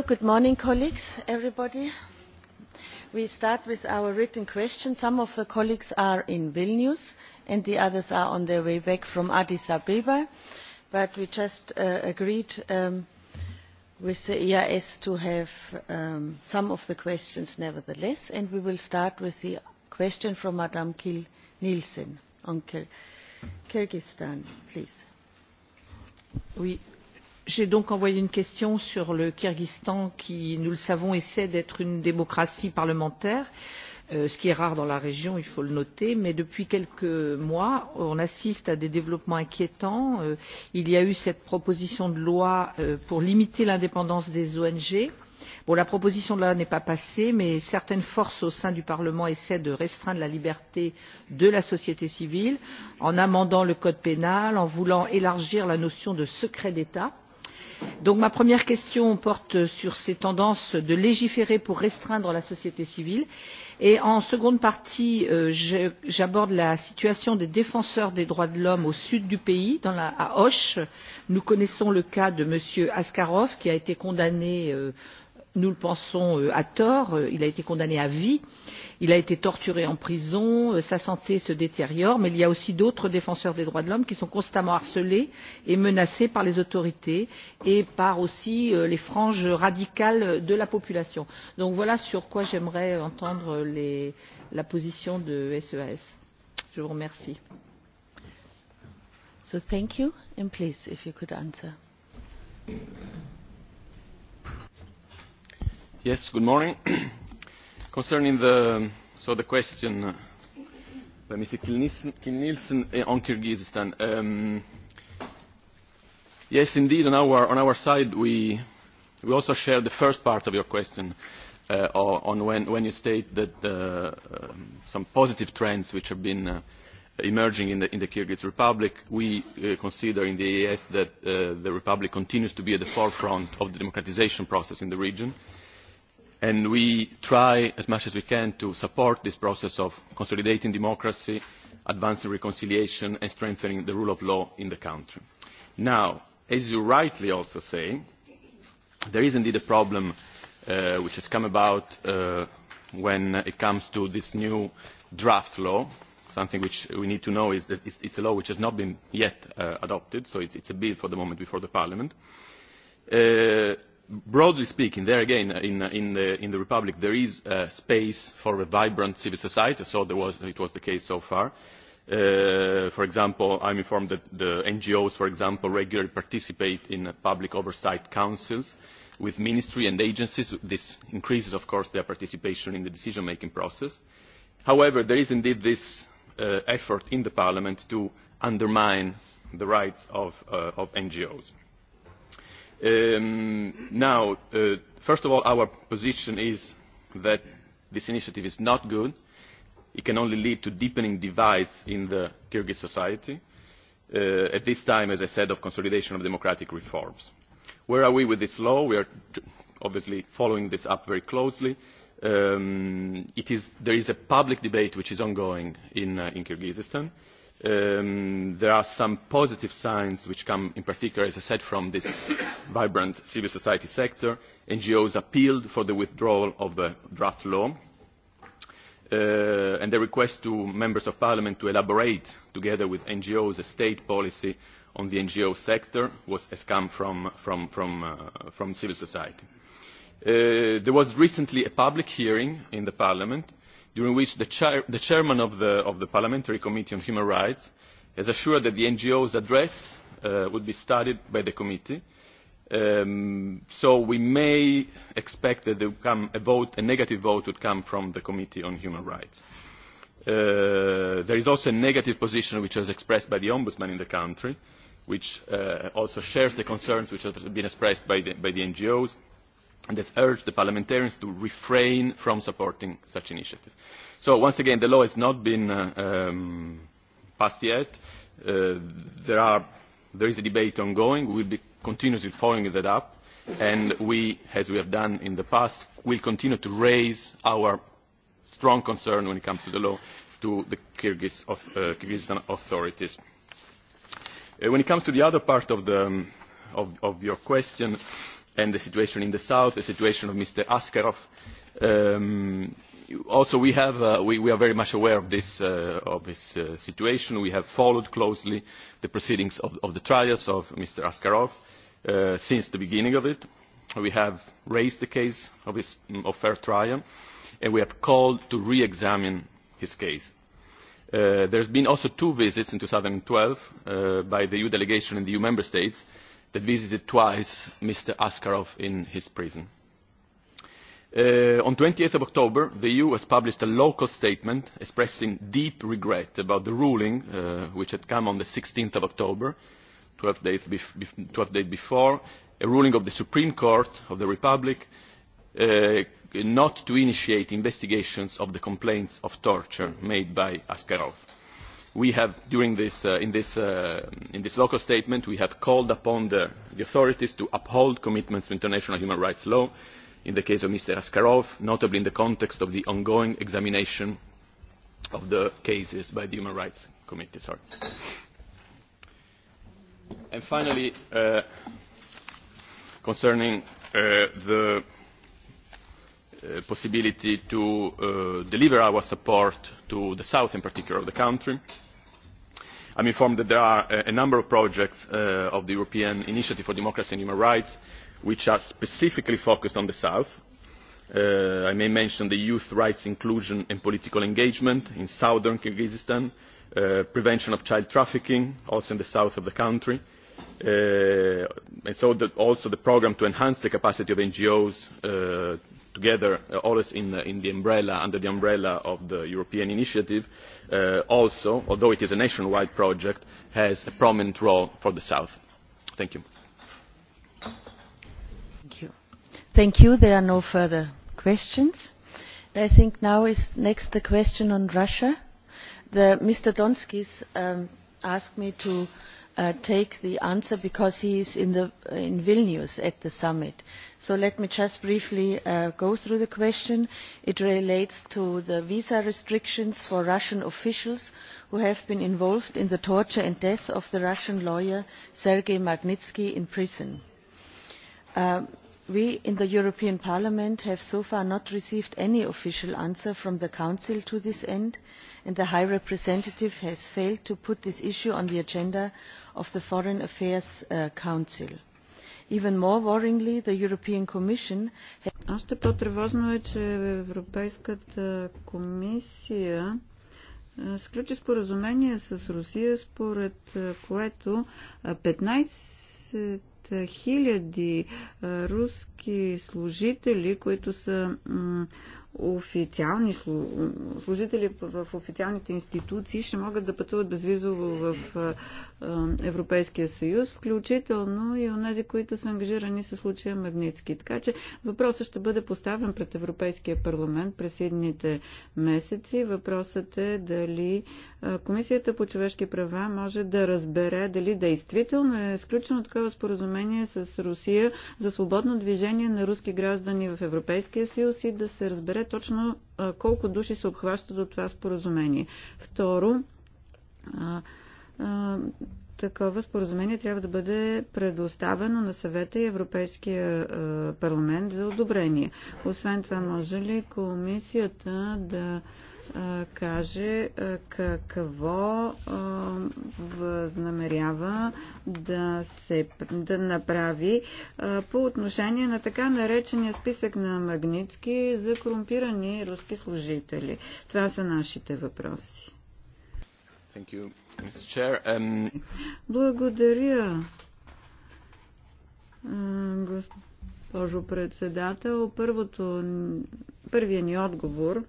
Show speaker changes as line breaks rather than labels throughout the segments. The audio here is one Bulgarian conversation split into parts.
good morning, colleagues, everybody. We start with our written questions. Some of the colleagues are in Vilnius, and the others are on their way back from Addis Abeba. But we just uh, agreed um, with the EIS to have um, some of the questions nevertheless, and we will start with the question from Madame Kil Nielsen on
Kyrgyzstan, please. Oui, j'ai donc envoyé une question sur le kirghizstan qui nous le savons essaie d'être une démocratie parlementaire ce qui est rare dans la région il faut le noter mais depuis quelques mois on assiste à des développements inquiétants. il y a eu cette proposition de loi pour limiter l'indépendance des ong. la proposition de loi n'est pas passée mais certaines forces au sein du parlement essaient de restreindre la liberté de la société civile en amendant le code pénal en voulant élargir la notion de secret d'état Donc ma première question porte sur ces tendances de légiférer pour restreindre la société civile et en seconde partie j'aborde la situation des défenseurs des droits de l'homme au sud du pays à Hoche. Nous connaissons le cas de M. Askarov qui a été condamné nous le pensons à tort il a été condamné à vie il a été torturé en prison sa santé se détériore mais il y a aussi d'autres défenseurs des droits de l'homme qui sont constamment harcelés et menacés par les autorités et par aussi les franges radicales de la population. donc voilà sur quoi j'aimerais entendre la position de SES. je vous remercie. so thank you and please if you could answer.
Yes, good morning. Concerning the, so the question by Mr. nielsen on Kyrgyzstan. Um, yes, indeed, on our, on our side, we, we also share the first part of your question uh, on when, when you state that uh, some positive trends which have been uh, emerging in the, in the Kyrgyz Republic. We uh, consider in the EAS that uh, the Republic continues to be at the forefront of the democratization process in the region and we try as much as we can to support this process of consolidating democracy advancing reconciliation and strengthening the rule of law in the country. now as you rightly also say there is indeed a problem which has come about when it comes to this new draft law something which we need to know is that it is a law which has not been yet adopted so it is a bill for the moment before parliament broadly speaking there again in the republic there is space for a vibrant civil society so it was the case so far. for example i am informed that the ngos for example regularly participate in public oversight councils with ministries and agencies. this increases of course their participation in the decision making process. however there is indeed this effort in parliament to undermine the rights of ngos now, first of all, our position is that this initiative is not good. It can only lead to deepening divides in the Kyrgyz society, at this time, as I said, of consolidation of democratic reforms. Where are we with this law? We are obviously following this up very closely. there is a public debate which is ongoing in, Kyrgyzstan there are some positive signs which come in particular, as I said, from this vibrant civil society sector. NGOs appealed for the withdrawal of the draft law, and the request to members of parliament to elaborate, together with NGOs, a state policy on the NGO sector was, has come from, from, from, civil society. there was recently a public hearing in parliament during which the, chairman of the, Parliamentary Committee on Human Rights has assured that the NGO's address would be studied by the committee. so we may expect that there come a, vote, a negative vote would come from the Committee on Human Rights. there is also a negative position which was expressed by the Ombudsman in the country, which also shares the concerns which have been expressed by the, by the NGOs that urged the parliamentarians to refrain from supporting such initiatives. So once again, the law has not been um, passed yet. Uh, there, are, there is a debate ongoing. We will be continuously following that up. And we, as we have done in the past, will continue to raise our strong concern when it comes to the law to the Kyrgyz uh, Kyrgyzstan authorities. Uh, when it comes to the other part of, the, um, of, of your question, and the situation in the south, the situation of Mr. Askarov. Um, also, we, have, uh, we, we are very much aware of this, uh, of this uh, situation. We have followed closely the proceedings of, of the trials of Mr. Askarov uh, since the beginning of it. We have raised the case of his of fair trial, and we have called to re-examine his case. Uh, there's been also two visits in 2012 uh, by the EU delegation and the EU member states that visited twice Mr. Askarov in his prison. on twenty of October, the EU has published a local statement expressing deep regret about the ruling which had come on the of October, twelve days, before, a ruling of the Supreme Court of the Republic not to initiate investigations of the complaints of torture made by Askarov we have during this in this uh, in this local statement we have called upon the, the authorities to uphold commitments to international human rights law in the case of mr askarov notably in the context of the ongoing examination of the cases by the human rights committee sorry and finally uh, concerning uh, the possibility to deliver our support to the south in particular of the country. i am informed that there are a number of projects of the european initiative for democracy and human rights which are specifically focused on the south. i may mention the youth rights inclusion and political engagement in southern kyrgyzstan prevention of child trafficking also in the south of the country and also the programme to enhance the capacity of ngos together always under the umbrella of the european initiative also although it is a nationwide project has a prominent role for the south. thank you.
thank you. there are no further questions. i think now is next the question on russia. mr donskis asked me to take the answer because he is in, the, in Vilnius at the summit. So let me just briefly uh, go through the question. It relates to the visa restrictions for Russian officials who have been involved in the torture and death of the Russian lawyer Sergei Magnitsky in prison. Um, we in the european parliament have so far not received any official answer from the council to this end and the high representative has failed to put this issue on the agenda of the foreign affairs council. even more worryingly
the european commission Още по-тревожно е, че Европейската комисия сключи споразумение с Русия, според което 15 хиляди руски служители, които са официални служители в официалните институции ще могат да пътуват безвизово в Европейския съюз, включително и тези, които са ангажирани с случая Магницки. Така че въпросът ще бъде поставен пред Европейския парламент през едните месеци. Въпросът е дали Комисията по човешки права може да разбере дали действително е сключено такова споразумение с Русия за свободно движение на руски граждани в Европейския съюз и да се разбере разбере точно колко души се обхващат от това споразумение. Второ, такова споразумение трябва да бъде предоставено на съвета и Европейския парламент за одобрение. Освен това, може ли комисията да каже какво възнамерява да се да направи по отношение на така наречения списък на магнитски за корумпирани руски служители. Това са нашите въпроси.
You, um...
Благодаря, госпожо председател. Първото, първия ни отговор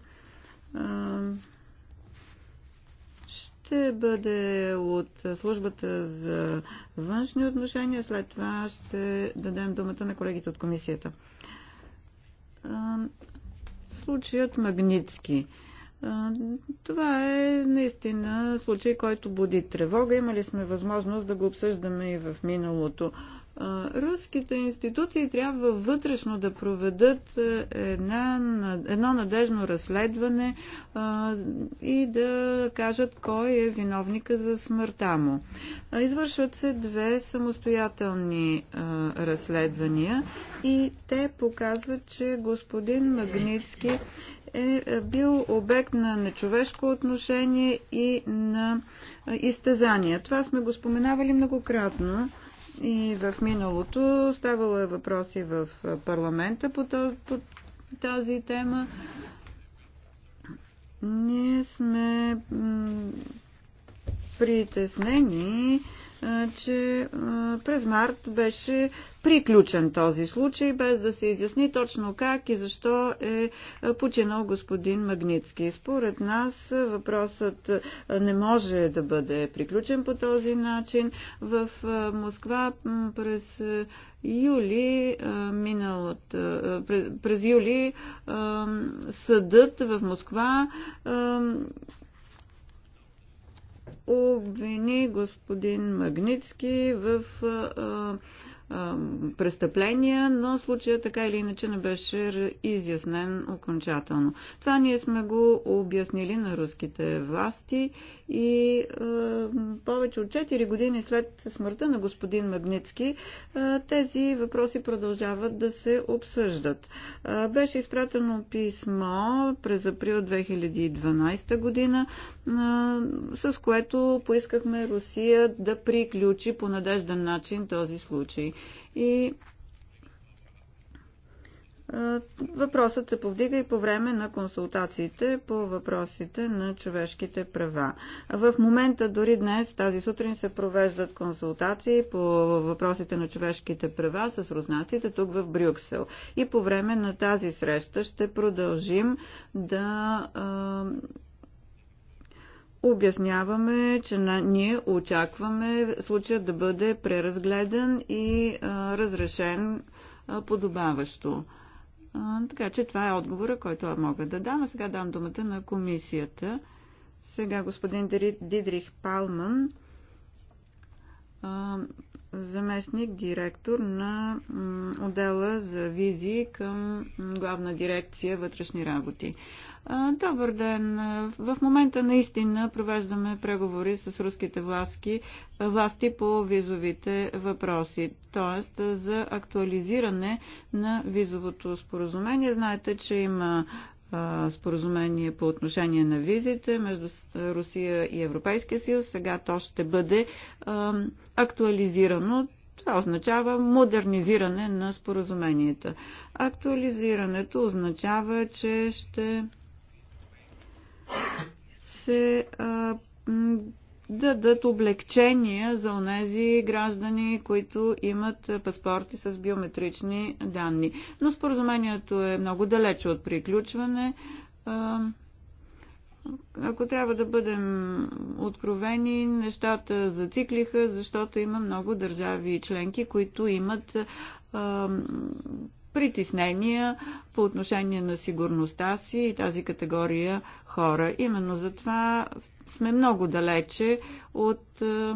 ще бъде от службата за външни отношения. След това ще дадем думата на колегите от комисията. Случаят Магницки. Това е наистина случай, който буди тревога. Имали сме възможност да го обсъждаме и в миналото руските институции трябва вътрешно да проведат една, едно надежно разследване а, и да кажат кой е виновника за смъртта му. Извършват се две самостоятелни а, разследвания и те показват, че господин Магницки е, е бил обект на нечовешко отношение и на изтезания. Това сме го споменавали многократно и в миналото ставало е въпроси в парламента по, по тази тема. Ние сме притеснени че през март беше приключен този случай, без да се изясни точно как и защо е починал господин Магницки. Според нас въпросът не може да бъде приключен по този начин. В Москва през юли миналът, през юли съдът в Москва обвини господин Магницки в а, престъпления, но случая така или иначе не беше изяснен окончателно. Това ние сме го обяснили на руските власти и е, повече от 4 години след смъртта на господин Мебницки е, тези въпроси продължават да се обсъждат. Е, беше изпратено писмо през април 2012 година, е, с което поискахме Русия да приключи по надежден начин този случай и Въпросът се повдига и по време на консултациите по въпросите на човешките права. В момента, дори днес, тази сутрин се провеждат консултации по въпросите на човешките права с руснаците тук в Брюксел. И по време на тази среща ще продължим да обясняваме, че на, ние очакваме случая да бъде преразгледан и а, разрешен а, подобаващо. А, така че това е отговора, който мога да дам. А сега дам думата на комисията. Сега господин Дидрих Палман заместник директор на отдела за визи към главна дирекция вътрешни работи. Добър ден! В момента наистина провеждаме преговори с руските власти, власти по визовите въпроси, т.е. за актуализиране на визовото споразумение. Знаете, че има споразумение по отношение на визите между Русия и Европейския съюз. Сега то ще бъде актуализирано. Това означава модернизиране на споразуменията. Актуализирането означава, че ще се дадат облегчения за онези граждани, които имат паспорти с биометрични данни. Но споразумението е много далече от приключване. Ако трябва да бъдем откровени, нещата зациклиха, защото има много държави и членки, които имат притеснения по отношение на сигурността си и тази категория хора. Именно затова сме много далече от е,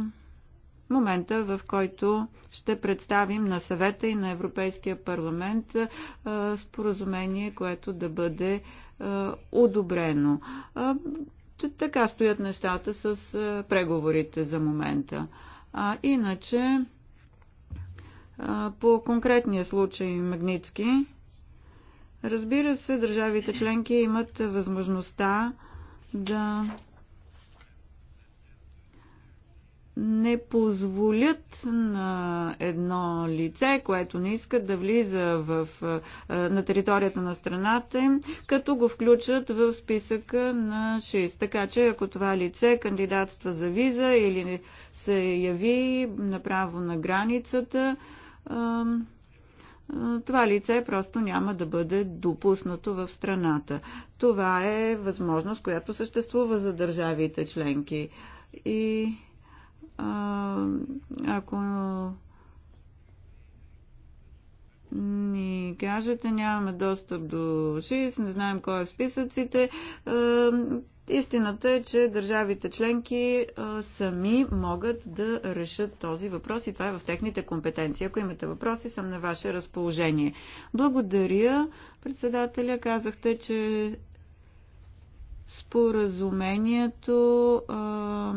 момента, в който ще представим на съвета и на Европейския парламент е, споразумение, което да бъде е, одобрено. Така стоят нещата с преговорите за момента. А иначе по конкретния случай Магницки, разбира се, държавите членки имат възможността да не позволят на едно лице, което не иска да влиза в, на територията на страната им, като го включат в списъка на 6. Така че ако това лице кандидатства за виза или се яви направо на границата, това лице просто няма да бъде допуснато в страната. Това е възможност, която съществува за държавите членки. И ако ни кажете, нямаме достъп до ШИС, не знаем кой е в списъците, Истината е, че държавите членки сами могат да решат този въпрос и това е в техните компетенции. Ако имате въпроси, съм на ваше разположение. Благодаря, председателя. Казахте, че споразумението а,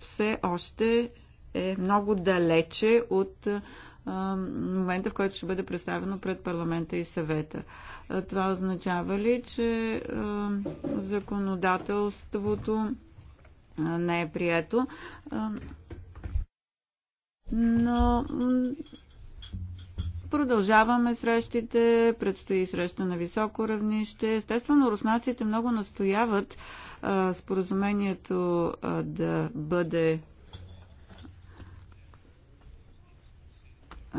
все още е много далече от момента, в който ще бъде представено пред парламента и съвета. Това означава ли, че законодателството не е прието? Но Продължаваме срещите, предстои среща на високо равнище. Естествено, руснаците много настояват споразумението да бъде а,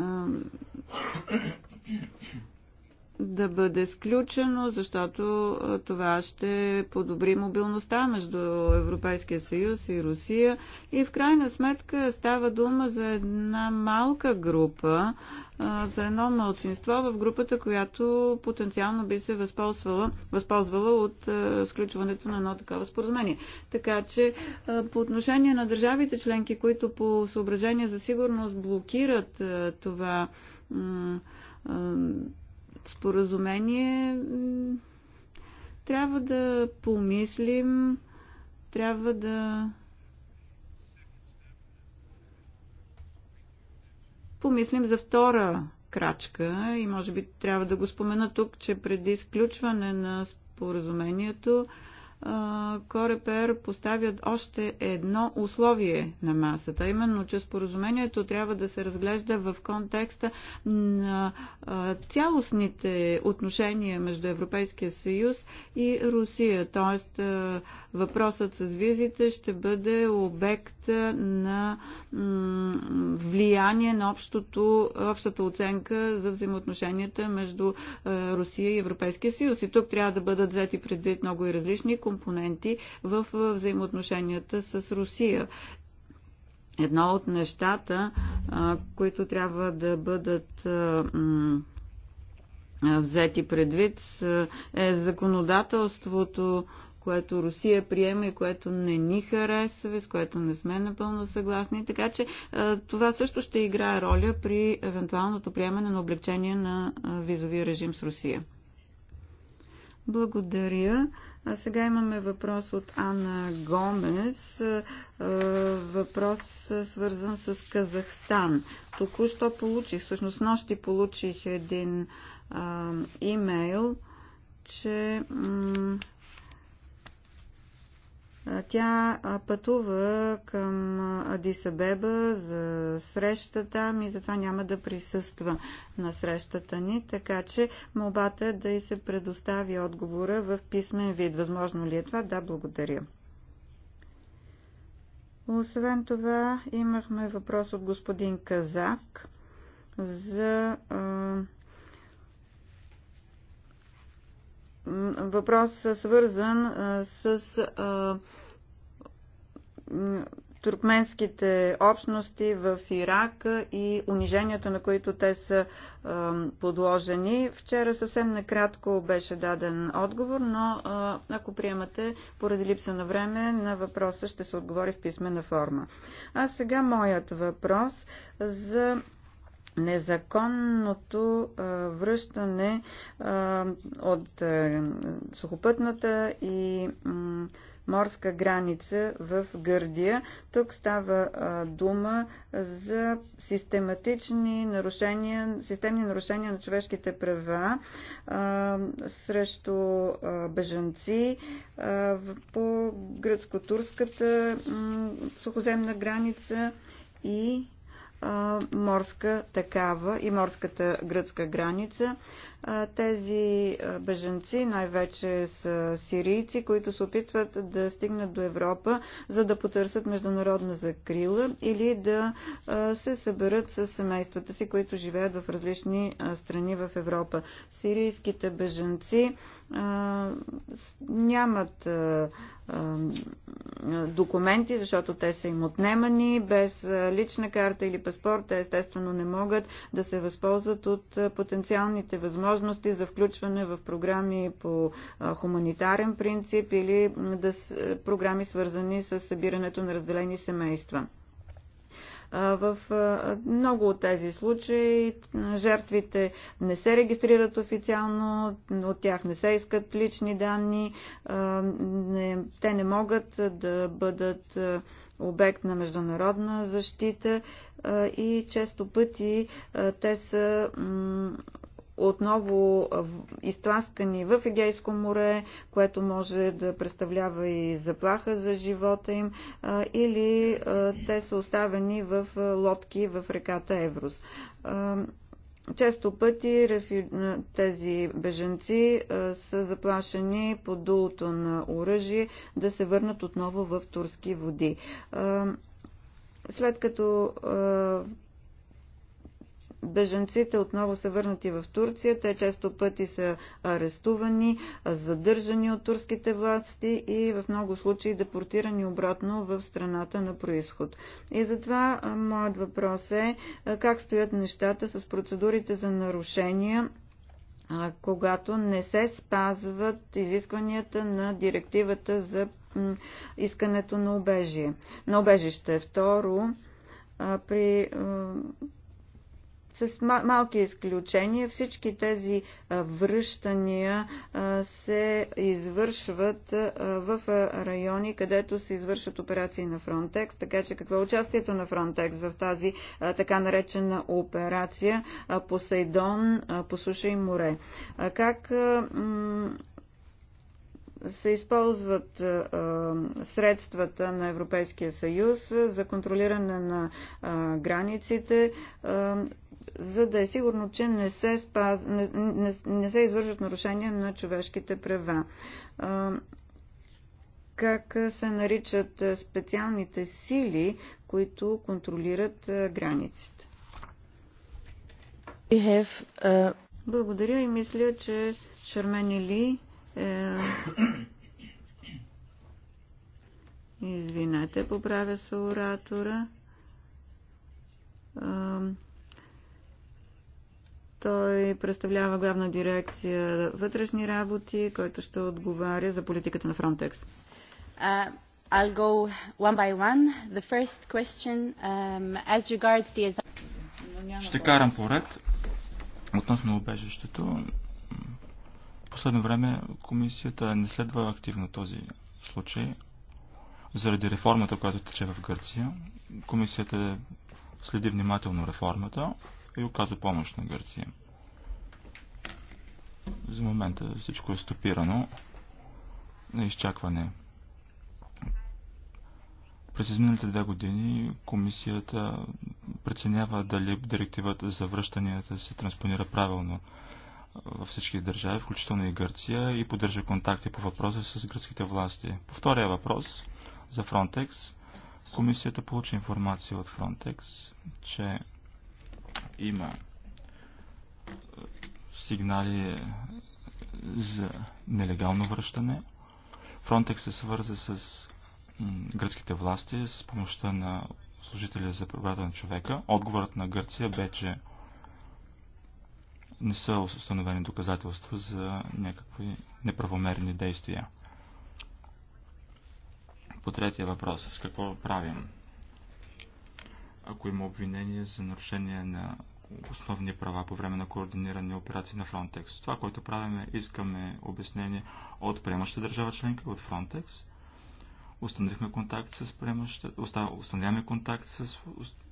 да бъде сключено, защото това ще подобри мобилността между Европейския съюз и Русия. И в крайна сметка става дума за една малка група, за едно мълцинство в групата, която потенциално би се възползвала, възползвала от сключването на едно такова споразумение. Така че по отношение на държавите членки, които по съображение за сигурност блокират това споразумение трябва да помислим, трябва да помислим за втора крачка и може би трябва да го спомена тук, че преди изключване на споразумението Корепер поставят още едно условие на масата, именно, че споразумението трябва да се разглежда в контекста на цялостните отношения между Европейския съюз и Русия. Тоест, въпросът с визите ще бъде обект на влияние на общото, общата оценка за взаимоотношенията между Русия и Европейския съюз. И тук трябва да бъдат взети предвид много и различни компоненти в взаимоотношенията с Русия. Едно от нещата, които трябва да бъдат взети предвид, е законодателството, което Русия приема и което не ни харесва, с което не сме напълно съгласни. Така че това също ще играе роля при евентуалното приемане на облегчение на визовия режим с Русия. Благодаря. А сега имаме въпрос от Анна Гомес. Е, въпрос е, свързан с Казахстан. Току-що получих, всъщност нощи получих един е, имейл, че тя пътува към Адисабеба за среща там и затова няма да присъства на срещата ни, така че молбата е да й се предостави отговора в писмен вид. Възможно ли е това? Да, благодаря. Освен това, имахме въпрос от господин Казак за въпрос свързан с туркменските общности в Ирак и униженията, на които те са подложени. Вчера съвсем накратко беше даден отговор, но ако приемате, поради липса на време, на въпроса ще се отговори в писмена форма. А сега моят въпрос за незаконното връщане от сухопътната и морска граница в Гърдия. Тук става дума за систематични нарушения, системни нарушения на човешките права срещу бежанци по гръцко-турската сухоземна граница и морска такава и морската гръцка граница. Тези беженци най-вече са сирийци, които се опитват да стигнат до Европа, за да потърсят международна закрила или да се съберат с семействата си, които живеят в различни страни в Европа. Сирийските беженци нямат документи, защото те са им отнемани. Без лична карта или паспорт те естествено не могат да се възползват от потенциалните възможности за включване в програми по хуманитарен принцип или да програми свързани с събирането на разделени семейства. В много от тези случаи жертвите не се регистрират официално, от тях не се искат лични данни, те не могат да бъдат обект на международна защита и често пъти те са отново изтласкани в Егейско море, което може да представлява и заплаха за живота им, или те са оставени в лодки в реката Еврос. Често пъти тези беженци са заплашени по дулото на оръжие да се върнат отново в турски води. След като Беженците отново са върнати в Турция. Те често пъти са арестувани, задържани от турските власти и в много случаи депортирани обратно в страната на происход. И затова моят въпрос е как стоят нещата с процедурите за нарушения когато не се спазват изискванията на директивата за искането на, обежие, на обежище. Второ, при с малки изключения всички тези връщания се извършват в райони, където се извършват операции на Фронтекс, така че какво е участието на Фронтекс в тази така наречена операция Посейдон по суша и море? Как се използват средствата на Европейския съюз за контролиране на границите, за да е сигурно, че не се, спаз... не, не, не се извършват нарушения на човешките права. Как се наричат специалните сили, които контролират границите? Have, uh... Благодаря и мисля, че Шармени Ли е, извинете, поправя се оратора. Е, той представлява главна дирекция вътрешни работи, който ще отговаря за политиката на Frontex.
Uh, I'll go one by one. The first question um, as regards the... Ще карам поред
относно обежището последно време комисията не следва активно този случай. Заради реформата, която тече в Гърция, комисията следи внимателно реформата и оказа помощ на Гърция. За момента всичко е стопирано на изчакване. През изминалите две години комисията преценява дали директивата за връщанията се транспонира правилно във всички държави, включително и Гърция, и поддържа контакти по въпроса с гръцките власти. По втория въпрос за Frontex, комисията получи информация от Frontex, че има е, сигнали е, за нелегално връщане. Frontex се свърза с гръцките власти с помощта на служителя за правата на човека. Отговорът на Гърция бе, че не са установени доказателства за някакви неправомерни действия. По третия въпрос, с какво правим? Ако има обвинение за нарушение на основни права по време на координирани операции на Frontex. Това, което правим е, искаме обяснение от приемаща държава членка, от Frontex. Установихме контакт с приемаща, установяваме контакт с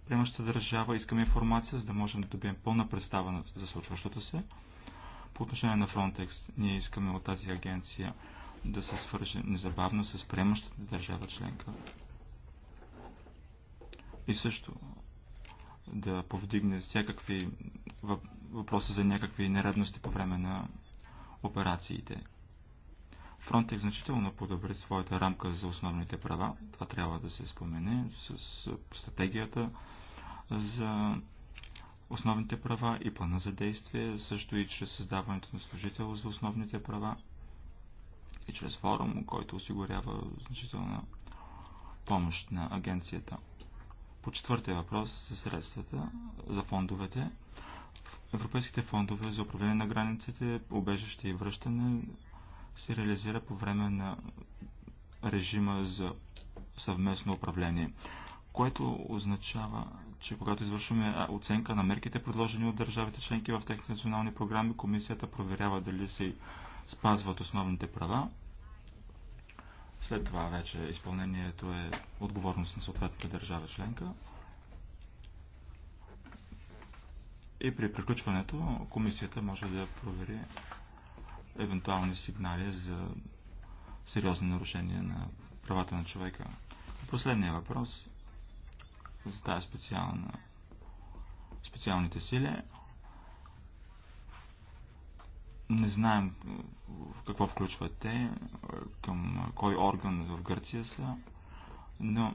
приемащата държава искаме информация, за да можем да добием пълна представа за случващото се. По отношение на Frontex, ние искаме от тази агенция да се свърже незабавно с приемащата държава членка. И също да повдигне всякакви въпроси за някакви нередности по време на операциите. Frontex значително подобри своята рамка за основните права. Това трябва да се спомене с стратегията за основните права и плана за действие, също и чрез създаването на служител за основните права и чрез форум, който осигурява значителна помощ на агенцията. По четвъртия въпрос за средствата, за фондовете, Европейските фондове за управление на границите, обежище и връщане се реализира по време на режима за съвместно управление, което означава че когато извършваме оценка на мерките, предложени от държавите членки в техните национални програми, комисията проверява дали се спазват основните права. След това вече изпълнението е отговорност на съответната държава членка. И при приключването комисията може да провери евентуални сигнали за сериозни нарушение на правата на човека. Последният въпрос за тази специална, специалните сили. Не знаем е, какво включват те, е, към кой орган в Гърция са, но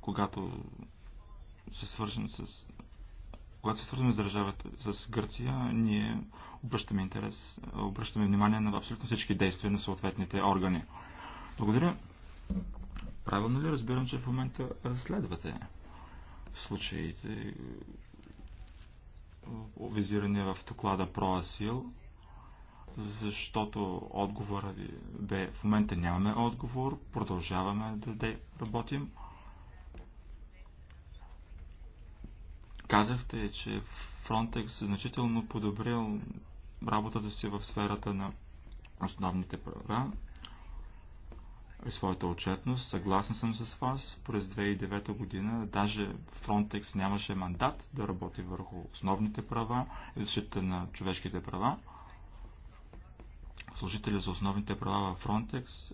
когато се свържем с когато се свързваме с държавата, с Гърция, ние обръщаме интерес, обръщаме внимание на абсолютно всички действия на съответните органи. Благодаря. Правилно ли разбирам, че в момента разследвате случаите, е, визирани в доклада Проасил, защото отговора ви бе в момента нямаме отговор, продължаваме да, да работим. Казахте, че Frontex е значително подобрил работата си в сферата на основните права е своята отчетност. Съгласен съм с вас. През 2009 година даже Frontex нямаше мандат да работи върху основните права и защита на човешките права. Служители за основните права в Frontex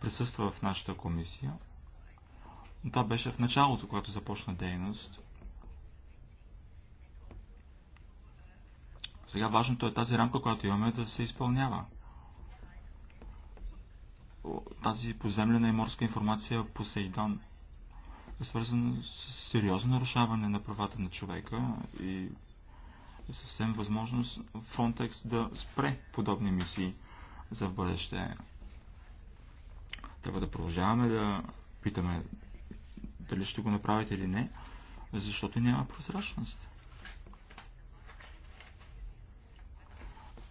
присъства в нашата комисия. но Това беше в началото, когато започна дейност. Сега важното е тази рамка, която имаме да се изпълнява тази поземлена и морска информация Посейдон е свързана с сериозно нарушаване на правата на човека и е съвсем възможност Фронтекс да спре подобни мисии за в бъдеще. Трябва да продължаваме да питаме дали ще го направите или не, защото няма прозрачност.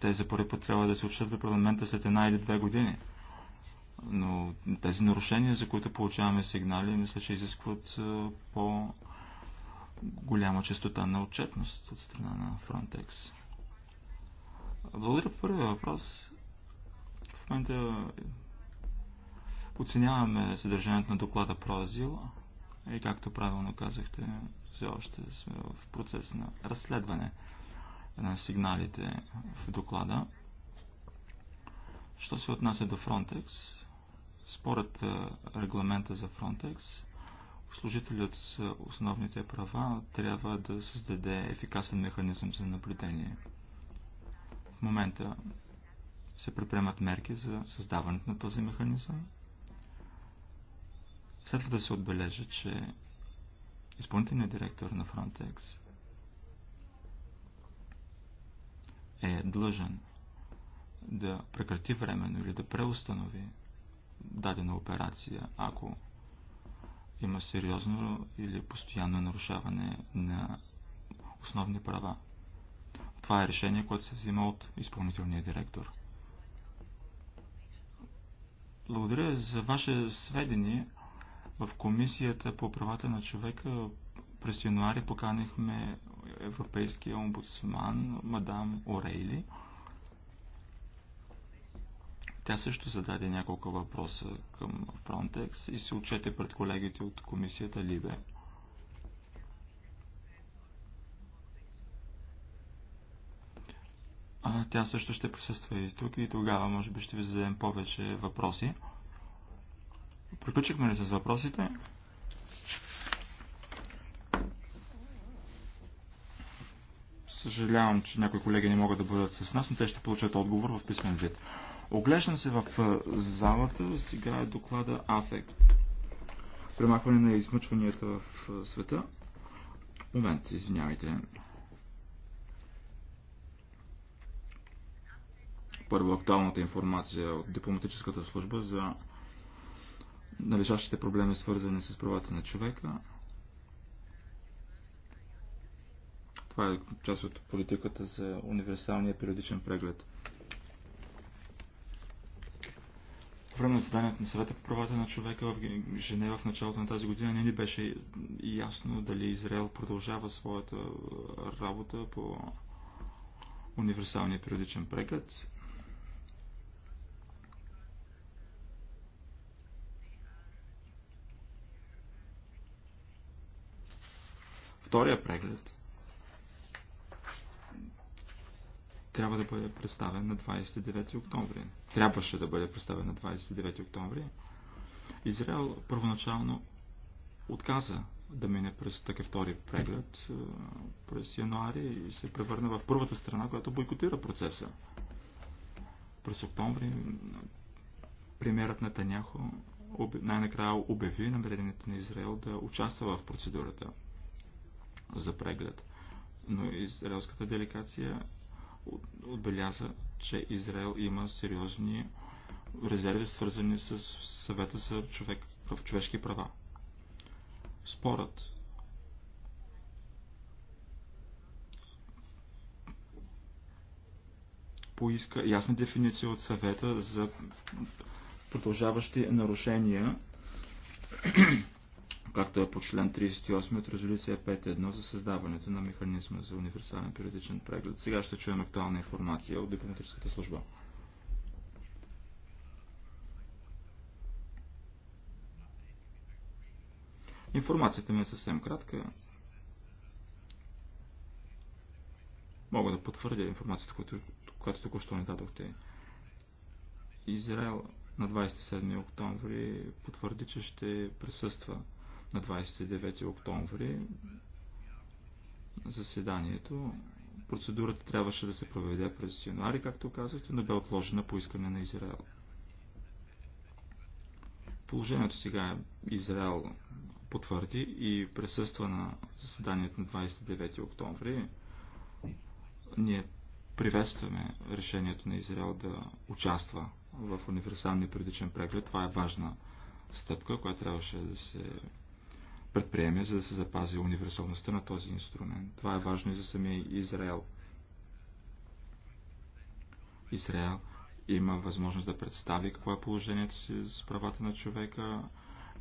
Те за първи път трябва да се учат в парламента след една или две години – но тези нарушения, за които получаваме сигнали, мисля, че изискват е, по голяма частота на отчетност от страна на Frontex. Благодаря по първия въпрос. В момента оценяваме съдържанието на доклада про азил и както правилно казахте, все още сме в процес на разследване на сигналите в доклада. Що се отнася до Frontex, според е, регламента за Frontex, служителят с основните права трябва да създаде ефикасен механизъм за наблюдение. В момента се предприемат мерки за създаването на този механизъм. Следва да се отбележи, че изпълнителният директор на Frontex е длъжен да прекрати временно или да преустанови дадена операция, ако има сериозно или постоянно нарушаване на основни права. Това е решение, което се взима от изпълнителния директор. Благодаря за ваше сведение. В Комисията по правата на човека през януари поканихме Европейския омбудсман, мадам Орейли. Тя също зададе няколко въпроса към Frontex и се отчете пред колегите от комисията Либе. А, тя също ще присъства и тук и тогава може би ще ви зададем повече въпроси. Приключихме ли с въпросите? Съжалявам, че някои колеги не могат да бъдат с нас, но те ще получат отговор в писмен вид. Оглеждам се в залата, сега е доклада Афект. Премахване на измъчванията в света. Момент, извинявайте. Първо актуалната информация от дипломатическата служба за належащите проблеми, свързани с правата на човека. Това е част от политиката за универсалния периодичен преглед. време на заседанието на съвета по правата на човека в Женева в началото на тази година не ни беше ясно дали Израел продължава своята работа по универсалния периодичен преглед. Втория преглед трябва да бъде представен на 29 октомври. Трябваше да бъде представен на 29 октомври. Израел първоначално отказа да мине през такъв втори преглед през януари и се превърна в първата страна, която бойкотира процеса. През октомври премьерът Таняхо най-накрая обяви намерението на Израел да участва в процедурата за преглед. Но израелската делегация отбеляза, че Израел има сериозни резерви, свързани с съвета за човек, в човешки права. Спорът поиска ясна дефиниция от съвета за продължаващи нарушения както е по член 38 от резолюция 5.1 за създаването на механизма за универсален периодичен преглед. Сега ще чуем актуална информация от дипломатическата служба. Информацията ми е съвсем кратка. Мога да потвърдя информацията, която, която току-що ни дадохте. Израел на 27 октомври потвърди, че ще присъства на 29 октомври заседанието. Процедурата трябваше да се проведе през януари, както казахте, но бе отложена по искане на Израел. Положението сега е Израел потвърди и присъства на заседанието на 29 октомври. Ние приветстваме решението на Израел да участва в универсалния предичен преглед. Това е важна стъпка, която трябваше да се предприеме, за да се запази универсалността на този инструмент. Това е важно и за самия Израел. Израел има възможност да представи какво е положението си с правата на човека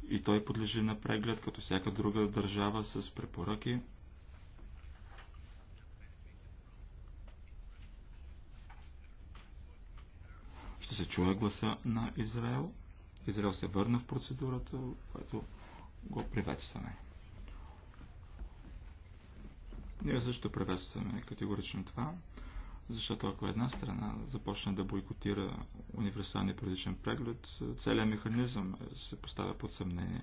и той подлежи на преглед, като всяка друга държава с препоръки. Ще се чуе гласа на Израел. Израел се върна в процедурата, което го приветстваме. Ние също приветстваме категорично това, защото ако една страна започне да бойкотира универсалния предишен преглед, целият механизъм се поставя под съмнение.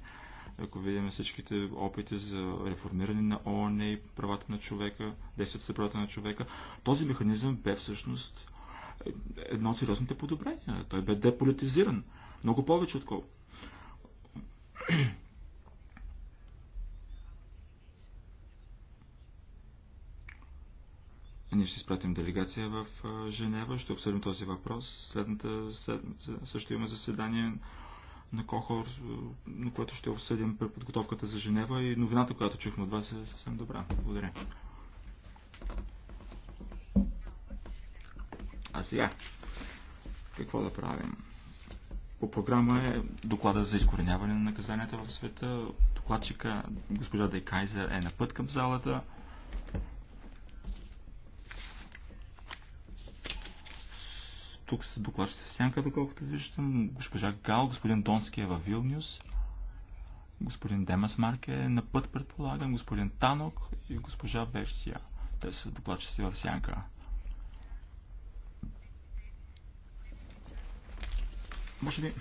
Ако видим всичките опити за реформиране на ООН и правата на човека, действията за правата на човека, този механизъм бе всъщност едно от сериозните подобрения. Той бе деполитизиран. Много повече отколкото Ние ще изпратим делегация в Женева, ще обсъдим този въпрос. Следната седмица също има заседание на Кохор, на което ще обсъдим при подготовката за Женева и новината, която чухме от вас е съвсем добра. Благодаря. А сега, какво да правим? По програма е доклада за изкореняване на наказанията в света. Докладчика госпожа Дейкайзер е на път към залата. Тук са докладчите в сянка, доколкото виждам. Госпожа Гал, господин Донски е във Вилнюс. Господин Демас Марк е на път, предполагам. Господин Танок и госпожа Версия. Те са докладчите в сянка. Може би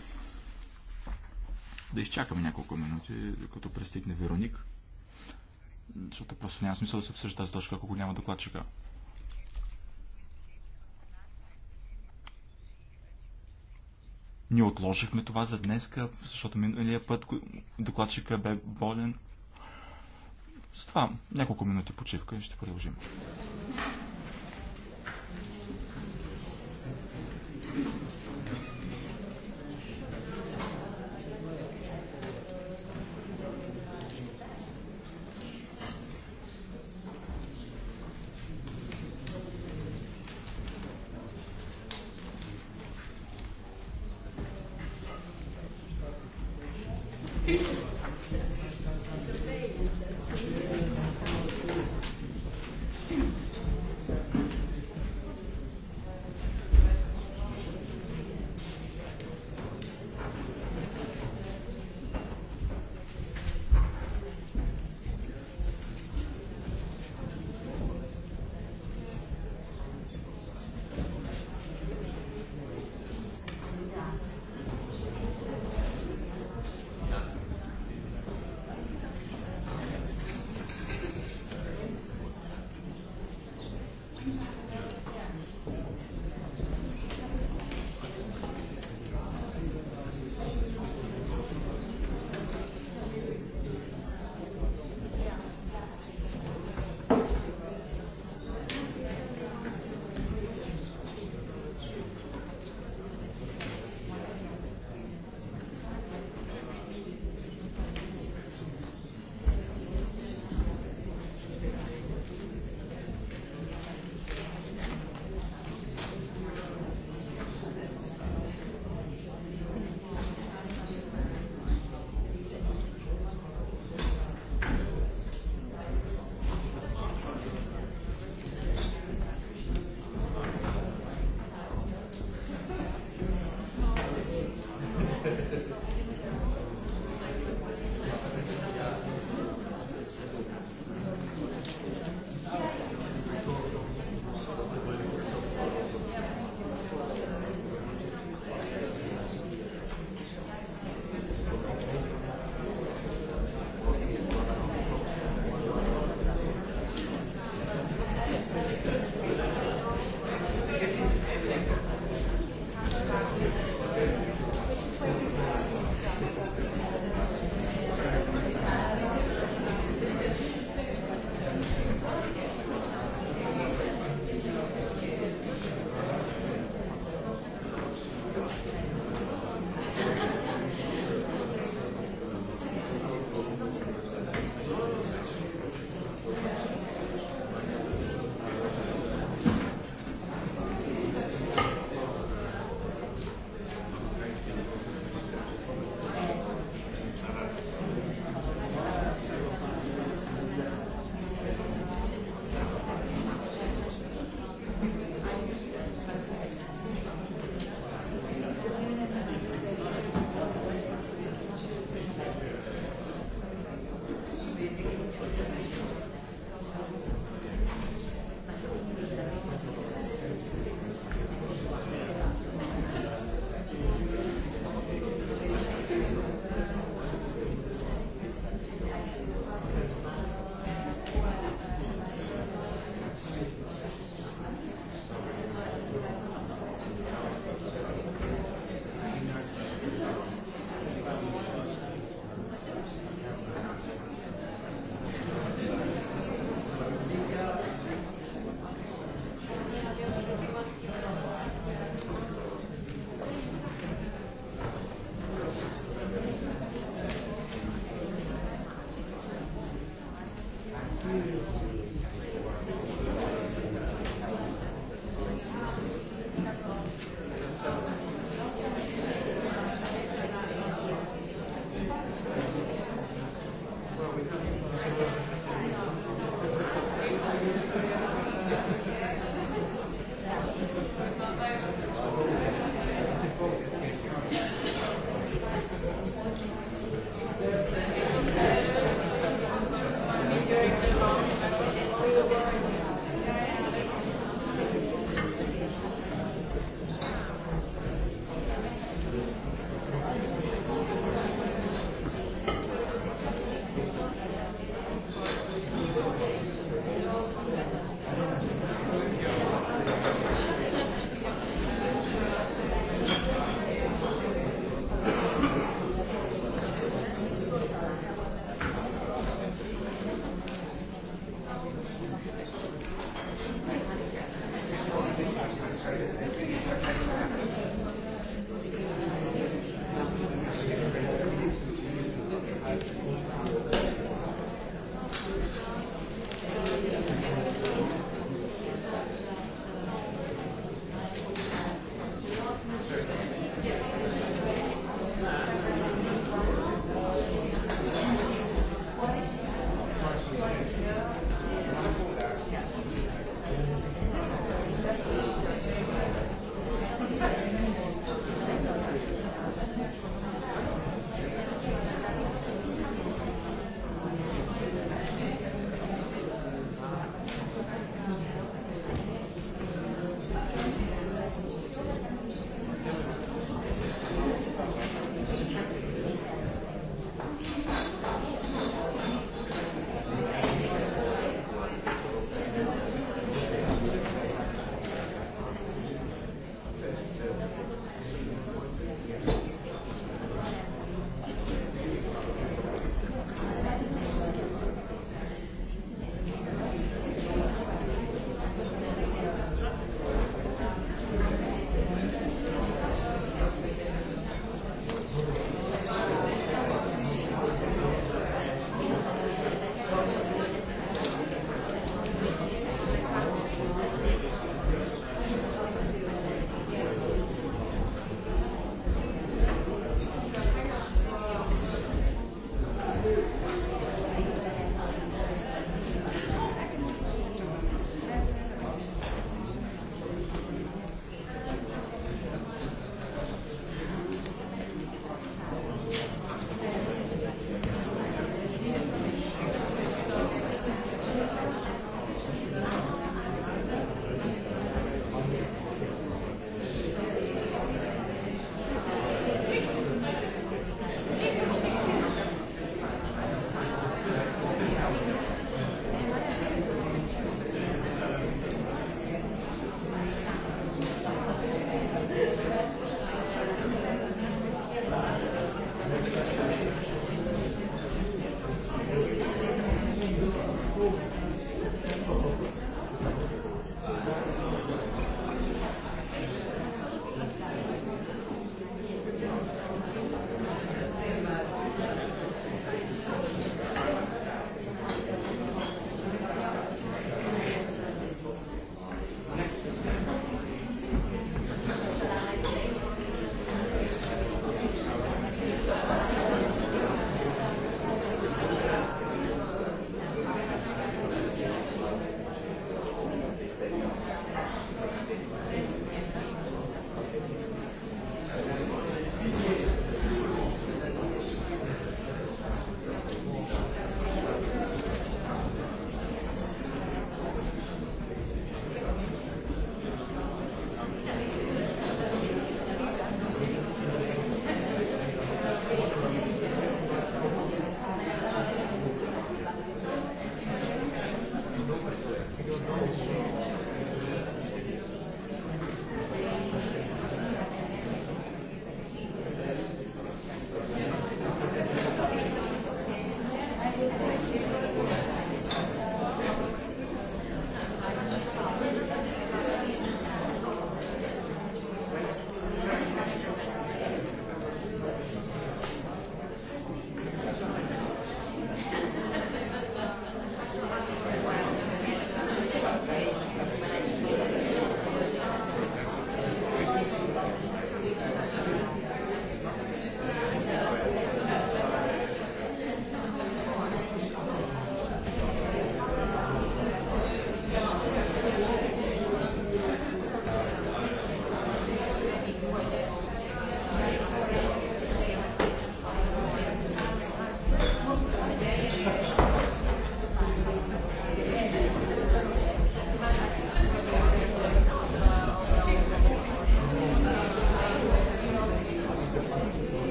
да изчакаме няколко минути, докато пристигне Вероник. Защото просто няма смисъл да се обсъжда тази точка, ако няма докладчика. Ние отложихме това за днеска, защото миналия път докладчика бе болен. С това няколко минути почивка и ще продължим.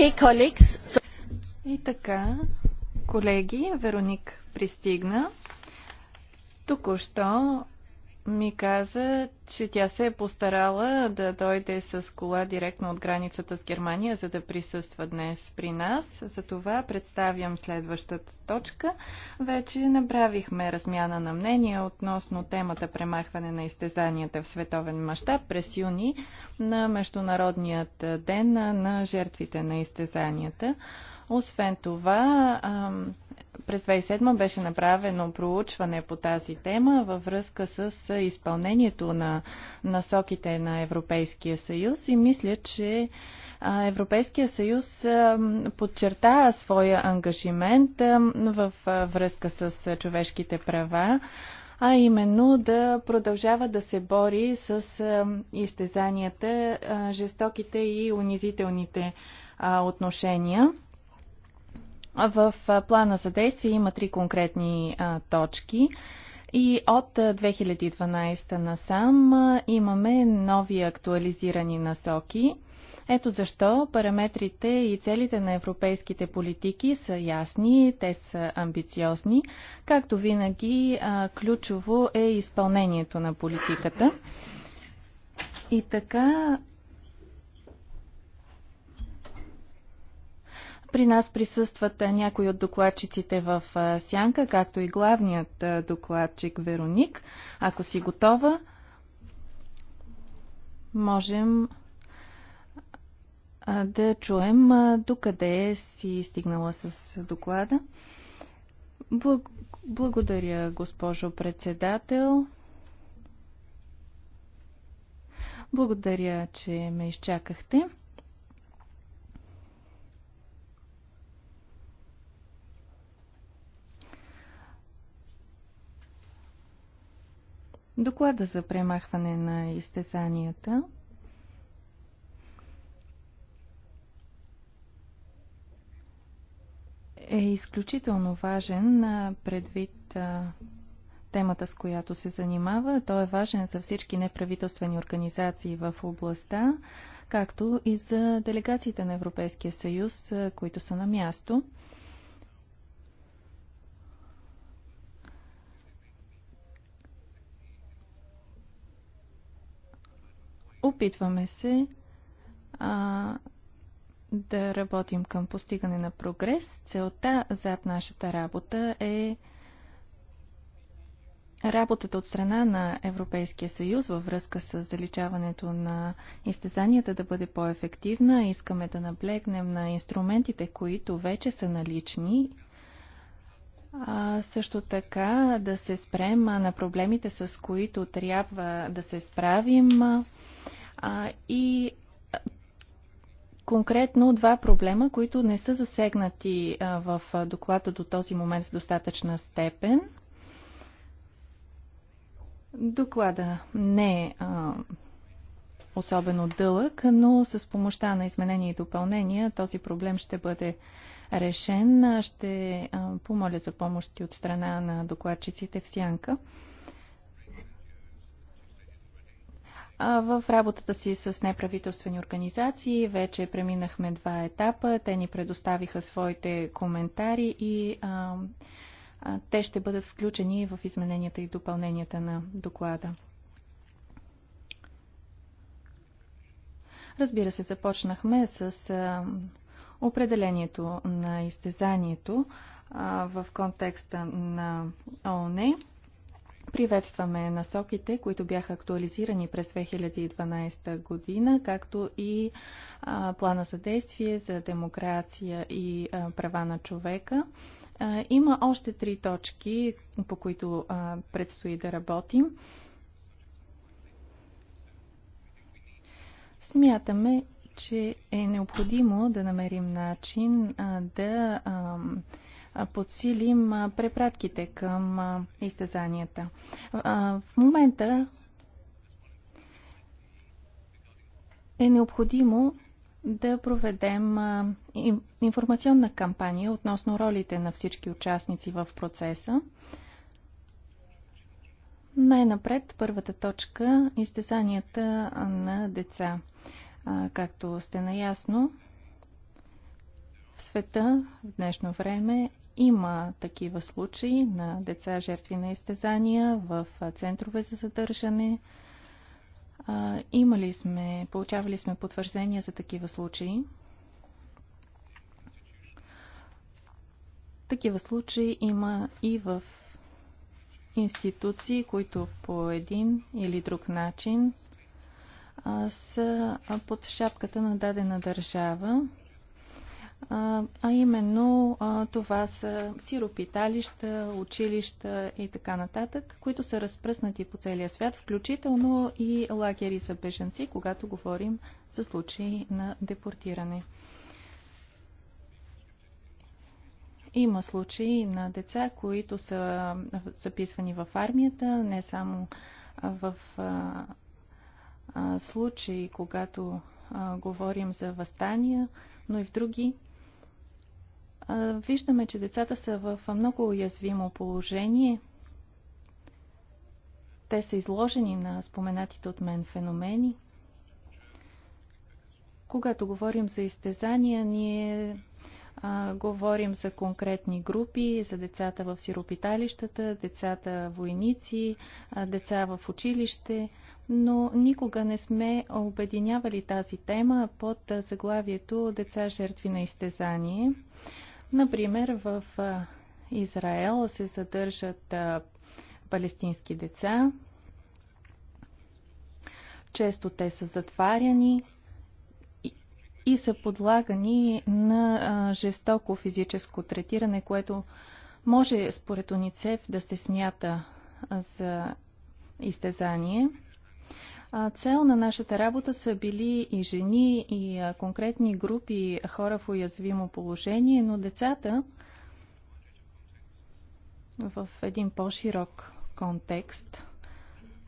Okay, colleagues. И така, колеги, Вероник пристигна. Току-що ми каза, че тя се е постарала да дойде с кола директно от границата с Германия, за да присъства днес при нас. Затова представям следващата точка. Вече направихме размяна на мнения относно темата премахване на изтезанията в световен мащаб през юни на Международният ден на жертвите на изтезанията. Освен това, през 2007 беше направено проучване по тази тема във връзка с изпълнението на насоките на Европейския съюз и мисля, че Европейския съюз подчерта своя ангажимент в връзка с човешките права, а именно да продължава да се бори с изтезанията, жестоките и унизителните отношения. В плана за действие има три конкретни а, точки. И от 2012 насам имаме нови актуализирани насоки. Ето защо параметрите и целите на европейските политики са ясни, те са амбициозни. Както винаги, ключово е изпълнението на политиката. И така При нас присъстват някои от докладчиците в Сянка, както и главният докладчик Вероник. Ако си готова, можем да чуем докъде си стигнала с доклада. Благодаря, госпожо председател. Благодаря, че ме изчакахте. Доклада за премахване на изтезанията. е изключително важен предвид темата, с която се занимава. Той е важен за всички неправителствени организации в областта, както и за делегациите на Европейския съюз, които са на място. Опитваме се а, да работим към постигане на прогрес. Целта зад нашата работа е работата от страна на Европейския съюз във връзка с заличаването на изтезанията да бъде по-ефективна. Искаме да наблегнем на инструментите, които вече са налични. А, също така да се спрем на проблемите, с които трябва да се справим а, и конкретно два проблема, които не са засегнати в доклада до този момент в достатъчна степен. Доклада не е особено дълъг, но с помощта на изменения и допълнения този проблем ще бъде решен. Ще а, помоля за помощ от страна на докладчиците в Сянка. В работата си с неправителствени организации вече преминахме два етапа. Те ни предоставиха своите коментари и а, а, те ще бъдат включени в измененията и допълненията на доклада. Разбира се, започнахме с а, определението на изтезанието а, в контекста на ООН. Приветстваме насоките, които бяха актуализирани през 2012 година, както и а, плана за действие за демокрация и а, права на човека. А, има още три точки, по които а, предстои да работим. Смятаме, че е необходимо да намерим начин а, да. А, подсилим препратките към изтезанията. В момента е необходимо да проведем информационна кампания относно ролите на всички участници в процеса. Най-напред първата точка – изтезанията на деца. Както сте наясно, в света в днешно време има такива случаи на деца жертви на изтезания в центрове за задържане. Имали сме, получавали сме потвърждения за такива случаи. Такива случаи има и в институции, които по един или друг начин са под шапката на дадена държава а именно това са сиропиталища, училища и така нататък, които са разпръснати по целия свят, включително и лагери за беженци, когато говорим за случаи на депортиране. Има случаи на деца, които са записвани в армията, не само в случаи, когато говорим за възстания, но и в други виждаме, че децата са в много уязвимо положение. Те са изложени на споменатите от мен феномени. Когато говорим за изтезания, ние а, говорим за конкретни групи, за децата в сиропиталищата, децата войници, а, деца в училище, но никога не сме обединявали тази тема под заглавието Деца жертви на изтезание. Например, в Израел се задържат палестински деца. Често те са затваряни и са подлагани на жестоко физическо третиране, което може според Уницев да се смята за изтезание. Цел на нашата работа са били и жени, и конкретни групи хора в уязвимо положение, но децата в един по-широк контекст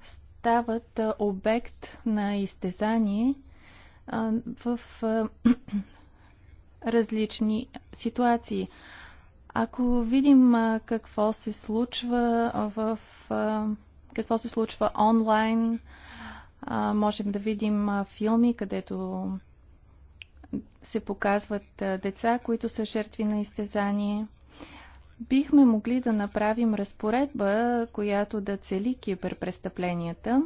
стават обект на изтезание в различни ситуации. Ако видим какво се случва в какво се случва онлайн, а, можем да видим а, филми, където се показват а, деца, които са жертви на изтезание. Бихме могли да направим разпоредба, която да цели киберпрестъпленията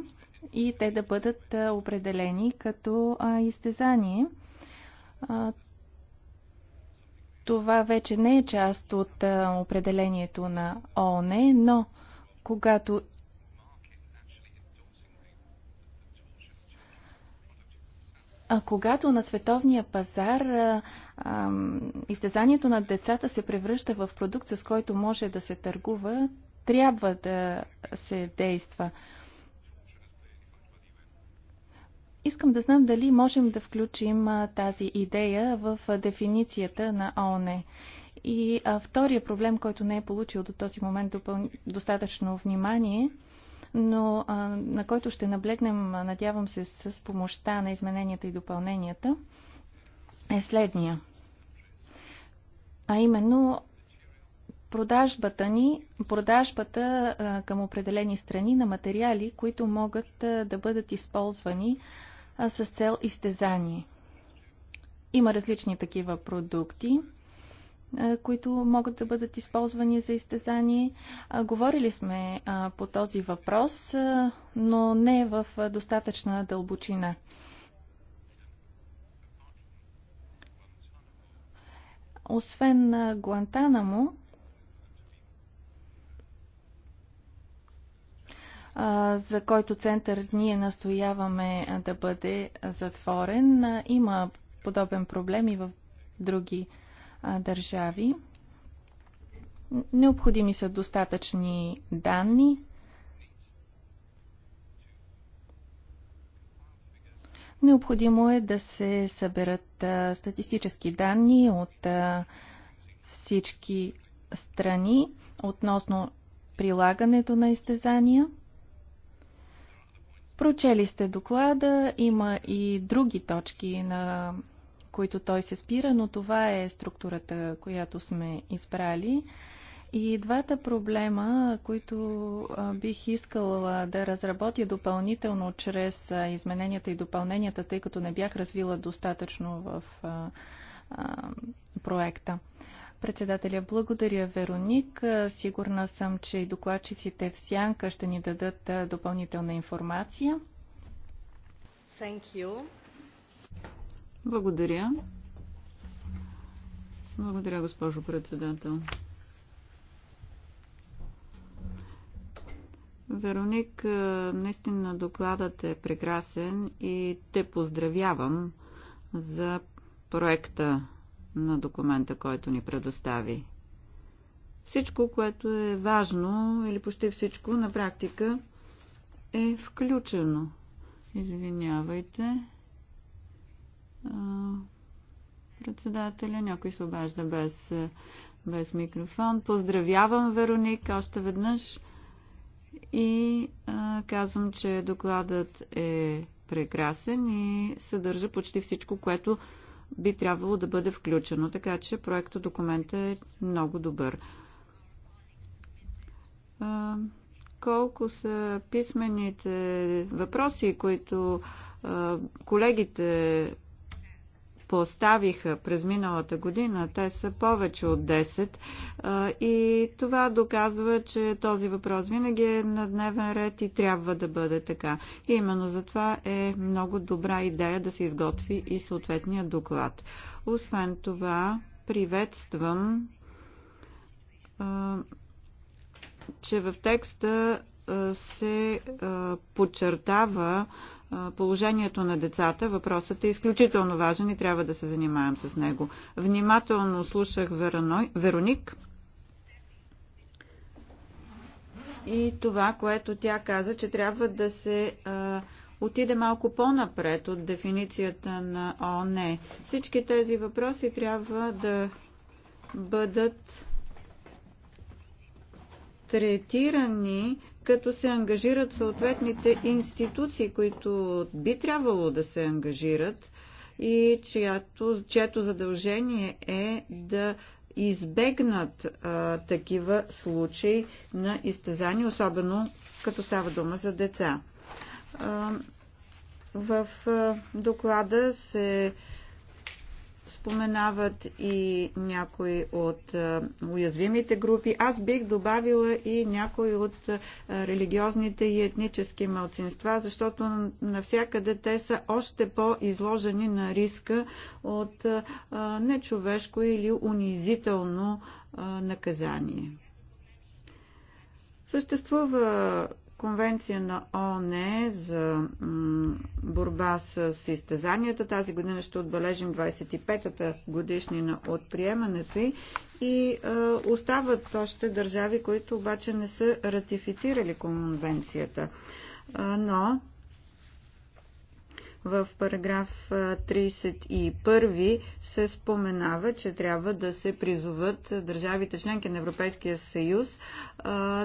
и те да бъдат определени като изтезание. Това вече не е част от определението на ООН, но когато А когато на световния пазар а, а, изтезанието на децата се превръща в продукт, с който може да се търгува, трябва да се действа. Искам да знам дали можем да включим а, тази идея в а, дефиницията на ООН. И а, втория проблем, който не е получил до този момент допъл... достатъчно внимание – но а, на който ще наблегнем, надявам се, с помощта на измененията и допълненията, е следния. А именно продажбата ни, продажбата а, към определени страни на материали, които могат а, да бъдат използвани а, с цел изтезание. Има различни такива продукти които могат да бъдат използвани за изтезание. Говорили сме по този въпрос, но не в достатъчна дълбочина. Освен Гуантанамо, за който център ние настояваме да бъде затворен, има подобен проблем и в други държави. Необходими са достатъчни данни. Необходимо е да се съберат статистически данни от всички страни относно прилагането на изтезания. Прочели сте доклада, има и други точки на които той се спира, но това е структурата, която сме избрали. И двата проблема, които бих искала да разработя допълнително чрез измененията и допълненията, тъй като не бях развила достатъчно в проекта. Председателя, благодаря Вероник. Сигурна съм, че и докладчиците в Сянка ще ни дадат допълнителна информация.
Thank you.
Благодаря. Благодаря, госпожо председател. Вероник, наистина докладът е прекрасен и те поздравявам за проекта на документа, който ни предостави. Всичко, което е важно, или почти всичко, на практика е включено. Извинявайте председателя. Някой се обажда без, без микрофон. Поздравявам Вероник още веднъж и а, казвам, че докладът е прекрасен и съдържа почти всичко, което би трябвало да бъде включено. Така че проекто документа е много добър. А, колко са писмените въпроси, които а, колегите поставиха през миналата година, те са повече от 10 и това доказва, че този въпрос винаги е на дневен ред и трябва да бъде така. И именно за това е много добра идея да се изготви и съответния доклад. Освен това, приветствам че в текста се подчертава положението на децата. Въпросът е изключително важен и трябва да се занимаем с него. Внимателно слушах Вероник и това, което тя каза, че трябва да се отиде малко по-напред от дефиницията на ООН. Всички тези въпроси трябва да бъдат третирани като се ангажират съответните институции, които би трябвало да се ангажират и чието, чието задължение е да избегнат а, такива случаи на изтезания, особено като става дума за деца. А, в а, доклада се а, споменават и някои от е, уязвимите групи. Аз бих добавила и някои от е, религиозните и етнически малцинства, защото навсякъде те са още по-изложени на риска от е, нечовешко или унизително наказание. Съществува Конвенция на ООН за борба с изтезанията. Тази година ще отбележим 25-та годишнина от приемането й и е, остават още държави, които обаче не са ратифицирали конвенцията. Но в параграф 31 се споменава, че трябва да се призоват държавите членки на Европейския съюз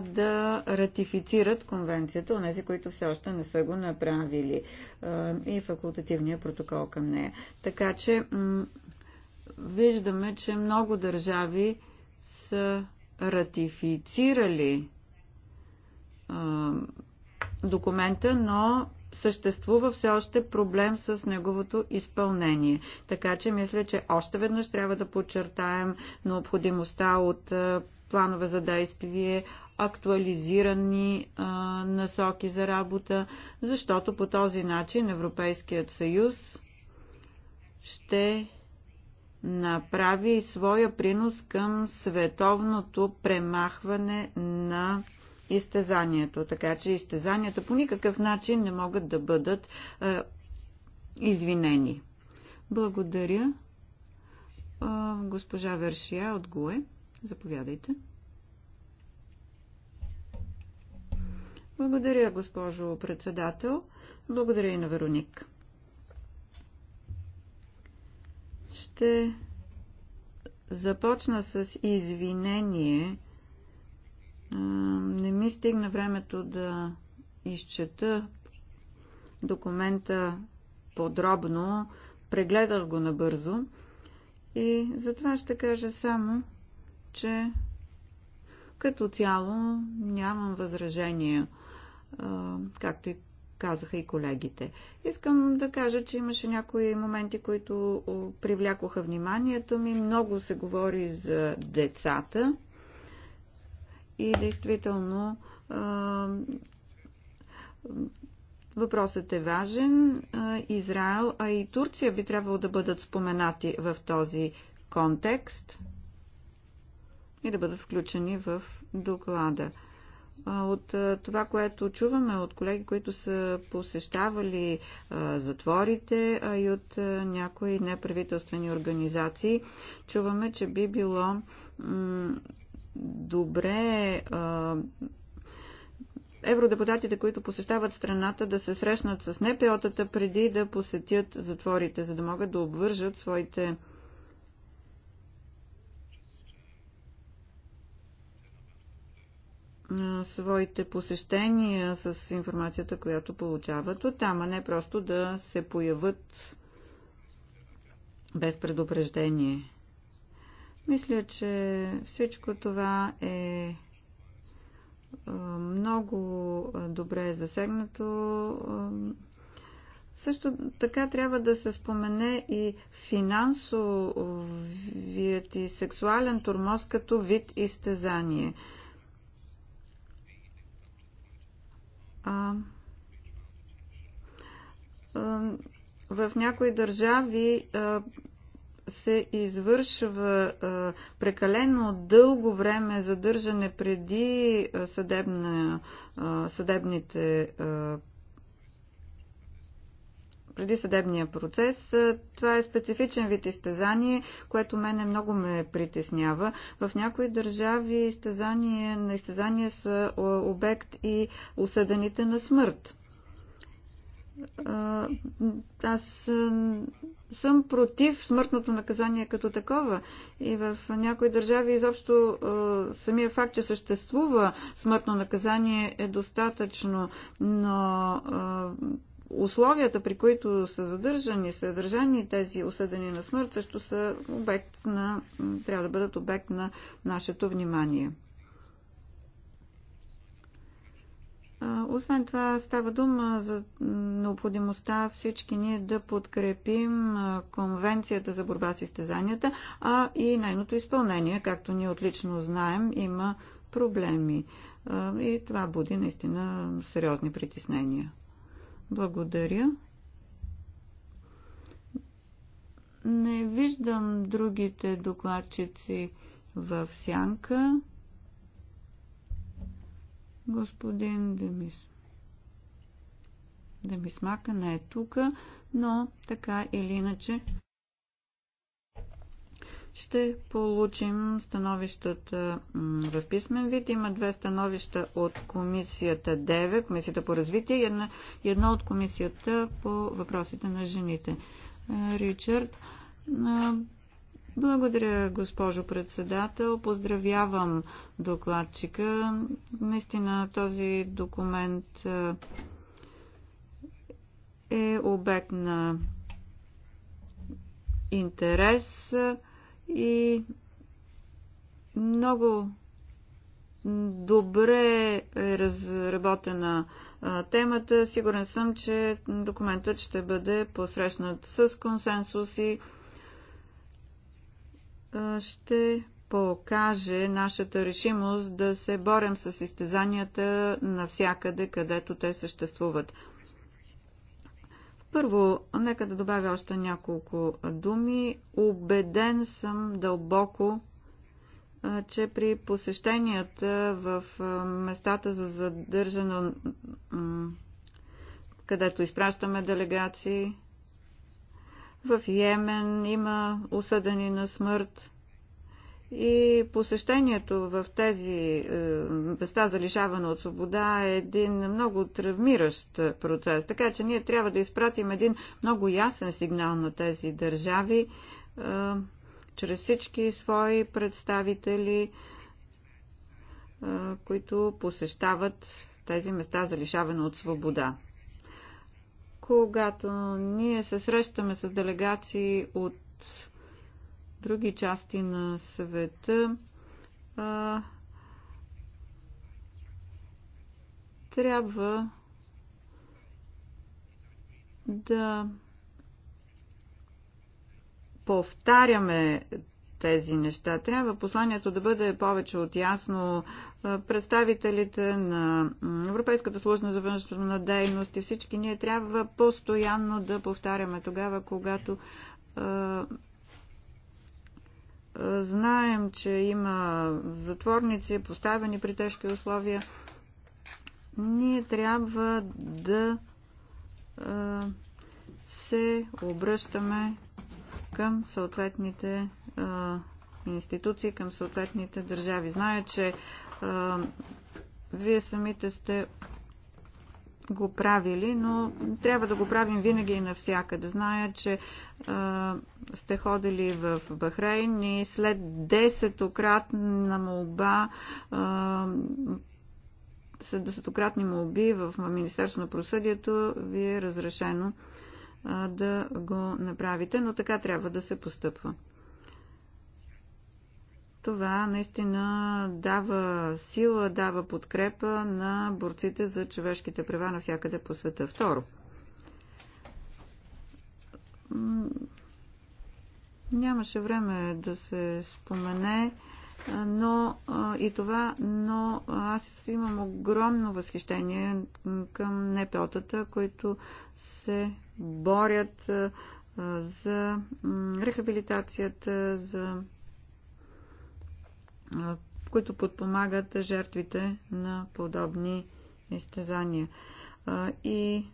да ратифицират конвенцията, онези, които все още не са го направили и факултативния протокол към нея. Така че виждаме, че много държави са ратифицирали документа, но съществува все още проблем с неговото изпълнение. Така че мисля, че още веднъж трябва да подчертаем необходимостта от планове за действие, актуализирани а, насоки за работа, защото по този начин Европейският съюз ще направи своя принос към световното премахване на изтезанието. Така че изтезанията по никакъв начин не могат да бъдат е, извинени. Благодаря. Е, госпожа Вершия от ГУЕ. Заповядайте. Благодаря, госпожо председател. Благодаря и на Вероник. Ще започна с извинение не ми стигна времето да изчета документа подробно, прегледах го набързо и затова ще кажа само, че като цяло нямам възражения, както и казаха и колегите. Искам да кажа, че имаше някои моменти, които привлякоха вниманието ми. Много се говори за децата и действително въпросът е важен. Израел, а и Турция би трябвало да бъдат споменати в този контекст и да бъдат включени в доклада. От това, което чуваме от колеги, които са посещавали затворите и от някои неправителствени организации, чуваме, че би било добре евродепутатите, които посещават страната, да се срещнат с НПО-тата преди да посетят затворите, за да могат да обвържат своите своите посещения с информацията, която получават от там, а не просто да се появят без предупреждение. Мисля, че всичко това е много добре засегнато. Също така трябва да се спомене и финансовият и сексуален тормоз като вид изтезание. А, а, в някои държави а, се извършва прекалено дълго време задържане преди съдебна, съдебните преди съдебния процес. Това е специфичен вид изтезание, което мене много ме притеснява. В някои държави изтезание, на изтезание са обект и осъдените на смърт аз съм против смъртното наказание като такова. И в някои държави изобщо самия факт, че съществува смъртно наказание е достатъчно, но условията, при които са задържани, са държани тези осъдени на смърт, също са обект на, трябва да бъдат обект на нашето внимание. Освен това става дума за необходимостта всички ние да подкрепим Конвенцията за борба с изтезанията, а и нейното изпълнение, както ние отлично знаем, има проблеми. И това буди наистина сериозни притеснения. Благодаря. Не виждам другите докладчици в сянка господин Демис. Демисмака не е тук, но така или иначе ще получим становищата в писмен вид. Има две становища от комисията 9, комисията по развитие и една, едно от комисията по въпросите на жените. Е, Ричард, благодаря, госпожо председател. Поздравявам докладчика. Наистина този документ е, е обект на интерес и много добре е разработена е, темата. Сигурен съм, че документът ще бъде посрещнат с консенсус и ще покаже нашата решимост да се борем с изтезанията навсякъде, където те съществуват. Първо, нека да добавя още няколко думи. Убеден съм дълбоко, че при посещенията в местата за задържане, където изпращаме делегации, в Йемен има осъдени на смърт. И посещението в тези е, места за лишаване от свобода е един много травмиращ процес. Така че ние трябва да изпратим един много ясен сигнал на тези държави е, чрез всички свои представители, е, които посещават тези места за лишаване от свобода. Когато ние се срещаме с делегации от други части на света, а, трябва да повтаряме тези неща. Трябва посланието да бъде повече от ясно. Представителите на Европейската служба за външна дейност и всички ние трябва постоянно да повтаряме тогава, когато знаем, че има затворници, поставени при тежки условия, ние трябва да се обръщаме към съответните а, институции, към съответните държави. Зная, че а, вие самите сте го правили, но трябва да го правим винаги и навсякъде. Зная, че а, сте ходили в Бахрейн и след 10-кратна молба а, след 10-кратни молби в Министерство на просъдието ви е разрешено да го направите, но така трябва да се постъпва. Това наистина дава сила, дава подкрепа на борците за човешките права навсякъде по света. Второ, нямаше време да се спомене, но и това, но аз имам огромно възхищение към НПО-тата, които се борят за рехабилитацията, за които подпомагат жертвите на подобни изтезания. И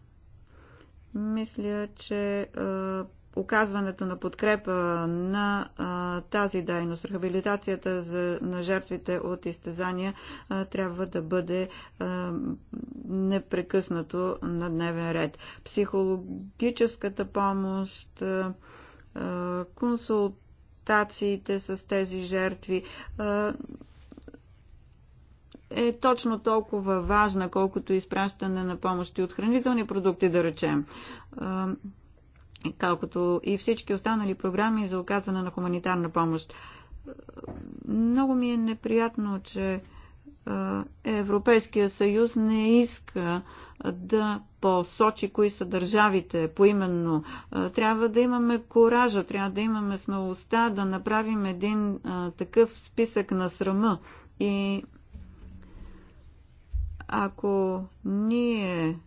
мисля, че оказването на подкрепа на а, тази дейност, рехабилитацията за, на жертвите от изтезания а, трябва да бъде а, непрекъснато на дневен ред. Психологическата помощ, а, а, консултациите с тези жертви. А, е точно толкова важна, колкото изпращане на помощи от хранителни продукти, да речем. Калкото и всички останали програми за оказване на хуманитарна помощ. Много ми е неприятно, че Европейския съюз не иска да посочи кои са държавите поименно. Трябва да имаме коража, трябва да имаме смелостта да направим един такъв списък на срама. И ако ние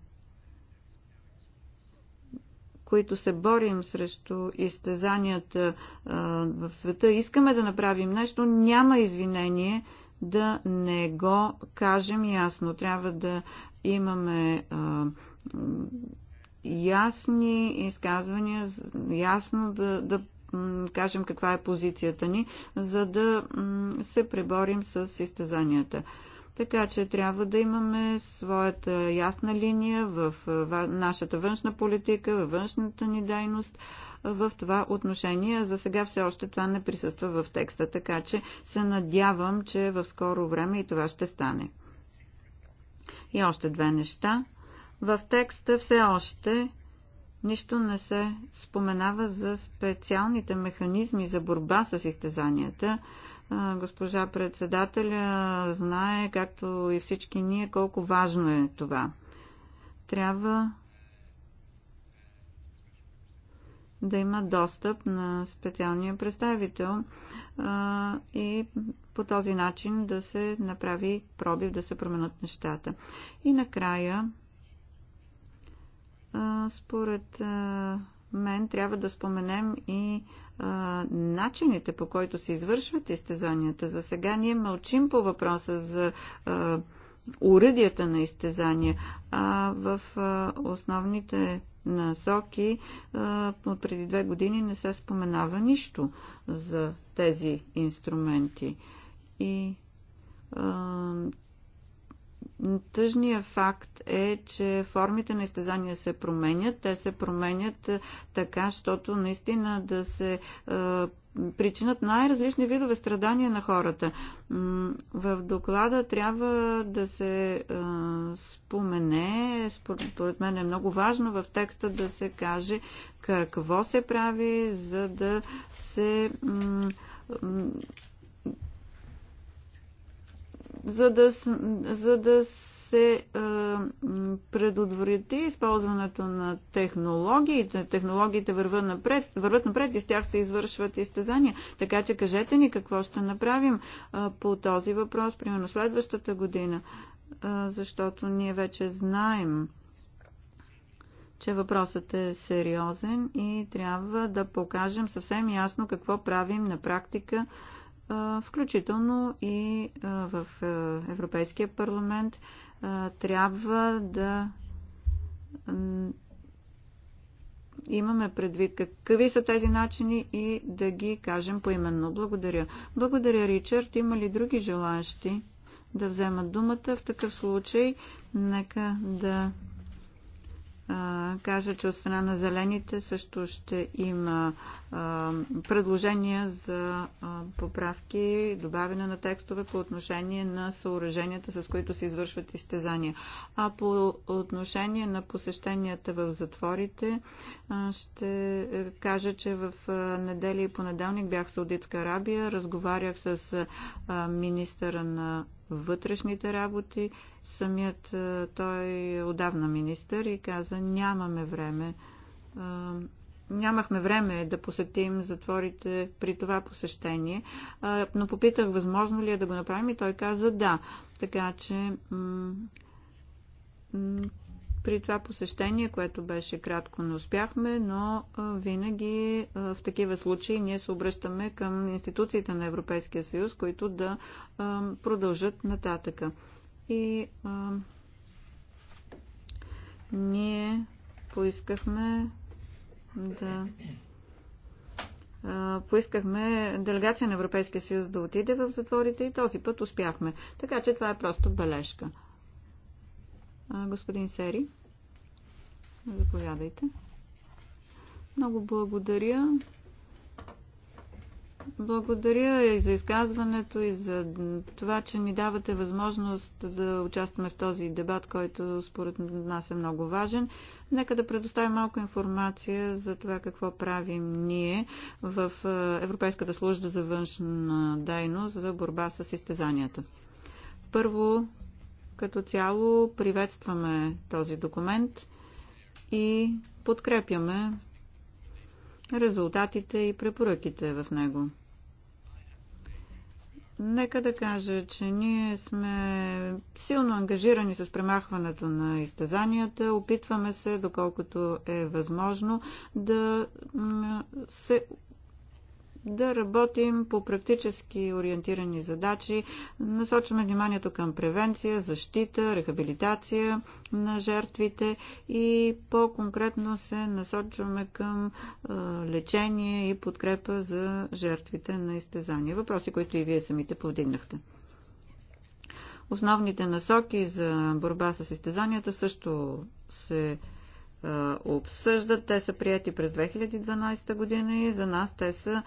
които се борим срещу изтезанията в света, искаме да направим нещо, няма извинение да не го кажем ясно. Трябва да имаме ясни изказвания, ясно да, да кажем каква е позицията ни, за да се преборим с изтезанията. Така че трябва да имаме своята ясна линия в нашата външна политика, във външната ни дейност в това отношение. За сега все още това не присъства в текста, така че се надявам, че в скоро време и това ще стане. И още две неща. В текста все още нищо не се споменава за специалните механизми за борба с изтезанията, Госпожа председателя знае, както и всички ние, колко важно е това. Трябва да има достъп на специалния представител а, и по този начин да се направи пробив, да се променят нещата. И накрая, а, според а, мен, трябва да споменем и а, начините по който се извършват изтезанията. За сега ние мълчим по въпроса за а, уръдията на изтезания, а в а, основните насоки от преди две години не се споменава нищо за тези инструменти. И Тъжният факт е, че формите на изтезания се променят. Те се променят е, така, защото наистина да се е, причинат най-различни видове страдания на хората. В доклада трябва да се е, спомене, според мен е много важно в текста да се каже какво се прави, за да се за да, за да се е, предотврати използването на технологиите. Технологиите върват напред, върват напред и с тях се извършват изтезания. Така че кажете ни какво ще направим е, по този въпрос, примерно следващата година, е, защото ние вече знаем че въпросът е сериозен и трябва да покажем съвсем ясно какво правим на практика включително и в Европейския парламент, трябва да имаме предвид какви са тези начини и да ги кажем поименно. Благодаря. Благодаря, Ричард. Има ли други желаящи да вземат думата? В такъв случай, нека да кажа, че от страна на зелените също ще има предложения за поправки, добавяне на текстове по отношение на съоръженията, с които се извършват изтезания. А по отношение на посещенията в затворите, ще е, кажа, че в неделя и понеделник бях в Саудитска Арабия, разговарях с министъра на вътрешните работи. Самият той е отдавна министър и каза, нямаме време. Нямахме време да посетим затворите при това посещение, но попитах възможно ли е да го направим и той каза да. Така че при това посещение, което беше кратко, не успяхме, но винаги в такива случаи ние се обръщаме към институциите на Европейския съюз, които да продължат нататъка. И а, ние поискахме да поискахме делегация на Европейския съюз да отиде в затворите и този път успяхме. Така че това е просто бележка. Господин Сери, заповядайте. Много благодаря. Благодаря и за изказването и за това, че ни давате възможност да участваме в този дебат, който според нас е много важен. Нека да предоставим малко информация за това какво правим ние в Европейската служба за външна дайност за борба с изтезанията. Първо, като цяло приветстваме този документ и подкрепяме резултатите и препоръките в него. Нека да кажа, че ние сме силно ангажирани с премахването на изтезанията. Опитваме се, доколкото е възможно, да се да работим по практически ориентирани задачи. Насочваме вниманието към превенция, защита, рехабилитация на жертвите и по-конкретно се насочваме към лечение и подкрепа за жертвите на изтезания. Въпроси, които и вие самите повдигнахте. Основните насоки за борба с изтезанията също се обсъждат. Те са прияти през 2012 година и за нас те са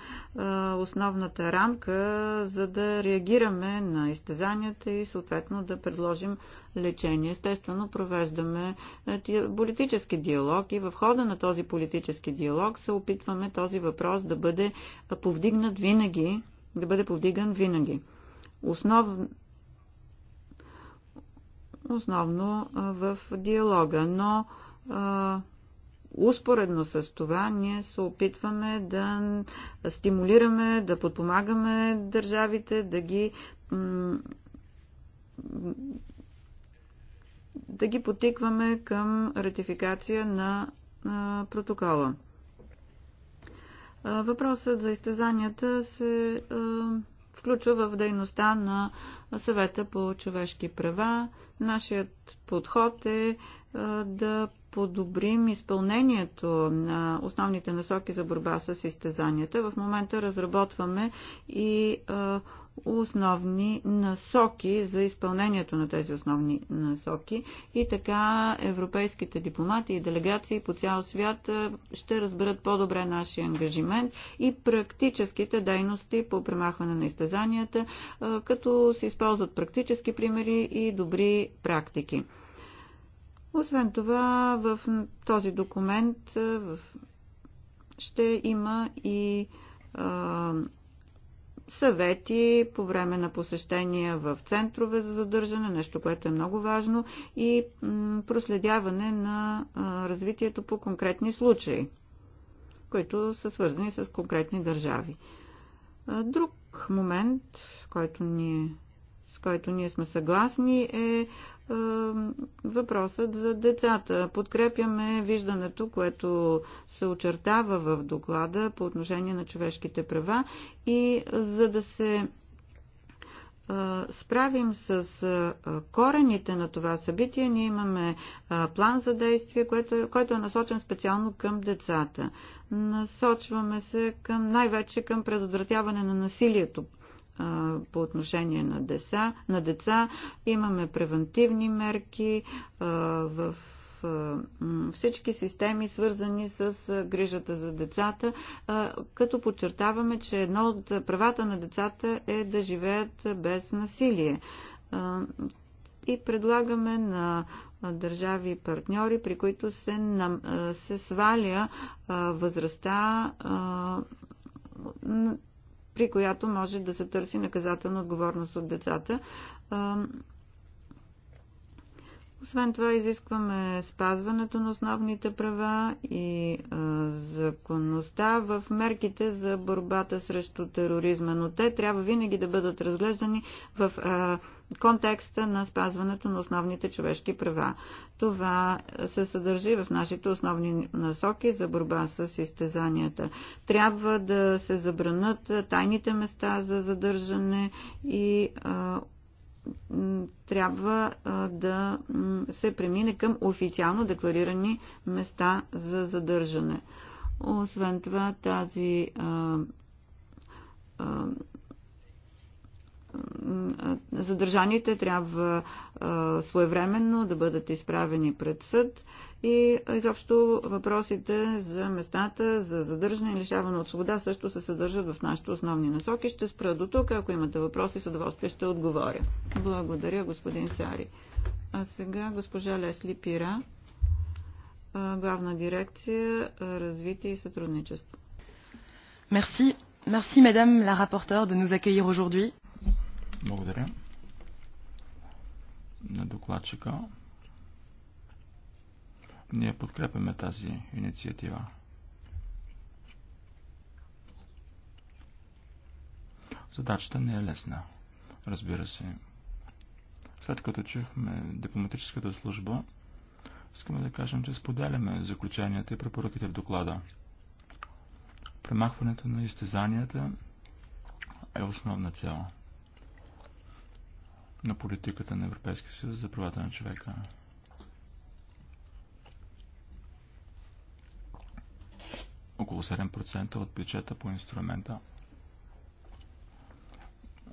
основната рамка, за да реагираме на изтезанията и съответно да предложим лечение. Естествено, провеждаме политически диалог и в хода на този политически диалог се опитваме този въпрос да бъде повдигнат винаги, да бъде повдиган винаги. Основ, основно в диалога, но Успоредно с това ние се опитваме да стимулираме, да подпомагаме държавите, да ги да ги потикваме към ратификация на протокола. Въпросът за изтезанията се включва в дейността на съвета по човешки права. Нашият подход е да подобрим изпълнението на основните насоки за борба с изтезанията. В момента разработваме и основни насоки за изпълнението на тези основни насоки и така европейските дипломати и делегации по цял свят ще разберат по-добре нашия ангажимент и практическите дейности по премахване на изтезанията, като се използват практически примери и добри практики. Освен това, в този документ ще има и съвети по време на посещения в центрове за задържане, нещо, което е много важно, и проследяване на развитието по конкретни случаи, които са свързани с конкретни държави. Друг момент, който ние, с който ние сме съгласни, е е, въпросът за децата. Подкрепяме виждането, което се очертава в доклада по отношение на човешките права и за да се е, справим с е, корените на това събитие, ние имаме план за действие, който е, който е насочен специално към децата. Насочваме се към, най-вече към предотвратяване на насилието по отношение на деца. На деца имаме превентивни мерки в всички системи, свързани с грижата за децата, като подчертаваме, че едно от правата на децата е да живеят без насилие. И предлагаме на държави и партньори, при които се, нам, се сваля възрастта при която може да се търси наказателна отговорност от децата. Освен това, изискваме спазването на основните права и а, законността в мерките за борбата срещу тероризма, но те трябва винаги да бъдат разглеждани в а, контекста на спазването на основните човешки права. Това се съдържи в нашите основни насоки за борба с изтезанията. Трябва да се забранат тайните места за задържане и а, трябва да се премине към официално декларирани места за задържане. Освен това, тази задържаните трябва своевременно да бъдат изправени пред съд и изобщо въпросите за местата, за задържане и лишаване от свобода също се съдържат в нашите основни насоки. Ще спра до тук. Ако имате въпроси, с удоволствие ще отговоря. Благодаря, господин Сари. А сега госпожа Лесли Пира, главна дирекция развитие и
сътрудничество. Мерси. Мерси, медам, ла рапортер, да nous accueillir aujourd'hui.
Благодаря. На докладчика. Ние подкрепяме тази инициатива. Задачата не е лесна, разбира се. След като чухме дипломатическата служба, искаме да кажем, че споделяме заключенията и препоръките в доклада. Премахването на изтезанията е основна цел на политиката на Европейския съюз за правата на човека. 7% от бюджета по инструмента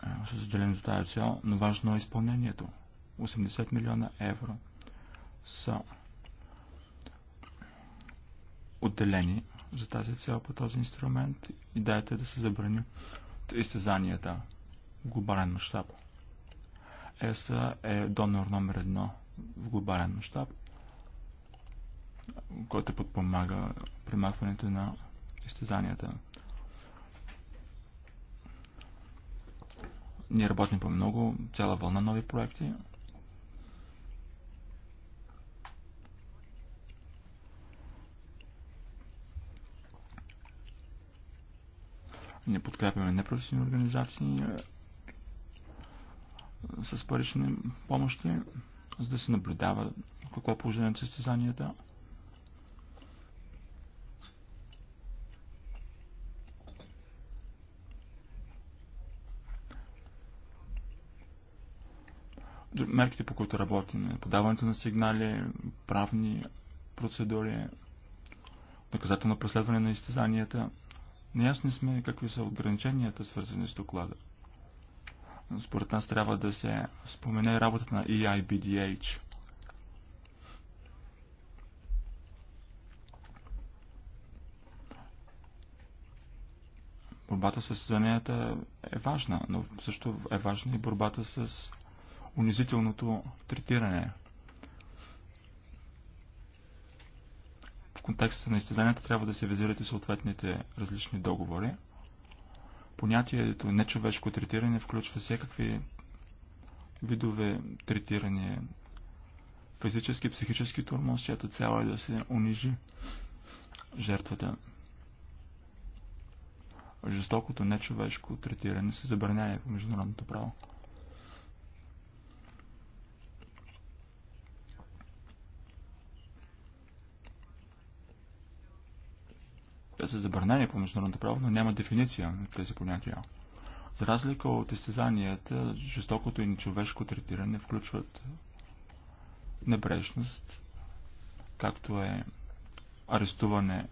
е, Ще заделим за тази цел, но важно е изпълнението. 80 милиона евро са отделени за тази цел по този инструмент и дайте да се забрани изтезанията в глобален мащаб. ЕС е донор номер едно в глобален мащаб, който подпомага примахването на изтезанията. Ние работим по много, цяла вълна нови проекти. Ние подкрепяме непрофесионални организации е, с парични помощи, за да се наблюдава какво е положението на състезанията. мерките, по които работим, подаването на сигнали, правни процедури, наказателно преследване на изтезанията. Неясни сме какви са ограниченията, свързани с доклада. Според нас трябва да се спомене работата на EIBDH. Борбата с изтезанията е важна, но също е важна и борбата с унизителното третиране. В контекста на изтезанията трябва да се визират и съответните различни договори. Понятието нечовешко третиране включва всякакви видове третиране, физически, психически турмоз, чиято цяло е да се унижи жертвата. Жестокото, нечовешко третиране се забранява по международното право. Те са забранени по международното право, но няма дефиниция на тези понятия. За разлика от изтезанията, жестокото и нечовешко третиране включват небрежност, както е арестуване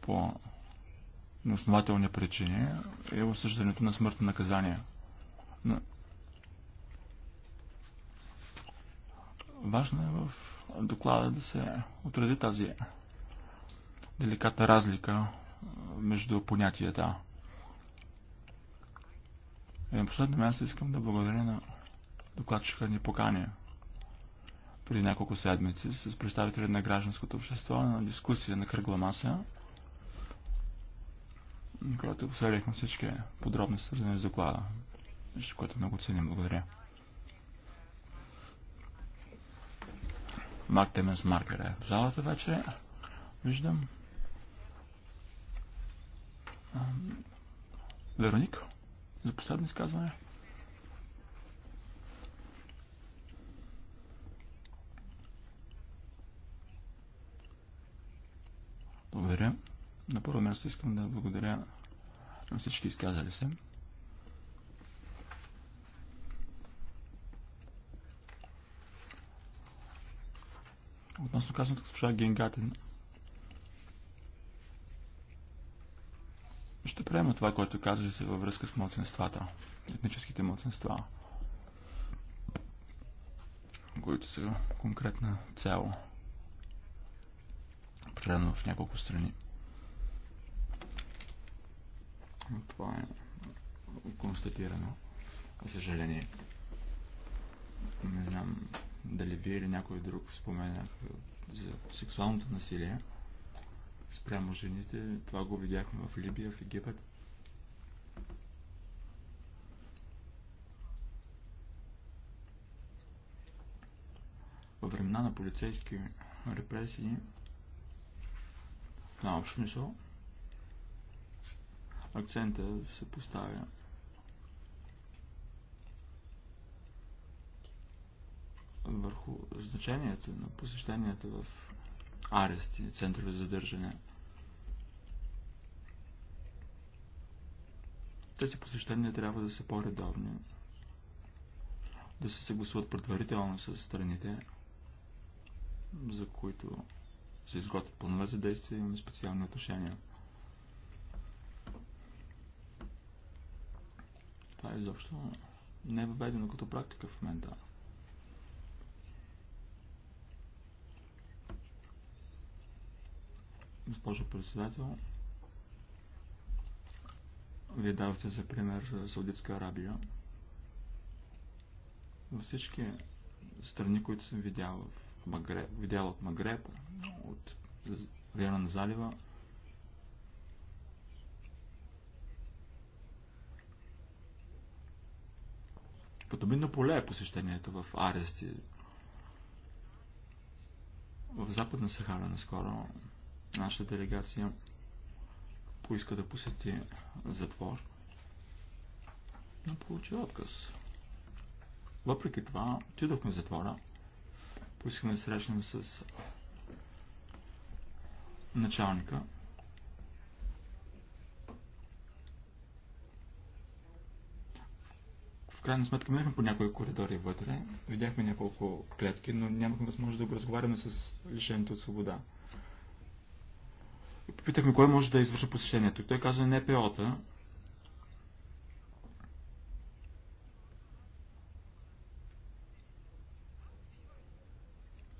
по основателни причини е осъждането на смъртно наказание. Важно е в доклада да се отрази тази деликатна разлика между понятията. И на последно място искам да благодаря на докладчика ни покания преди няколко седмици с представители на гражданското общество на дискусия на кръгла маса, на която обсъдихме всички подробности, свързани с доклада. Нещо, което много ценим. Благодаря. Марк Теменс Маркер е в залата вече. Виждам. Вероник, за последно изказване. Благодаря. На първо място искам да благодаря на всички изказали се. Относно казаната госпожа Генгатен. Ще приема това, което казваше се във връзка с младсенствата, етническите младсенства, които са конкретна цяло, определено в няколко страни. Това е констатирано, за съжаление. Не знам дали вие или някой друг споменах за сексуалното насилие спрямо жените. Това го видяхме в Либия, в Египет. Във времена на полицейски репресии, на е общ смисъл, акцента се поставя върху значението на посещенията в арести, центрове за задържане. Тези посещения трябва да са по-редовни, да се съгласуват предварително с страните, за които се изготвят планове за действие и имаме специални отношения. Това е изобщо не е въведено като практика в момента. Госпожо председател, вие давате за пример Саудитска Арабия. Във всички страни, които съм видял, в Магреб, видял от Магреб, от района на залива, Подобно поле е посещението в Арести, в Западна Сахара наскоро Нашата делегация поиска да посети затвор, но получи отказ. Въпреки това, отидохме в затвора, поискахме да срещнем с началника. В крайна сметка минахме по някои коридори вътре, видяхме няколко клетки, но нямахме възможност да го разговаряме с лишените от свобода. И попитахме кой може да извърши посещението. И той каза не пиота.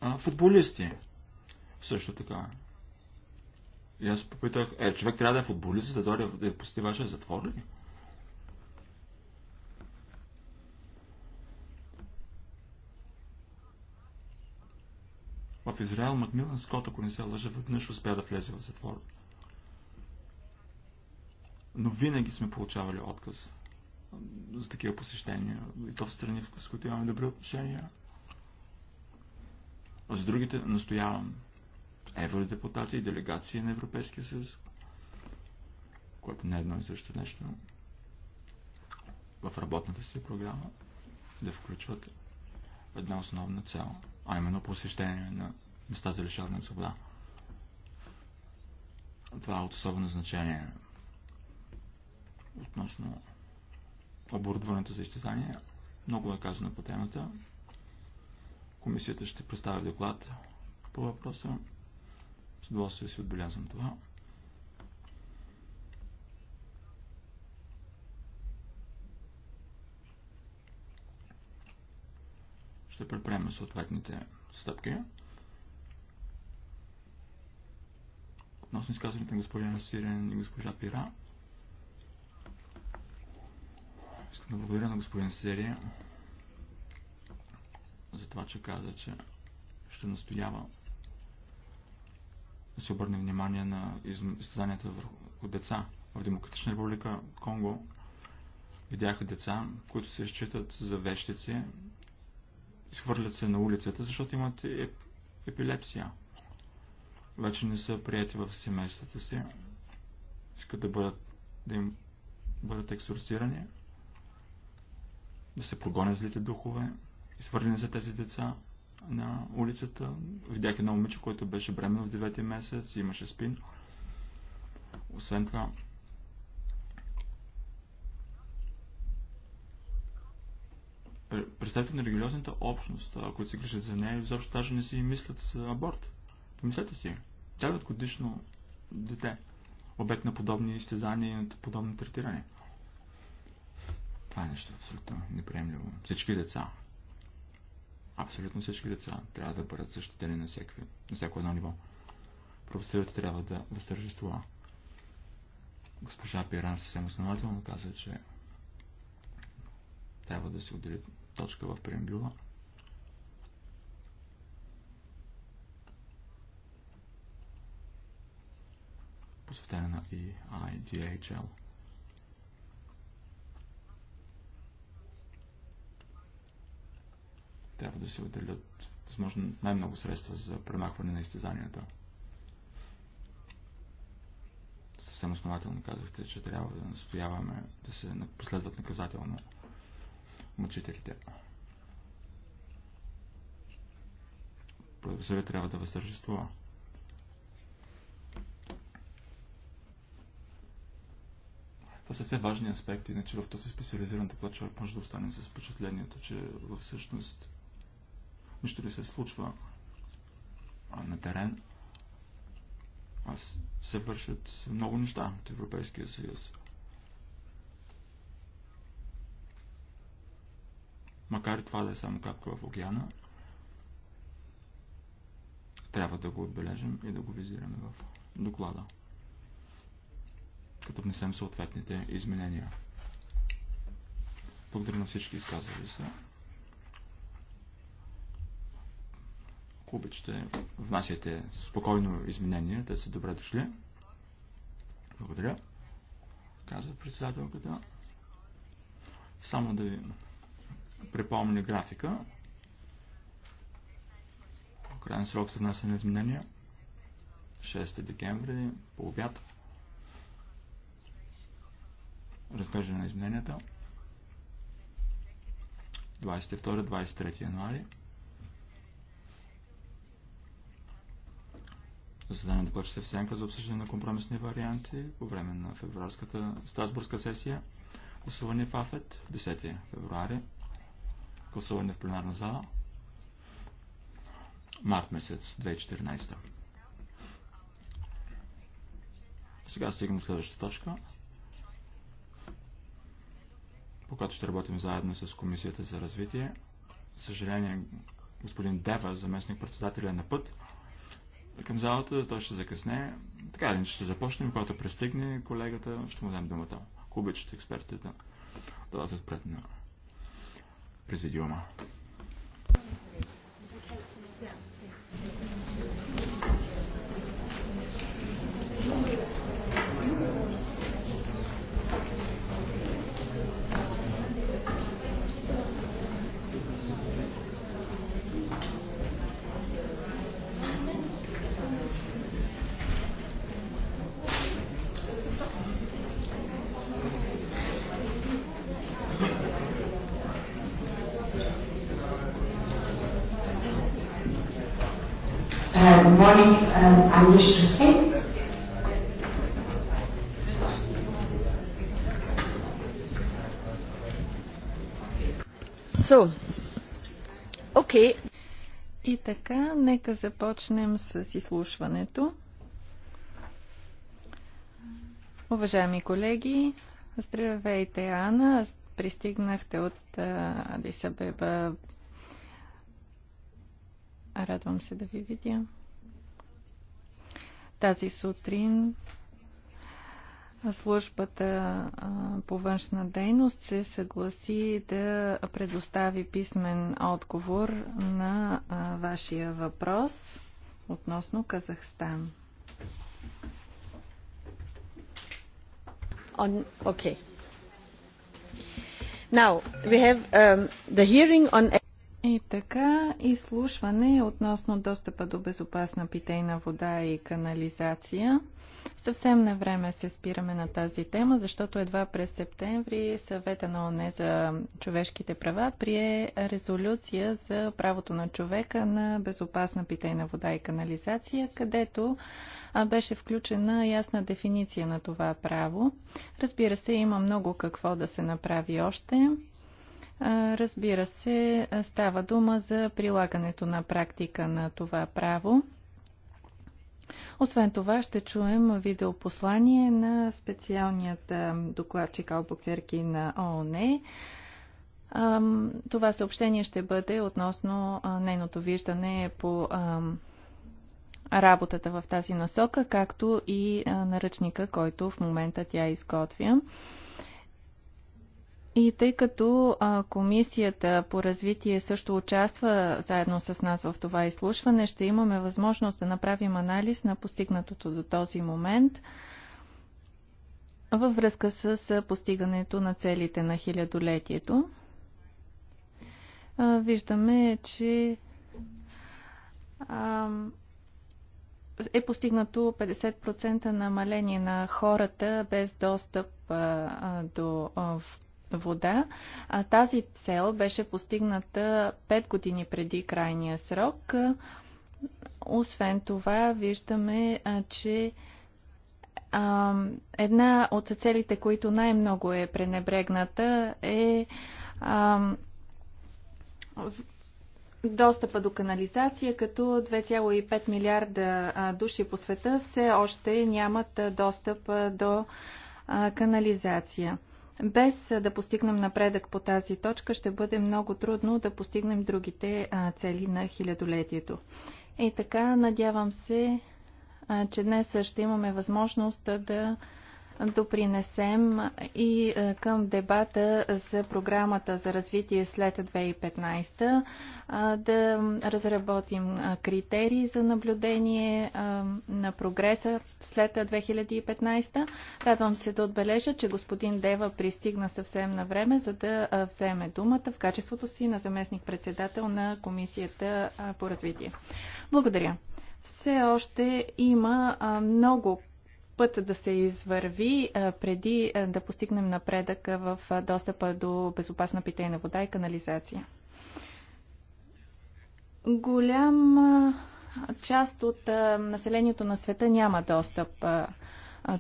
А, футболисти. Също така. И аз попитах, е, човек трябва да е футболист, за да дойде да посети вашия затвор ли? в Израел Макмилан Скот, ако не се лъжа, веднъж успя да влезе в затвор. Но винаги сме получавали отказ за такива посещения. И то в страни, с които имаме добри отношения. А за другите настоявам евродепутати и делегации на Европейския съюз, което не е едно и също нещо в работната си програма, да включват една основна цел, а именно посещение на места за лишаване от свобода. Това е от особено значение относно оборудването за изтезания. Много е казано по темата. Комисията ще представи доклад по въпроса. С удоволствие си отбелязвам това. Ще предприемем съответните стъпки. Относно изказването на господин Сирен и госпожа Пира. Искам да благодаря на господин Серия за това, че каза, че ще настоява да се обърне внимание на изтезанията върху деца. В Демократична република Конго видяха деца, които се считат за вещици, изхвърлят се на улицата, защото имат епилепсия вече не са прияти в семействата си. Искат да бъдат, да им бъдат ексорсирани, да се прогонят злите духове. Извърлени са тези деца на улицата. Видях едно момиче, което беше бременно в 9 месец, имаше спин. Освен това, представете на религиозната общност, които се грижат за нея, изобщо даже не си мислят за аборт. Помислете си, тягат годишно дете, обект на подобни изтезания и на подобно третиране. Това е нещо абсолютно неприемливо. Всички деца, абсолютно всички деца трябва да бъдат защитени на, всеки, на всяко едно ниво. Правосъдието трябва да възтържествува. Госпожа Пиран съвсем основателно каза, че трябва да се отдели точка в преамбюла – посветена и IDHL. Трябва да се отделят възможно най-много средства за премахване на изтезанията. Съвсем основателно казахте, че трябва да настояваме да се последват наказателно мъчителите. Правосъдие трябва да възтържествува. Това са все важни аспекти, иначе в този специализиран доклад човек може да остане с впечатлението, че всъщност нищо ли се случва а на терен. Аз се вършат много неща от Европейския съюз. Макар и това да е само капка в океана, трябва да го отбележим и да го визираме в доклада като внесем съответните изменения. Благодаря на всички изказали се. Ако обичате, внасяйте спокойно изменения, те са добре дошли. Благодаря, казва председателката. Само да ви припомня графика. Крайен срок за внасяне изменения. 6 декември по обяд разглеждане на измененията. 22-23 януари. Заседанието да се в сенка за обсъждане на компромисни варианти по време на февруарската Страсбургска сесия. Гласуване в АФЕТ 10 февруари. Гласуване в пленарна зала. Март месец 2014. Сега стигаме следващата точка по която ще работим заедно с Комисията за развитие. Съжаление, господин Дева, заместник председателя е на път към залата, той ще закъсне. Така или ще започнем, когато пристигне колегата, ще му дам думата. Ако обичате експертите да дадат пред на президиума.
така, нека започнем с изслушването. Уважаеми колеги, здравейте, Ана. Пристигнахте от Адисабеба. Радвам се да ви видя. Тази сутрин Службата по външна дейност се съгласи да предостави писмен отговор на вашия въпрос относно Казахстан. On, okay. Now we have um, the hearing on и така, изслушване относно достъпа до безопасна питейна вода и канализация. Съвсем на време се спираме на тази тема, защото едва през септември съвета на ОНЕ за човешките права прие резолюция за правото на човека на безопасна питейна вода и канализация, където беше включена ясна дефиниция на това право. Разбира се, има много какво да се направи още. Разбира се, става дума за прилагането на практика на това право. Освен това ще чуем видеопослание на специалният докладчик Албукерки на ООН. Това съобщение ще бъде относно нейното виждане по работата в тази насока, както и наръчника, който в момента тя изготвя. И тъй като а, Комисията по развитие също участва заедно с нас в това изслушване, ще имаме възможност да направим анализ на постигнатото до този момент във връзка с постигането на целите на хилядолетието. А, виждаме, че а, е постигнато 50% намаление на хората без достъп а, до а, вода. А тази цел беше постигната 5 години преди крайния срок. Освен това, виждаме, че една от целите, които най-много е пренебрегната, е достъпа до канализация, като 2,5 милиарда души по света все още нямат достъп до канализация без да постигнем напредък по тази точка, ще бъде много трудно да постигнем другите цели на хилядолетието. И така, надявам се, че днес ще имаме възможност да допринесем и е, към дебата за програмата за развитие след 2015, е, да разработим е, критерии за наблюдение на прогреса след 2015. Радвам се да отбележа, че господин Дева пристигна съвсем на време, за да вземе думата в качеството си на заместник-председател на Комисията по развитие. Благодаря все още има много път да се извърви преди да постигнем напредък в достъпа до безопасна питейна вода и канализация. Голям част от населението на света няма достъп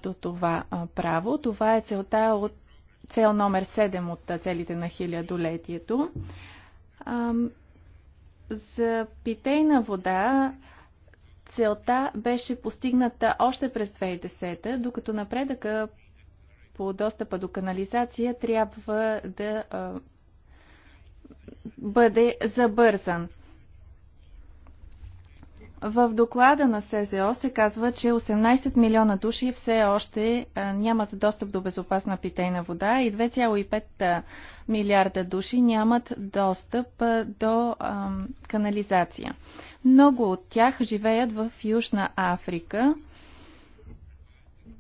до това право. Това е целта от цел номер 7 от целите на хилядолетието. За питейна вода Целта беше постигната още през 2010, докато напредъка по достъпа до канализация трябва да бъде забързан. В доклада на СЗО се казва, че 18 милиона души все още нямат достъп до безопасна питейна вода и 2,5 милиарда души нямат достъп до ам, канализация. Много от тях живеят в Южна Африка.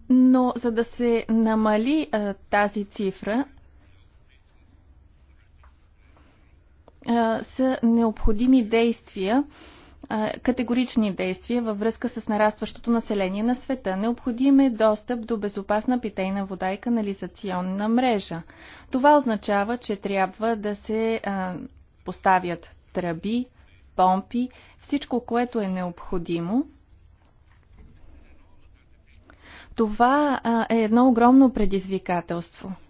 Но за да се намали а, тази цифра, а, са необходими действия, категорични действия във връзка с нарастващото население на света. Необходим е достъп до безопасна питейна вода и канализационна мрежа. Това означава, че трябва да се поставят тръби, помпи, всичко, което е необходимо. Това е едно огромно предизвикателство –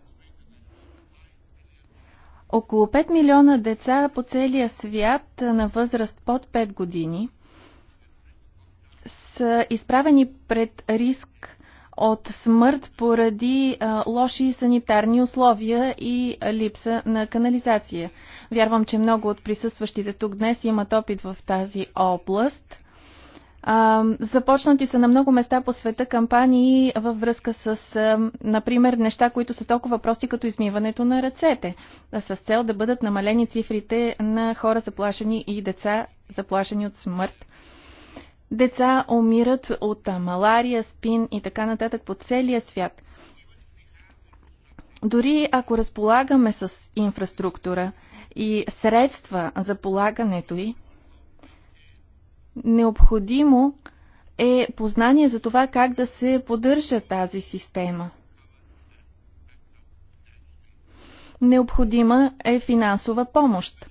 около 5 милиона деца по целия свят на възраст под 5 години са изправени пред риск от смърт поради а, лоши санитарни условия и липса на канализация. Вярвам, че много от присъстващите тук днес имат опит в тази област. Започнати са на много места по света кампании във връзка с, например, неща, които са толкова прости, като измиването на ръцете, с цел да бъдат намалени цифрите на хора заплашени и деца заплашени от смърт. Деца умират от малария, спин и така нататък по целия свят. Дори ако разполагаме с инфраструктура и средства за полагането й, Необходимо е познание за това как да се поддържа тази система. Необходима е финансова помощ.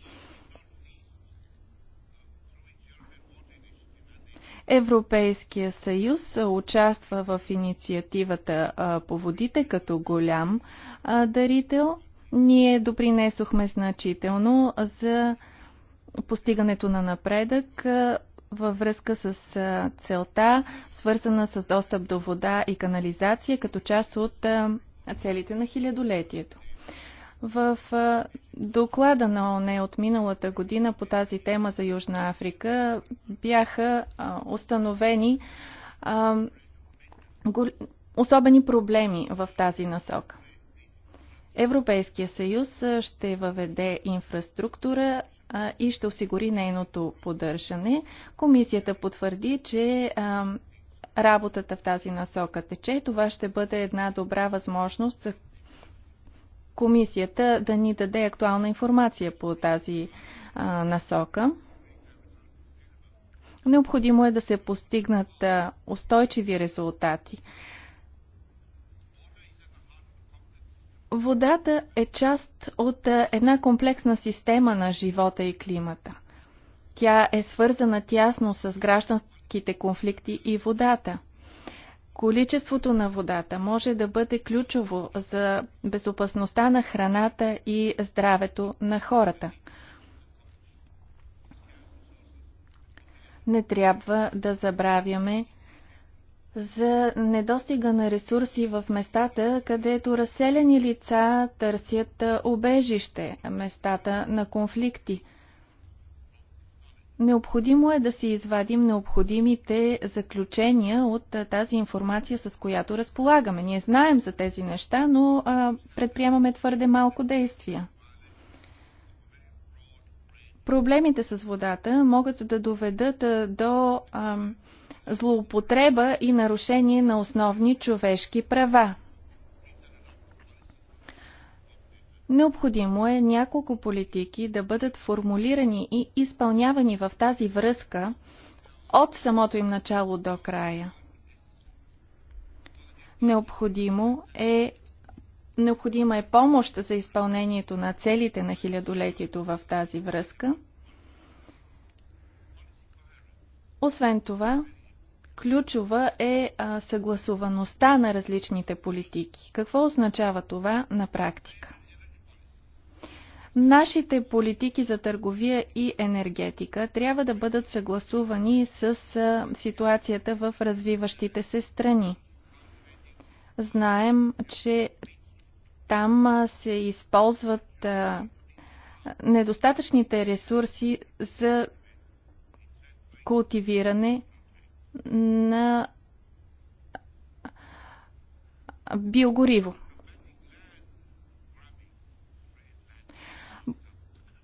Европейския съюз участва в инициативата по водите като голям дарител. Ние допринесохме значително за постигането на напредък във връзка с целта, свързана с достъп до вода и канализация, като част от целите на хилядолетието. В доклада на ОНЕ от миналата година по тази тема за Южна Африка бяха установени особени проблеми в тази насока. Европейския съюз ще въведе инфраструктура и ще осигури нейното поддържане. Комисията потвърди, че работата в тази насока тече. Това ще бъде една добра възможност за комисията да ни даде актуална информация по тази насока. Необходимо е да се постигнат устойчиви резултати. Водата е част от е, една комплексна система на живота и климата. Тя е свързана тясно с гражданските конфликти и водата. Количеството на водата може да бъде ключово за безопасността на храната и здравето на хората. Не трябва да забравяме, за недостига на ресурси в местата, където разселени лица търсят обежище, местата на конфликти. Необходимо е да си извадим необходимите заключения от тази информация, с която разполагаме. Ние знаем за тези неща, но а, предприемаме твърде малко действия. Проблемите с водата могат да доведат до. А, злоупотреба и нарушение на основни човешки права. Необходимо е няколко политики да бъдат формулирани и изпълнявани в тази връзка от самото им начало до края. Необходимо е Необходима е помощ за изпълнението на целите на хилядолетието в тази връзка. Освен това, Ключова е а, съгласуваността на различните политики. Какво означава това на практика? Нашите политики за търговия и енергетика трябва да бъдат съгласувани с ситуацията в развиващите се страни. Знаем, че там се използват недостатъчните ресурси за култивиране на биогориво.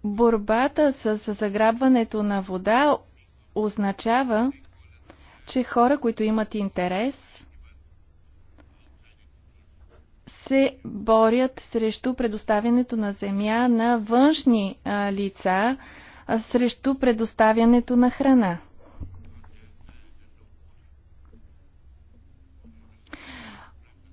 Борбата с заграбването на вода означава, че хора, които имат интерес, се борят срещу предоставянето на земя на външни лица, срещу предоставянето на храна.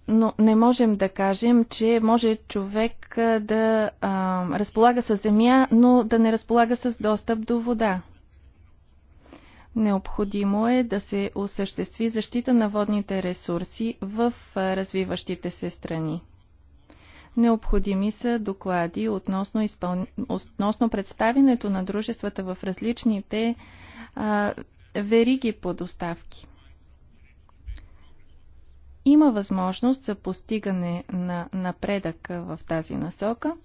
но не можем да кажем, че може човек да а, разполага с земя, но да не разполага с достъп до вода. Необходимо е да се осъществи защита на водните ресурси в развиващите се страни. Необходими са доклади относно, изпъл... относно представенето на дружествата в различните а, вериги по доставки. Има възможност за постигане на напредък в тази насока.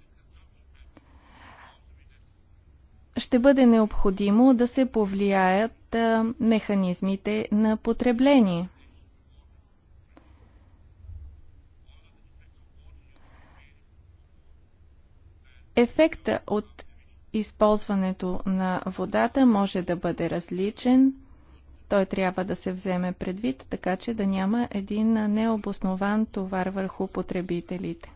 Ще бъде необходимо да се повлияят механизмите на потребление. Ефекта от използването на водата може да бъде различен – той трябва да се вземе предвид, така че да няма един необоснован товар върху потребителите.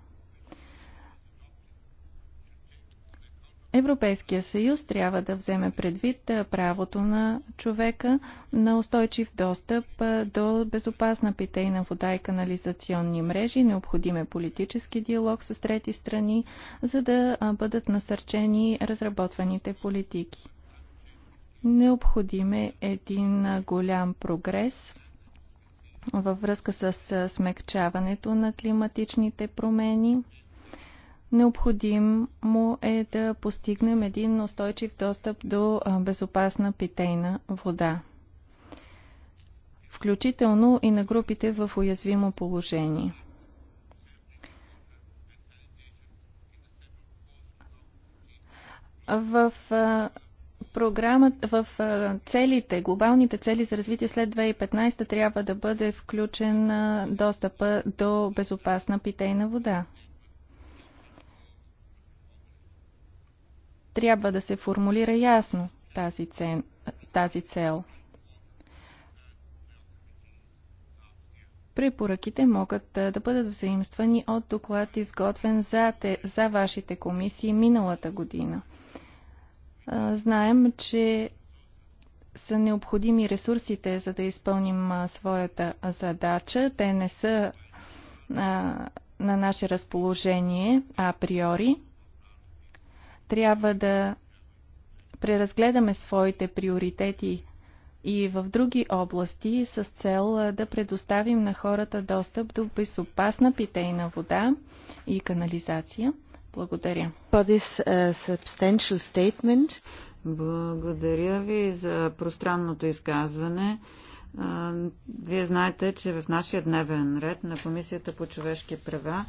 Европейския съюз трябва да вземе предвид правото на човека на устойчив достъп до безопасна питейна вода и канализационни мрежи. Необходим е политически диалог с трети страни, за да бъдат насърчени разработваните политики. Необходим е един голям прогрес във връзка с смягчаването на климатичните промени. Необходимо е да постигнем един устойчив достъп до безопасна питейна вода, включително и на групите в уязвимо положение. В програмата, в целите, глобалните цели за развитие след 2015 трябва да бъде включен достъпа до безопасна питейна вода. Трябва да се формулира ясно тази, цен, тази цел. Препоръките могат да бъдат взаимствани от доклад, изготвен за, те, за вашите комисии миналата година – Знаем, че са необходими ресурсите, за да изпълним своята задача. Те не са на наше разположение априори. Трябва да преразгледаме своите приоритети и в други области с цел да предоставим на хората достъп до безопасна питейна вода и канализация –
благодаря. Uh, Благодаря ви за пространното изказване. Вие знаете, че в нашия дневен ред на Комисията по човешки права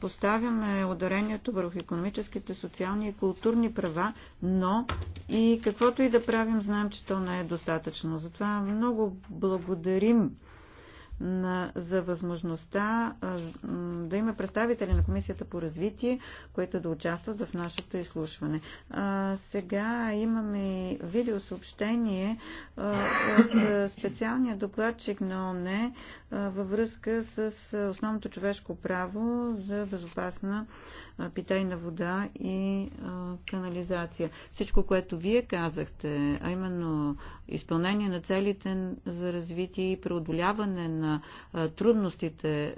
поставяме ударението върху економическите, социални и културни права, но и каквото и да правим, знаем, че то не е достатъчно. Затова много благодарим на, за възможността да има представители на Комисията по развитие, които да участват в нашето изслушване. Сега имаме видеосъобщение от специалния докладчик на ОНЕ във връзка с основното човешко право за безопасна питейна вода и канализация. Всичко, което вие казахте, а именно изпълнение на целите за развитие и преодоляване на на трудностите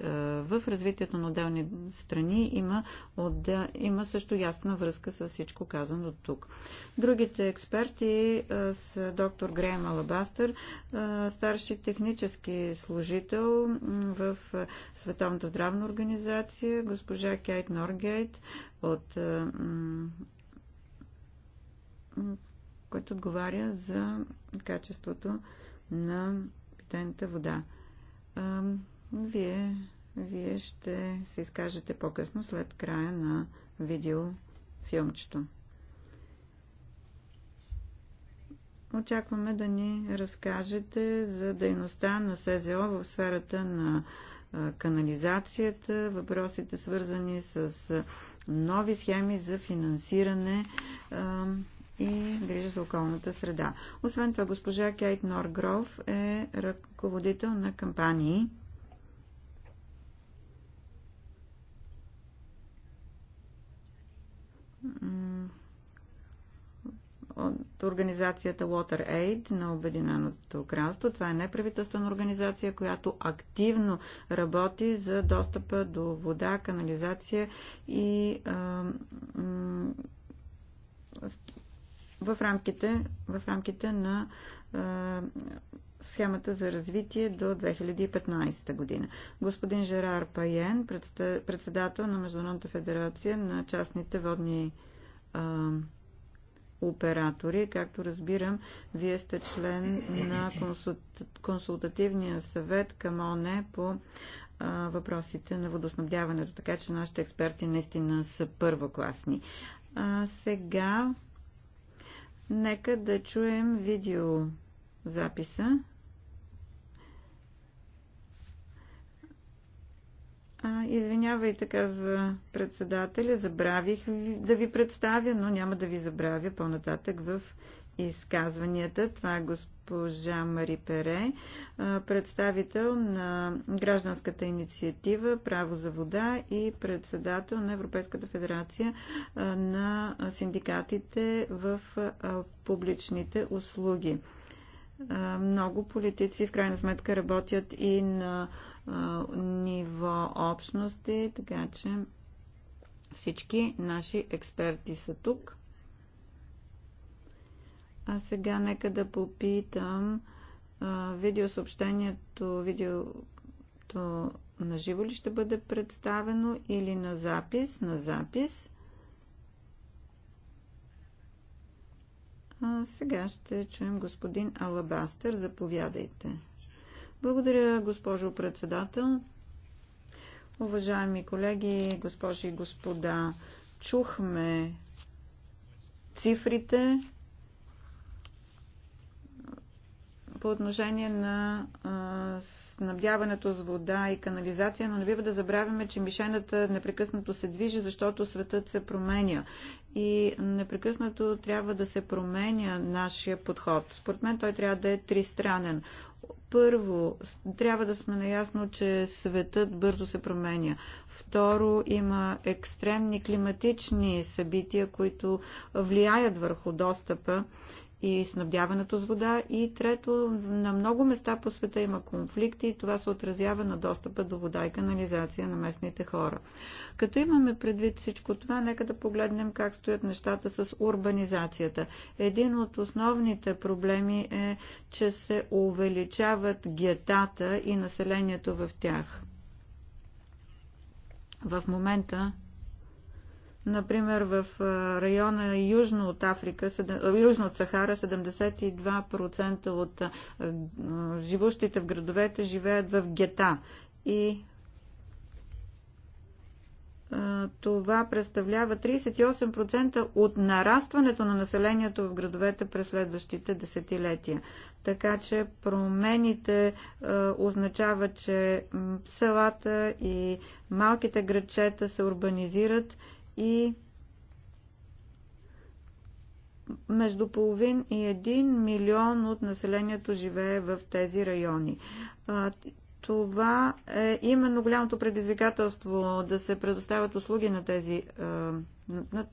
в развитието на отделни страни има, отдел... има също ясна връзка с всичко казано тук. Другите експерти с доктор Греем Алабастър, старши технически служител в Световната здравна организация, госпожа Кейт Норгейт от който отговаря за качеството на питайната вода вие, вие ще се изкажете по-късно след края на видеофилмчето. Очакваме да ни разкажете за дейността на СЗО в сферата на канализацията, въпросите свързани с нови схеми за финансиране и грижа за околната среда. Освен това, госпожа Кейт Норгров е ръководител на кампании от организацията Water Aid на Обединеното кралство. Това е неправителствена организация, която активно работи за достъпа до вода, канализация и а, в рамките, в рамките на схемата за развитие до 2015 година. Господин Жерар Паен, председател на Международната федерация на частните водни а, оператори. Както разбирам, вие сте член на консултативния съвет към ОНЕ по а, въпросите на водоснабдяването, така че нашите експерти наистина са първокласни. А, сега Нека да чуем видео записа. Извинявайте, казва председателя, забравих да ви представя, но няма да ви забравя по-нататък в изказванията. Това е госпожа Мари Пере, представител на гражданската инициатива Право за вода и председател на Европейската федерация на синдикатите в публичните услуги. Много политици в крайна сметка работят и на ниво общности, така че всички наши експерти са тук. А сега нека да попитам видеосъобщението, видеото на живо ли ще бъде представено или на запис? На запис. А сега ще чуем господин Алабастър. Заповядайте. Благодаря, госпожо председател. Уважаеми колеги, госпожи и господа, чухме цифрите, по отношение на а, снабдяването с вода и канализация, но не бива да забравяме, че мишената непрекъснато се движи, защото светът се променя. И непрекъснато трябва да се променя нашия подход. Според мен той трябва да е тристранен. Първо, трябва да сме наясно, че светът бързо се променя. Второ, има екстремни климатични събития, които влияят върху достъпа и снабдяването с вода. И трето, на много места по света има конфликти и това се отразява на достъпа до вода и канализация на местните хора. Като имаме предвид всичко това, нека да погледнем как стоят нещата с урбанизацията. Един от основните проблеми е, че се увеличават гетата и населението в тях. В момента Например, в района южно от Африка, южно от Сахара, 72% от живущите в градовете живеят в гета. И това представлява 38% от нарастването на населението в градовете през следващите десетилетия. Така че промените означават, че селата и малките градчета се урбанизират и между половин и един милион от населението живее в тези райони. Това е именно голямото предизвикателство да се предоставят услуги на тези, на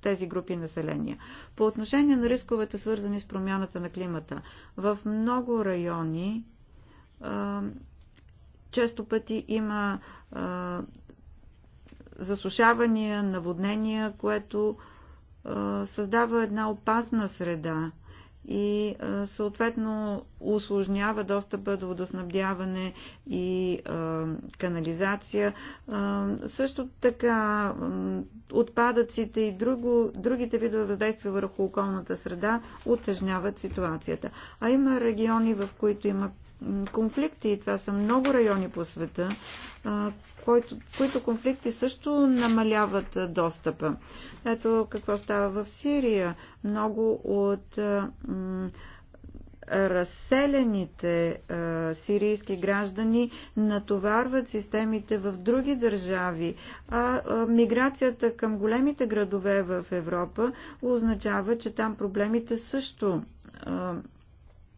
тези групи населения. По отношение на рисковете, свързани с промяната на климата, в много райони често пъти има засушавания, наводнения, което създава една опасна среда и съответно усложнява достъпа до водоснабдяване и канализация. Също така отпадъците и друго, другите видове въздействия върху околната среда утежняват ситуацията. А има региони, в които има конфликти и това са много райони по света, които, които конфликти също намаляват достъпа. Ето какво става в Сирия. Много от разселените а, сирийски граждани натоварват системите в други държави, а, а миграцията към големите градове в Европа означава, че там проблемите също а,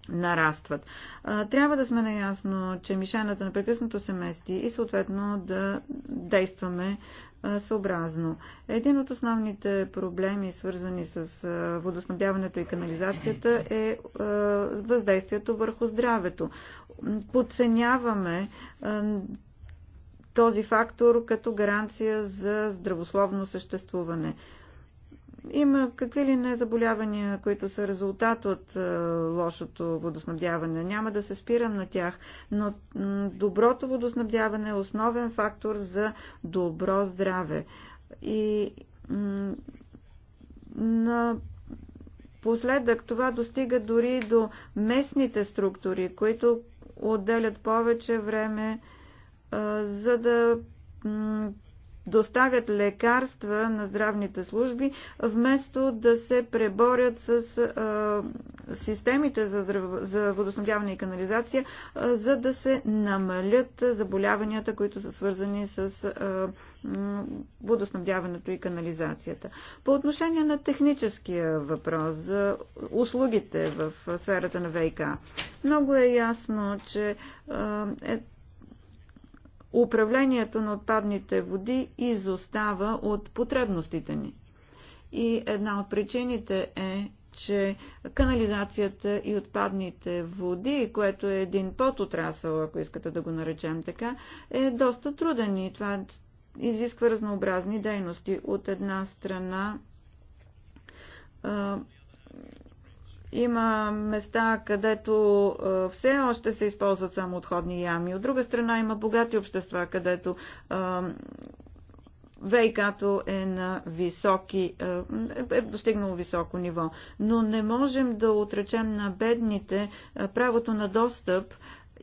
нарастват. Трябва да сме наясно, че мишената непрекъснато се мести и съответно да действаме съобразно. Един от основните проблеми, свързани с водоснабдяването и канализацията, е въздействието върху здравето. Подценяваме този фактор като гаранция за здравословно съществуване. Има какви ли не заболявания, които са резултат от е, лошото водоснабдяване. Няма да се спирам на тях, но доброто водоснабдяване е основен фактор за добро здраве. И на Последък това достига дори до местните структури, които отделят повече време, е, за да доставят лекарства на здравните служби, вместо да се преборят с а, системите за, здрав... за водоснабдяване и канализация, а, за да се намалят заболяванията, които са свързани с а, водоснабдяването и канализацията. По отношение на техническия въпрос за услугите в сферата на ВИК, много е ясно, че а, е, управлението на отпадните води изостава от потребностите ни. И една от причините е, че канализацията и отпадните води, което е един подотрасъл, ако искате да го наречем така, е доста труден и това изисква разнообразни дейности. От една страна има места, където все още се използват само отходни ями. От друга страна има богати общества, където ВИК-то е на високи, е, е достигнало високо ниво. Но не можем да отречем на бедните правото на достъп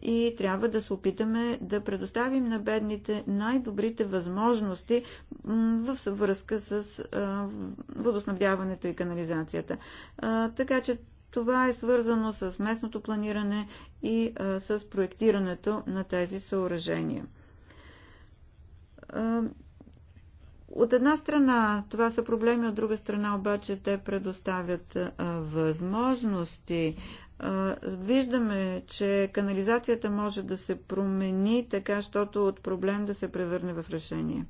и трябва да се опитаме да предоставим на бедните най-добрите възможности в връзка с водоснабдяването и канализацията. Така че това е свързано с местното планиране и а, с проектирането на тези съоръжения. От една страна това са проблеми, от друга страна обаче те предоставят а, възможности. А, виждаме, че канализацията може да се промени така, щото от проблем да се превърне в решение.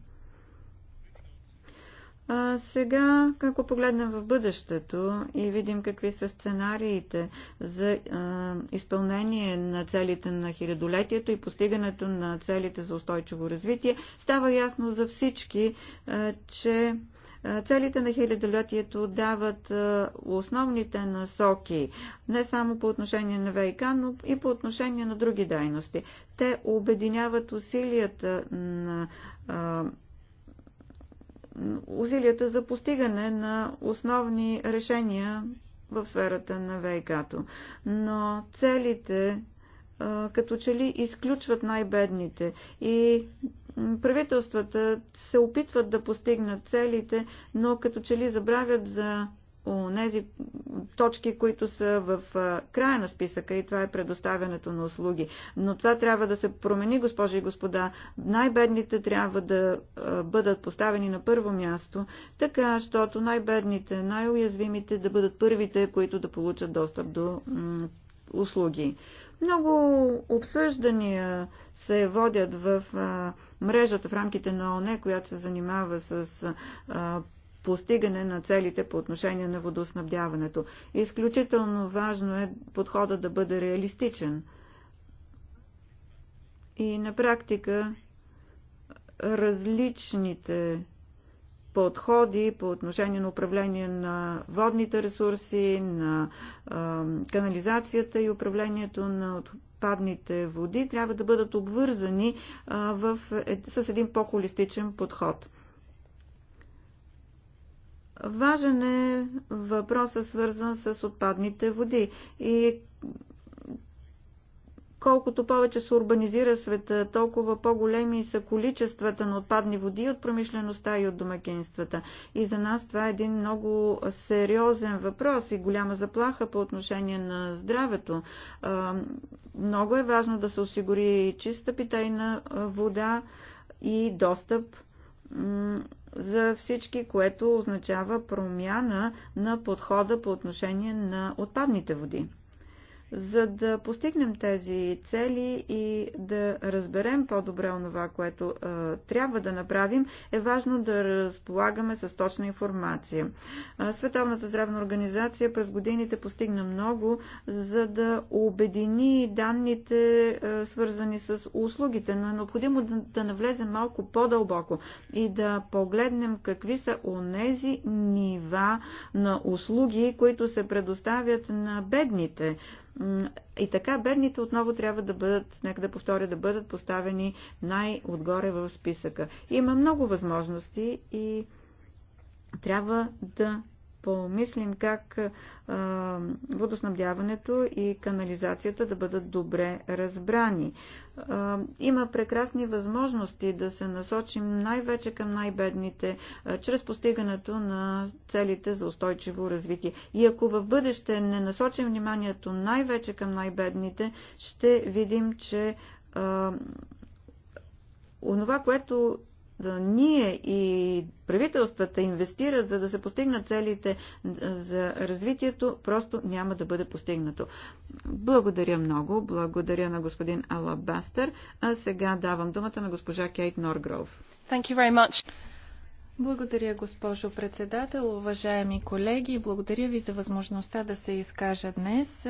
А сега, ако погледнем в бъдещето и видим какви са сценариите за а, изпълнение на целите на хилядолетието и постигането на целите за устойчиво развитие, става ясно за всички, а, че Целите на хилядолетието дават основните насоки, не само по отношение на ВИК, но и по отношение на други дейности. Те обединяват усилията на усилията за постигане на основни решения в сферата на ВИК-то. Но целите като че ли изключват най-бедните и правителствата се опитват да постигнат целите, но като че ли забравят за онези точки, които са в края на списъка и това е предоставянето на услуги. Но това трябва да се промени, госпожи и господа. Най-бедните трябва да бъдат поставени на първо място, така, защото най-бедните, най-уязвимите да бъдат първите, които да получат достъп до услуги. Много обсъждания се водят в мрежата в рамките на ОНЕ, която се занимава с постигане на целите по отношение на водоснабдяването. Изключително важно е подхода да бъде реалистичен. И на практика различните подходи по отношение на управление на водните ресурси, на е, канализацията и управлението на отпадните води трябва да бъдат обвързани е, в, е, с един по-холистичен подход. Важен е въпросът свързан с отпадните води и колкото повече се урбанизира света, толкова по-големи са количествата на отпадни води от промишлеността и от домакинствата. И за нас това е един много сериозен въпрос и голяма заплаха по отношение на здравето. Много е важно да се осигури чиста питейна вода и достъп за всички, което означава промяна на подхода по отношение на отпадните води. За да постигнем тези цели и да разберем по-добре онова, което а, трябва да направим, е важно да разполагаме с точна информация. А, Световната здравна организация през годините постигна много, за да обедини данните, а, свързани с услугите, но е необходимо да, да навлезем малко по-дълбоко и да погледнем какви са онези нива на услуги, които се предоставят на бедните и така бедните отново трябва да бъдат, нека да повторя, да бъдат поставени най-отгоре в списъка. Има много възможности и трябва да помислим как водоснабдяването и канализацията да бъдат добре разбрани. Има прекрасни възможности да се насочим най-вече към най-бедните, чрез постигането на целите за устойчиво развитие. И ако в бъдеще не насочим вниманието най-вече към най-бедните, ще видим, че онова, което ние и правителствата инвестират, за да се постигнат целите за развитието, просто няма да бъде постигнато. Благодаря много. Благодаря на господин Алабастър. А сега давам думата на госпожа Кейт Норгров. Thank you very much. Благодаря, госпожо
председател, уважаеми колеги. Благодаря ви за възможността да се изкажа днес.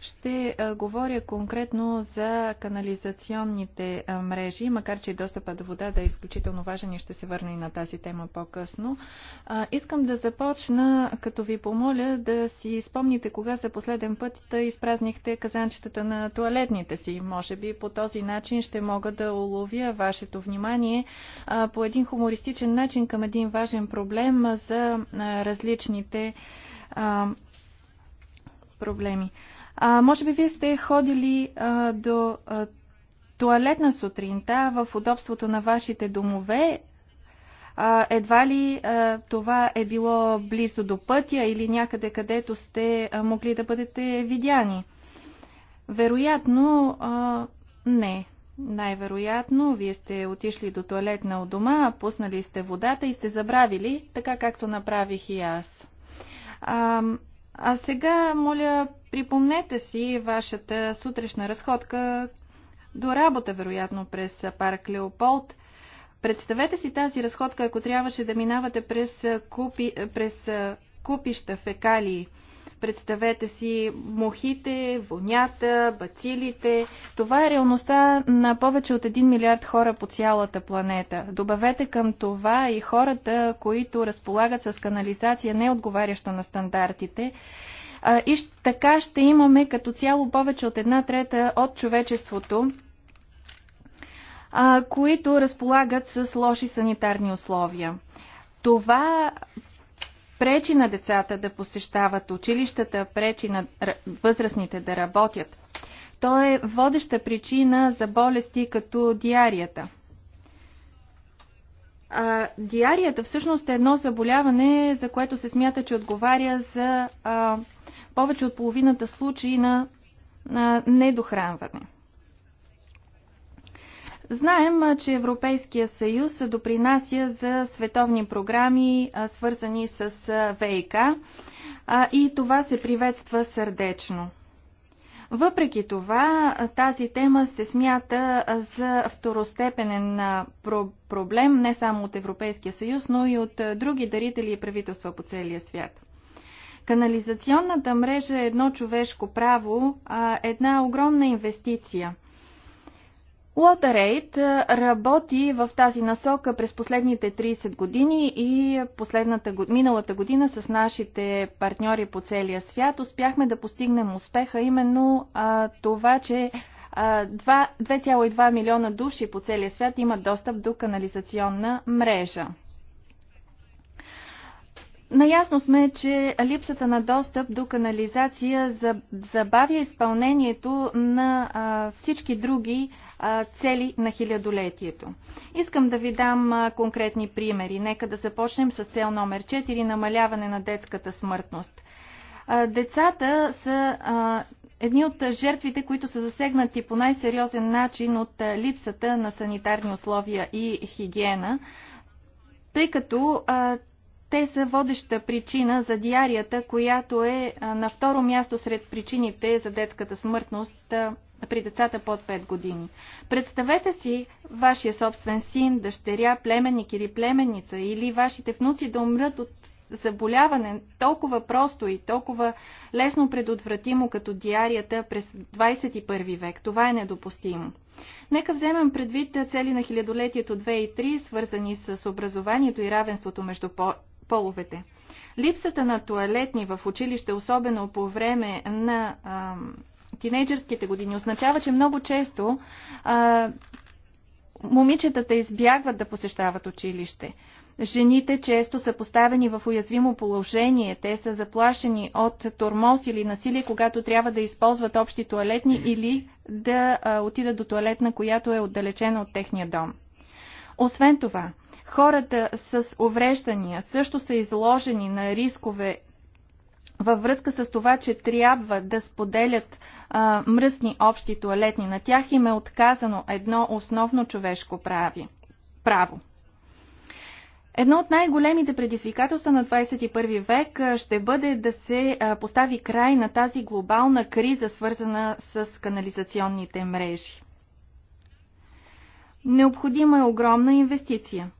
Ще говоря конкретно за канализационните мрежи, макар че и достъпа до вода да е изключително важен и ще се върна и на тази тема по-късно. Искам да започна, като ви помоля да си спомните кога за последен път да изпразнихте казанчетата на туалетните си. Може би по този начин ще мога да уловя вашето внимание по един хумористичен начин към един важен проблем за различните а, проблеми. А, може би вие сте ходили а, до а, туалетна сутринта в удобството на вашите домове. А, едва ли а, това е било близо до пътя или някъде където сте а, могли да бъдете видяни? Вероятно а, не. Най-вероятно, вие сте отишли до туалетна от дома, пуснали сте водата и сте забравили, така както направих и аз. А, а сега, моля, припомнете си вашата сутрешна разходка до работа, вероятно, през парк Леополд. Представете си тази разходка, ако трябваше да минавате през, купи, през купища фекалии – Представете си мухите, вонята, бацилите. Това е реалността на повече от 1 милиард хора по цялата планета. Добавете към това и хората, които разполагат с канализация, не отговаряща на стандартите. И така ще имаме като цяло повече от една трета от човечеството, които разполагат с лоши санитарни условия. Това пречи на децата да посещават училищата, пречи на възрастните да работят. То е водеща причина за болести като диарията. А, диарията всъщност е едно заболяване, за което се смята, че отговаря за а, повече от половината случаи на, на недохранване. Знаем, че Европейския съюз допринася за световни програми, свързани с ВИК, и това се приветства сърдечно. Въпреки това, тази тема се смята за второстепенен проблем не само от Европейския съюз, но и от други дарители и правителства по целия свят. Канализационната мрежа е едно човешко право, една огромна инвестиция – LaterAid работи в тази насока през последните 30 години и последната, миналата година с нашите партньори по целия свят успяхме да постигнем успеха, именно а, това, че 2,2 милиона души по целия свят имат достъп до канализационна мрежа. Наясно сме, че липсата на достъп до канализация забавя изпълнението на а, всички други а, цели на хилядолетието. Искам да ви дам а, конкретни примери. Нека да започнем с цел номер 4 намаляване на детската смъртност. А, децата са а, едни от жертвите, които са засегнати по най-сериозен начин от а, липсата на санитарни условия и хигиена, тъй като а, те са водеща причина за диарията, която е на второ място сред причините за детската смъртност при децата под 5 години. Представете си вашия собствен син, дъщеря, племенник или племенница или вашите внуци да умрат от заболяване толкова просто и толкова лесно предотвратимо като диарията през 21 век. Това е недопустимо. Нека вземем предвид цели на хилядолетието 2 и 3, свързани с образованието и равенството между половете. Липсата на туалетни в училище, особено по време на а, тинейджерските години, означава, че много често а, момичетата избягват да посещават училище. Жените често са поставени в уязвимо положение. Те са заплашени от тормоз или насилие, когато трябва да използват общи туалетни или да а, отидат до туалетна, която е отдалечена от техния дом. Освен това, Хората с увреждания също са изложени на рискове във връзка с това, че трябва да споделят а, мръсни общи туалетни. На тях им е отказано едно основно човешко прави, право. Едно от най-големите предизвикателства на 21 век ще бъде да се постави край на тази глобална криза, свързана с канализационните мрежи. Необходима е огромна инвестиция.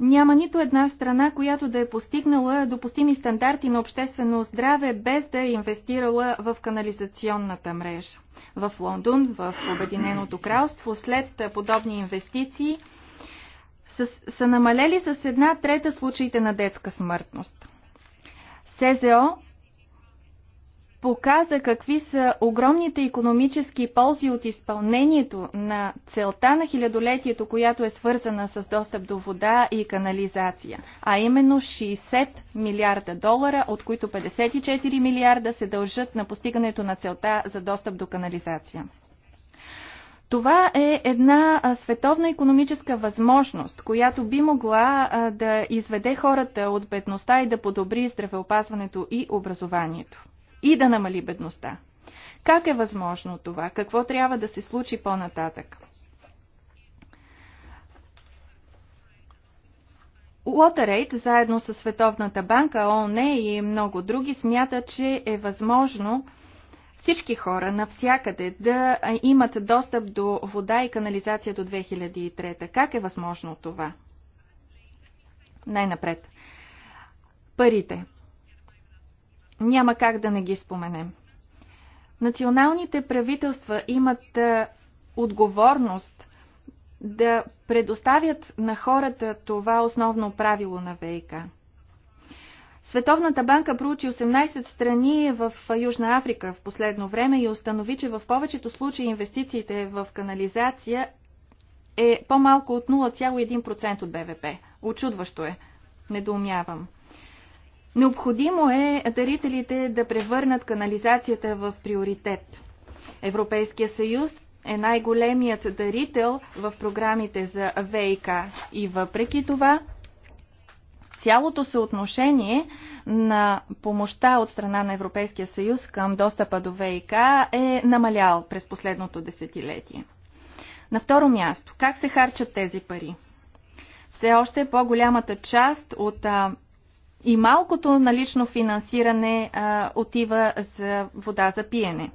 Няма нито една страна, която да е постигнала допустими стандарти на обществено здраве, без да е инвестирала в канализационната мрежа. В Лондон, в Обединеното кралство, след подобни инвестиции, са, са намалели с една трета случаите на детска смъртност. СЗО е показа какви са огромните економически ползи от изпълнението на целта на хилядолетието, която е свързана с достъп до вода и канализация, а именно 60 милиарда долара, от които 54 милиарда се дължат на постигането на целта за достъп до канализация. Това е една световна економическа възможност, която би могла да изведе хората от бедността и да подобри здравеопазването и образованието и да намали бедността. Как е възможно това? Какво трябва да се случи по-нататък? Уотерейт, заедно с Световната банка, ООН и много други, смята, че е възможно всички хора навсякъде да имат достъп до вода и канализация до 2003. Как е възможно това? Най-напред. Парите. Няма как да не ги споменем. Националните правителства имат е, отговорност да предоставят на хората това основно правило на ВИК. Световната банка проучи 18 страни в Южна Африка в последно време и установи, че в повечето случаи инвестициите в канализация е по-малко от 0,1% от БВП. Очудващо е. Недоумявам. Необходимо е дарителите да превърнат канализацията в приоритет. Европейския съюз е най-големият дарител в програмите за ВИК и въпреки това цялото съотношение на помощта от страна на Европейския съюз към достъпа до ВИК е намалял през последното десетилетие. На второ място, как се харчат тези пари? Все още по-голямата част от и малкото налично финансиране а, отива за вода за пиене.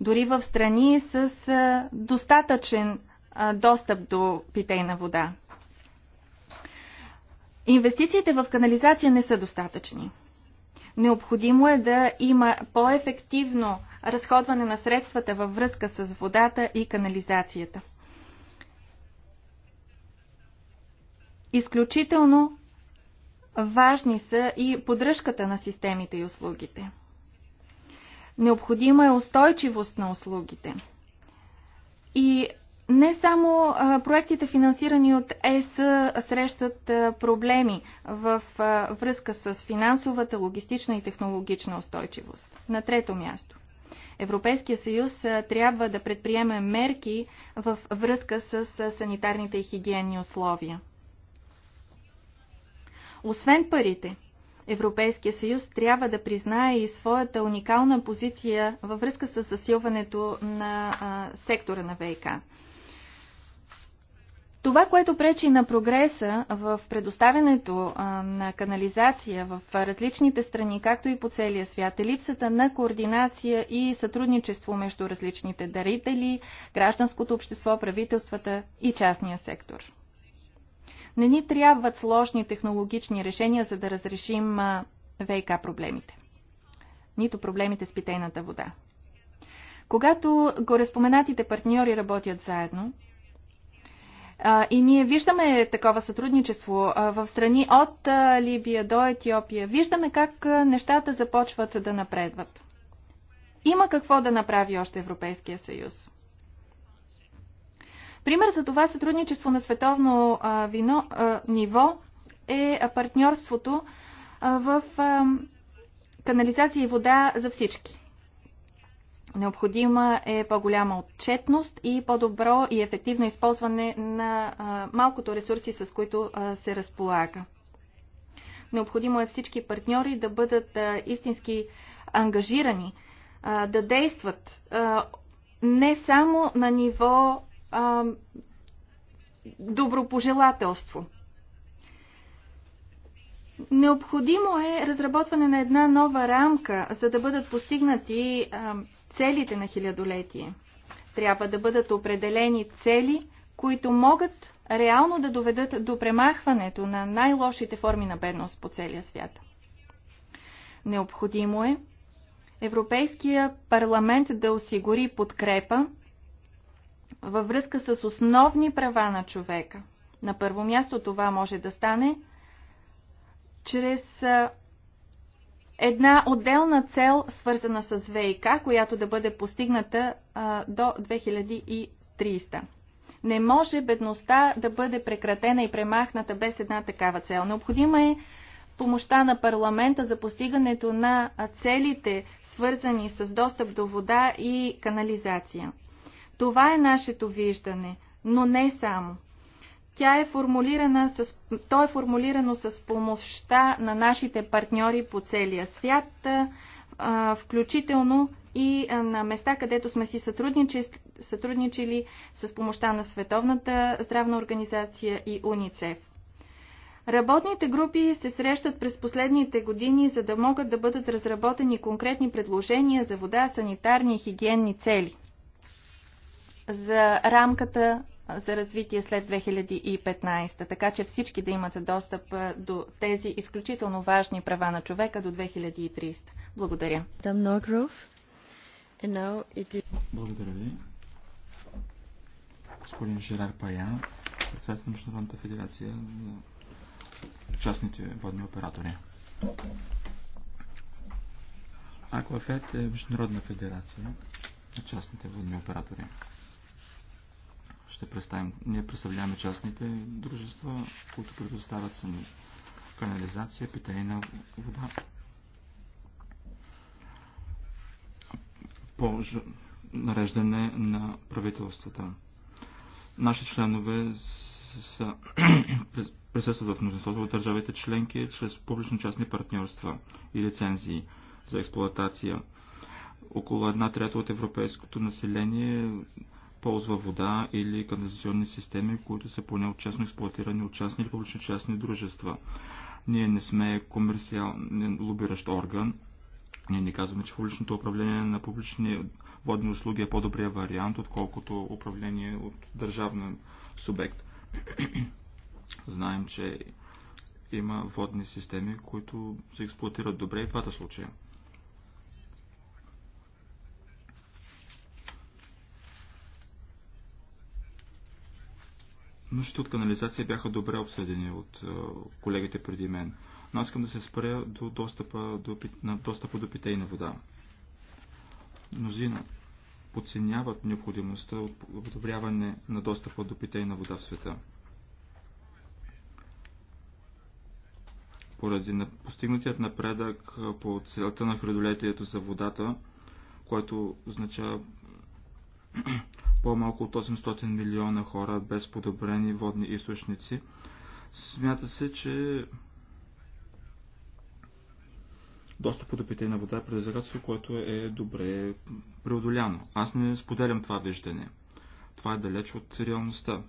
Дори в страни с а, достатъчен а, достъп до питейна вода. Инвестициите в канализация не са достатъчни. Необходимо е да има по-ефективно разходване на средствата във връзка с водата и канализацията. Изключително Важни са и поддръжката на системите и услугите. Необходима е устойчивост на услугите. И не само проектите, финансирани от ЕС, срещат проблеми в връзка с финансовата, логистична и технологична устойчивост. На трето място. Европейския съюз трябва да предприеме мерки в връзка с санитарните и хигиенни условия. Освен парите, Европейския съюз трябва да признае и своята уникална позиция във връзка с засилването на а, сектора на ВИК. Това, което пречи на прогреса в предоставянето на канализация в различните страни, както и по целия свят, е липсата на координация и сътрудничество между различните дарители, гражданското общество, правителствата и частния сектор. Не ни трябват сложни технологични решения, за да разрешим ВИК проблемите. Нито проблемите с питейната вода. Когато гореспоменатите партньори работят заедно, и ние виждаме такова сътрудничество в страни от Либия до Етиопия. Виждаме как нещата започват да напредват. Има какво да направи още Европейския съюз. Пример за това сътрудничество на световно а, вино, а, ниво е партньорството а, в а, канализация и вода за всички. Необходима е по-голяма отчетност и по-добро и ефективно използване на а, малкото ресурси, с които а, се разполага. Необходимо е всички партньори да бъдат а, истински ангажирани, а, да действат а, не само на ниво а, добропожелателство. Необходимо е разработване на една нова рамка, за да бъдат постигнати а, целите на хилядолетие. Трябва да бъдат определени цели, които могат реално да доведат до премахването на най-лошите форми на бедност по целия свят. Необходимо е Европейския парламент да осигури подкрепа във връзка с основни права на човека. На първо място това може да стане чрез една отделна цел, свързана с ВИК, която да бъде постигната до 2300. Не може бедността да бъде прекратена и премахната без една такава цел. Необходима е помощта на парламента за постигането на целите, свързани с достъп до вода и канализация. Това е нашето виждане, но не само. Тя е формулирана с, то е формулирано с помощта на нашите партньори по целия свят, включително и на места, където сме си сътрудничили, сътрудничили с помощта на Световната здравна организация и УНИЦЕФ. Работните групи се срещат през последните години, за да могат да бъдат разработени конкретни предложения за вода, санитарни и хигиенни цели – за рамката за развитие след 2015, така че всички да имат достъп до тези изключително важни права на човека до 2030. Благодаря.
Благодаря ви. Господин Жерар Пая, председател на Международната федерация за частните водни оператори. Аквафет е международна федерация на частните водни оператори ще представим. Ние представляваме частните дружества, които предоставят сами канализация, питейна вода. По нареждане на правителствата. Наши членове са, присъстват в множеството от държавите членки чрез публично-частни партньорства и лицензии за експлоатация. Около една трета от европейското население ползва вода или канализационни системи, които са поне отчастно експлуатирани от частни или публично-частни дружества. Ние не сме комерциален лобиращ орган. Ние не казваме, че публичното управление на публични водни услуги е по-добрия вариант, отколкото управление от държавен субект. Знаем, че има водни системи, които се експлуатират добре и в двата случая. Нуждите от канализация бяха добре обсъдени от колегите преди мен, но аз искам да се спря до достъпа до, на достъпа до питейна вода. Мнозина подценяват необходимостта от подобряване на достъпа до питейна вода в света. Поради на постигнатият напредък по целта на хредолетието за водата, което означава по-малко от 800 милиона хора без подобрени водни източници. Смята се, че достъпът до питейна вода е предизвикателство, което е добре преодоляно. Аз не споделям това виждане. Това е далеч от реалността.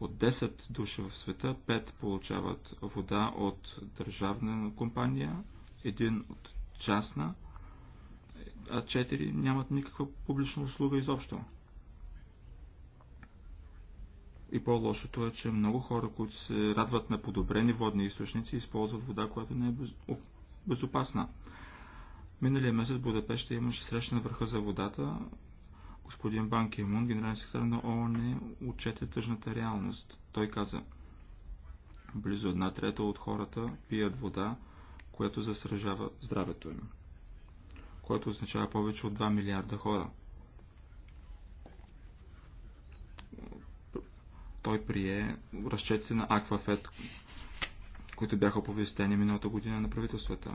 От 10 души в света, 5 получават вода от държавна компания, един от частна, а 4 нямат никаква публична услуга изобщо. И по-лошото е, че много хора, които се радват на подобрени водни източници, използват вода, която не е без... безопасна. Миналия месец в Будапеща имаше среща на върха за водата. Господин Бан Кимун, генерален секретар на ООН, е отчете тъжната реалност. Той каза, близо една трета от хората пият вода, което застрашава здравето им, което означава повече от 2 милиарда хора. Той прие разчетите на Аквафет, които бяха оповестени миналата година на правителствата.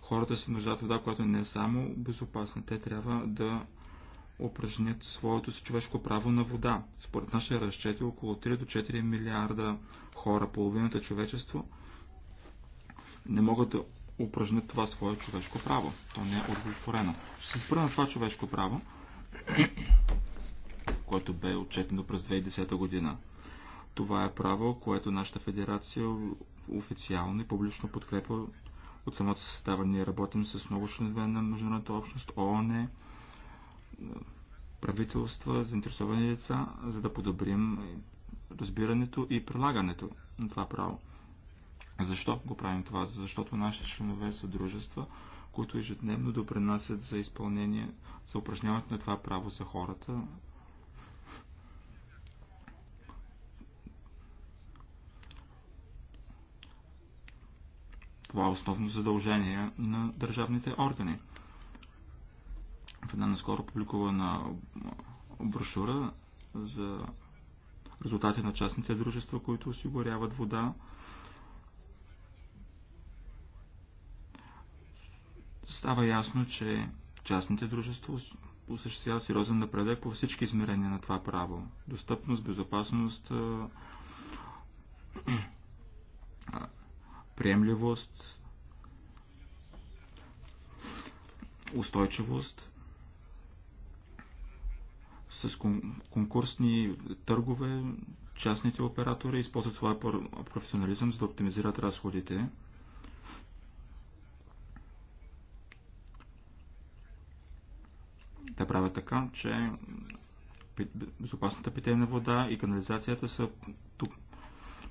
Хората се нуждаят вода, която не е само безопасна. Те трябва да упражнят своето си човешко право на вода. Според нашия разчети е около 3 до 4 милиарда хора, половината човечество, не могат да упражнят това свое човешко право. То не е удовлетворено. Ще се спра на това човешко право което бе отчетено през 2010 година. Това е право, което нашата федерация официално и публично подкрепа от самото състава. Ние работим с много членове на международната общност, ООН, правителства, заинтересовани лица, за да подобрим разбирането и прилагането на това право. Защо го правим това? Защото нашите членове са дружества, които ежедневно допринасят за изпълнение, за упражняването на това право за хората Това е основно задължение на държавните органи. В една наскоро публикувана брошура за резултати на частните дружества, които осигуряват вода, става ясно, че частните дружества осъществяват сериозен напредък по всички измерения на това право. Достъпност, безопасност, приемливост, устойчивост, с конкурсни търгове частните оператори използват своя професионализъм, за да оптимизират разходите. Те правят така, че безопасната питейна вода и канализацията са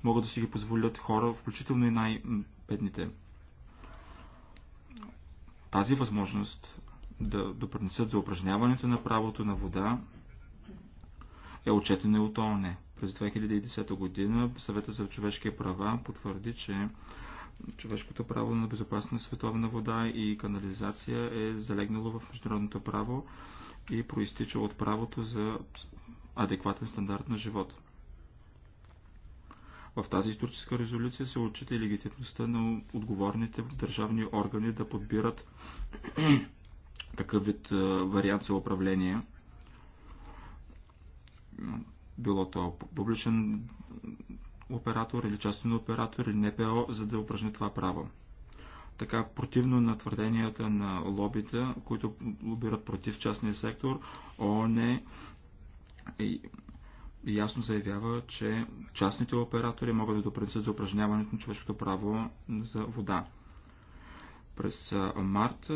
могат да си ги позволят хора, включително и най-бедните. Тази възможност да допринесат за упражняването на правото на вода е отчетена от ООН. През 2010 година Съвета за човешки права потвърди, че човешкото право на безопасна световна вода и канализация е залегнало в международното право и проистича от правото за адекватен стандарт на живота. В тази историческа резолюция се отчита и легитимността на отговорните държавни органи да подбират такъв вид вариант за управление. Било то публичен оператор или частен оператор или НПО, за да упражни това право. Така, противно на твърденията на лобита, които лобират против частния сектор, ООН е и ясно заявява, че частните оператори могат да допринесат за упражняването на човешкото право за вода. През март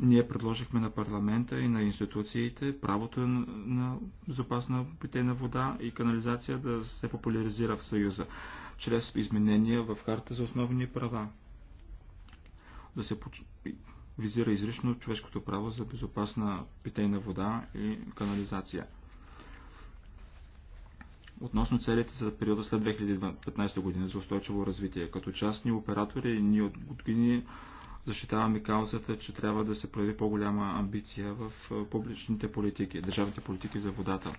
ние предложихме на парламента и на институциите правото на безопасна питейна вода и канализация да се популяризира в Съюза чрез изменения в карта за основни права. Да се визира изрично човешкото право за безопасна питейна вода и канализация относно целите за периода след 2015 година за устойчиво развитие. Като частни оператори ние от години защитаваме каузата, че трябва да се прояви по-голяма амбиция в публичните политики, държавните политики за водата.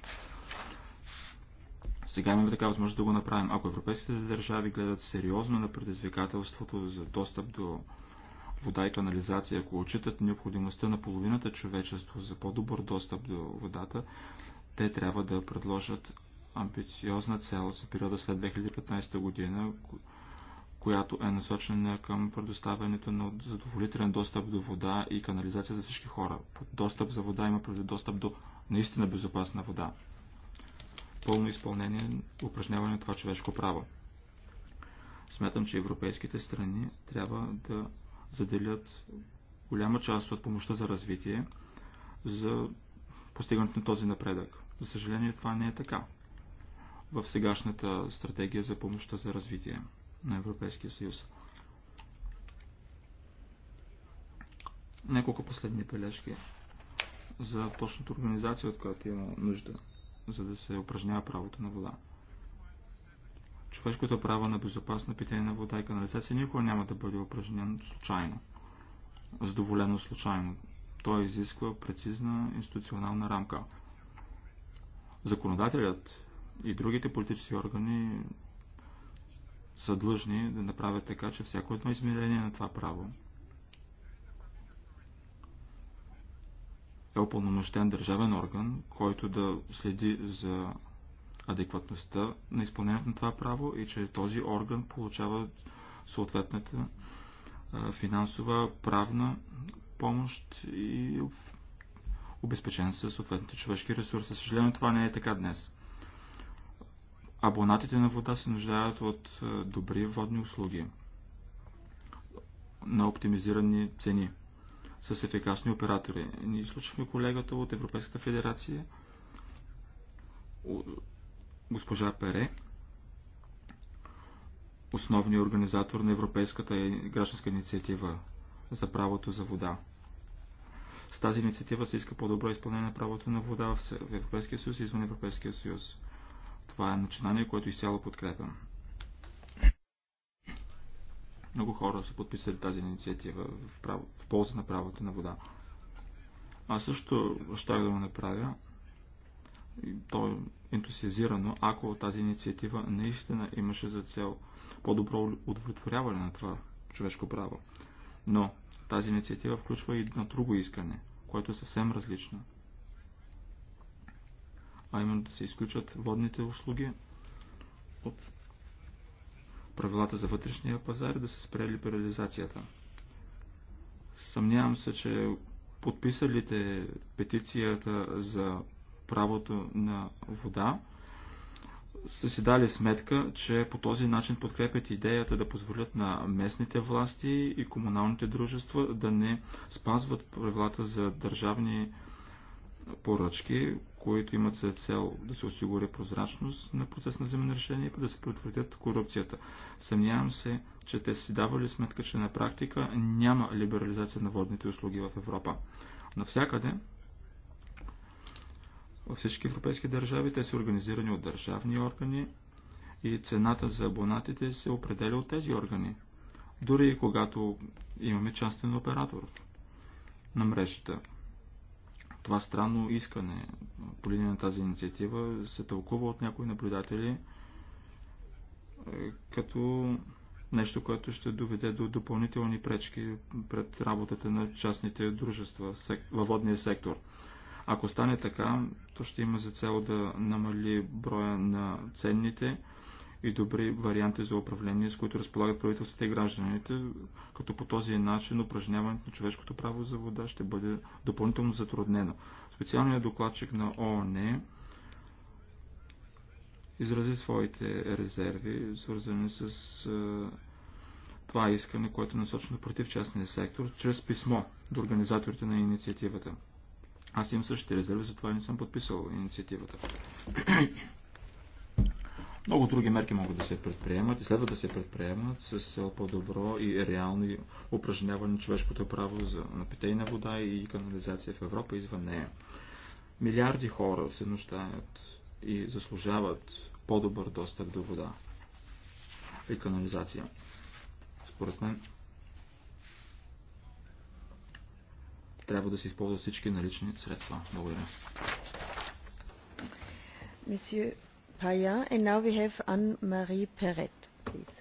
Сега имаме така възможност да го направим. Ако европейските държави гледат сериозно на предизвикателството за достъп до вода и канализация, ако отчитат необходимостта на половината човечество за по-добър достъп до водата, те трябва да предложат амбициозна цел за периода след 2015 година, която е насочена към предоставянето на задоволителен достъп до вода и канализация за всички хора. Под достъп за вода има преди достъп до наистина безопасна вода. Пълно изпълнение упражняване на това човешко право. Смятам, че европейските страни трябва да заделят голяма част от помощта за развитие за постигането на този напредък. За съжаление това не е така в сегашната стратегия за помощта за развитие на Европейския съюз. Няколко последни бележки за точната организация, от която има нужда, за да се упражнява правото на вода. Човешкото право на безопасна питейна вода и канализация никога няма да бъде упражнен случайно, задоволено случайно. Той изисква прецизна институционална рамка. Законодателят и другите политически органи са длъжни да направят така, че всяко едно измерение на това право е опълномощен държавен орган, който да следи за адекватността на изпълнението на това право и че този орган получава съответната финансова, правна помощ и обезпечен със съответните човешки ресурси. Съжалено това не е така днес. Абонатите на вода се нуждаят от е, добри водни услуги на оптимизирани цени с ефикасни оператори. Ние слушахме колегата от Европейската федерация, госпожа Пере, основният организатор на Европейската гражданска инициатива за правото за вода. С тази инициатива се иска по-добро изпълнение на правото на вода в Европейския съюз и извън Европейския съюз. Това е начинание, което изцяло подкрепям. Много хора са подписали тази инициатива в, право, в полза на правото на вода. Аз също щях да го направя. И то е ентусиазирано, ако тази инициатива наистина имаше за цел по-добро удовлетворяване на това човешко право. Но тази инициатива включва и на друго искане, което е съвсем различно – а именно да се изключат водните услуги от правилата за вътрешния пазар и да се спре либерализацията. Съмнявам се, че подписалите петицията за правото на вода са си дали сметка, че по този начин подкрепят идеята да позволят на местните власти и комуналните дружества да не спазват правилата за държавни поръчки, които имат за цел да се осигури прозрачност на процес на вземане решение и да се предотвратят корупцията. Съмнявам се, че те си давали сметка, че на практика няма либерализация на водните услуги в Европа. Навсякъде, във всички европейски държави, те са организирани от държавни органи и цената за абонатите се определя от тези органи. Дори и когато имаме частен оператор на мрежата. Това странно искане по линия на тази инициатива се тълкува от някои наблюдатели е, като нещо, което ще доведе до допълнителни пречки пред работата на частните дружества във водния сектор. Ако стане така, то ще има за цел да намали броя на ценните и добри варианти за управление, с които разполагат правителствата и гражданите, като по този начин упражняването на човешкото право за вода ще бъде допълнително затруднено. Специалният докладчик на ООН изрази своите резерви, свързани с това искане, което е насочено против частния сектор, чрез писмо до организаторите на инициативата. Аз имам същите резерви, затова не съм подписал инициативата. Много други мерки могат да се предприемат и следва да се предприемат с цел по-добро и реално упражняване на човешкото право за напитейна вода и канализация в Европа и извън нея. Милиарди хора се нуждаят и заслужават по-добър достъп до вода и канализация. Според мен трябва да се използват всички налични средства. Благодаря.
Месье Пая. And now we have Anne-Marie Perret, please.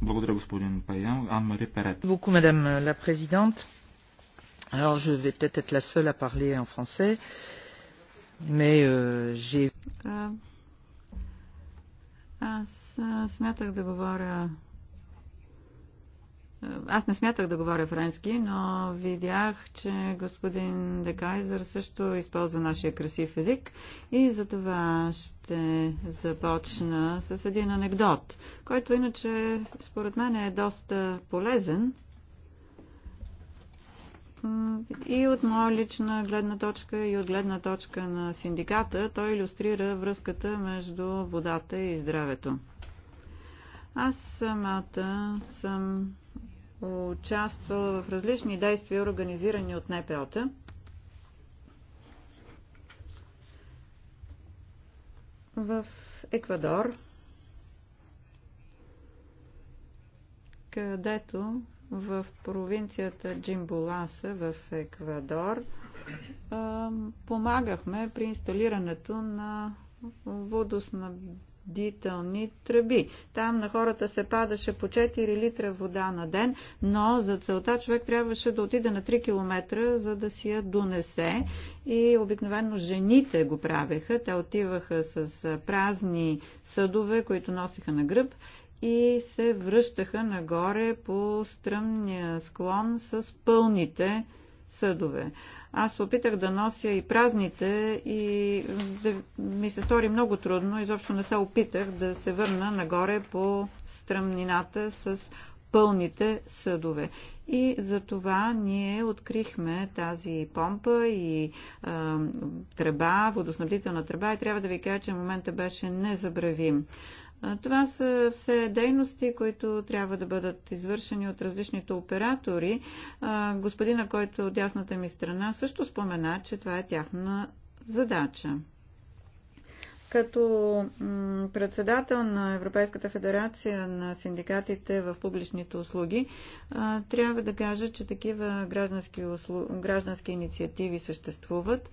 Благодаря, господин Паян. Анne-Marie Perret. Beaucoup, madame la présidente. Alors, je vais peut-être être la seule à parler en français, mais euh, j'ai...
Аз смятах да говоря аз не смятах да говоря френски, но видях, че господин Декайзер също използва нашия красив език и за това ще започна с един анекдот, който иначе според мен е доста полезен и от моя лична гледна точка и от гледна точка на синдиката, той иллюстрира връзката между водата и здравето. Аз самата съм участвала в различни действия, организирани от НПО-та. В Еквадор, където в провинцията Джимбуласа в Еквадор помагахме при инсталирането на водоснабдяването охладителни тръби. Там на хората се падаше по 4 литра вода на ден, но за целта човек трябваше да отиде на 3 км, за да си я донесе. И обикновено жените го правеха. Те отиваха с празни съдове, които носиха на гръб и се връщаха нагоре по стръмния склон с пълните съдове. Аз се опитах да нося и празните и да ми се стори много трудно. Изобщо не се опитах да се върна нагоре по стръмнината с пълните съдове. И за това ние открихме тази помпа и а, тръба, водоснабдителна тръба и трябва да ви кажа, че момента беше незабравим. Това са все дейности, които трябва да бъдат извършени от различните оператори. Господина, който от дясната ми страна, също спомена, че това е тяхна задача. Като председател на Европейската федерация на синдикатите в публичните услуги, трябва да кажа, че такива граждански, услу... граждански инициативи съществуват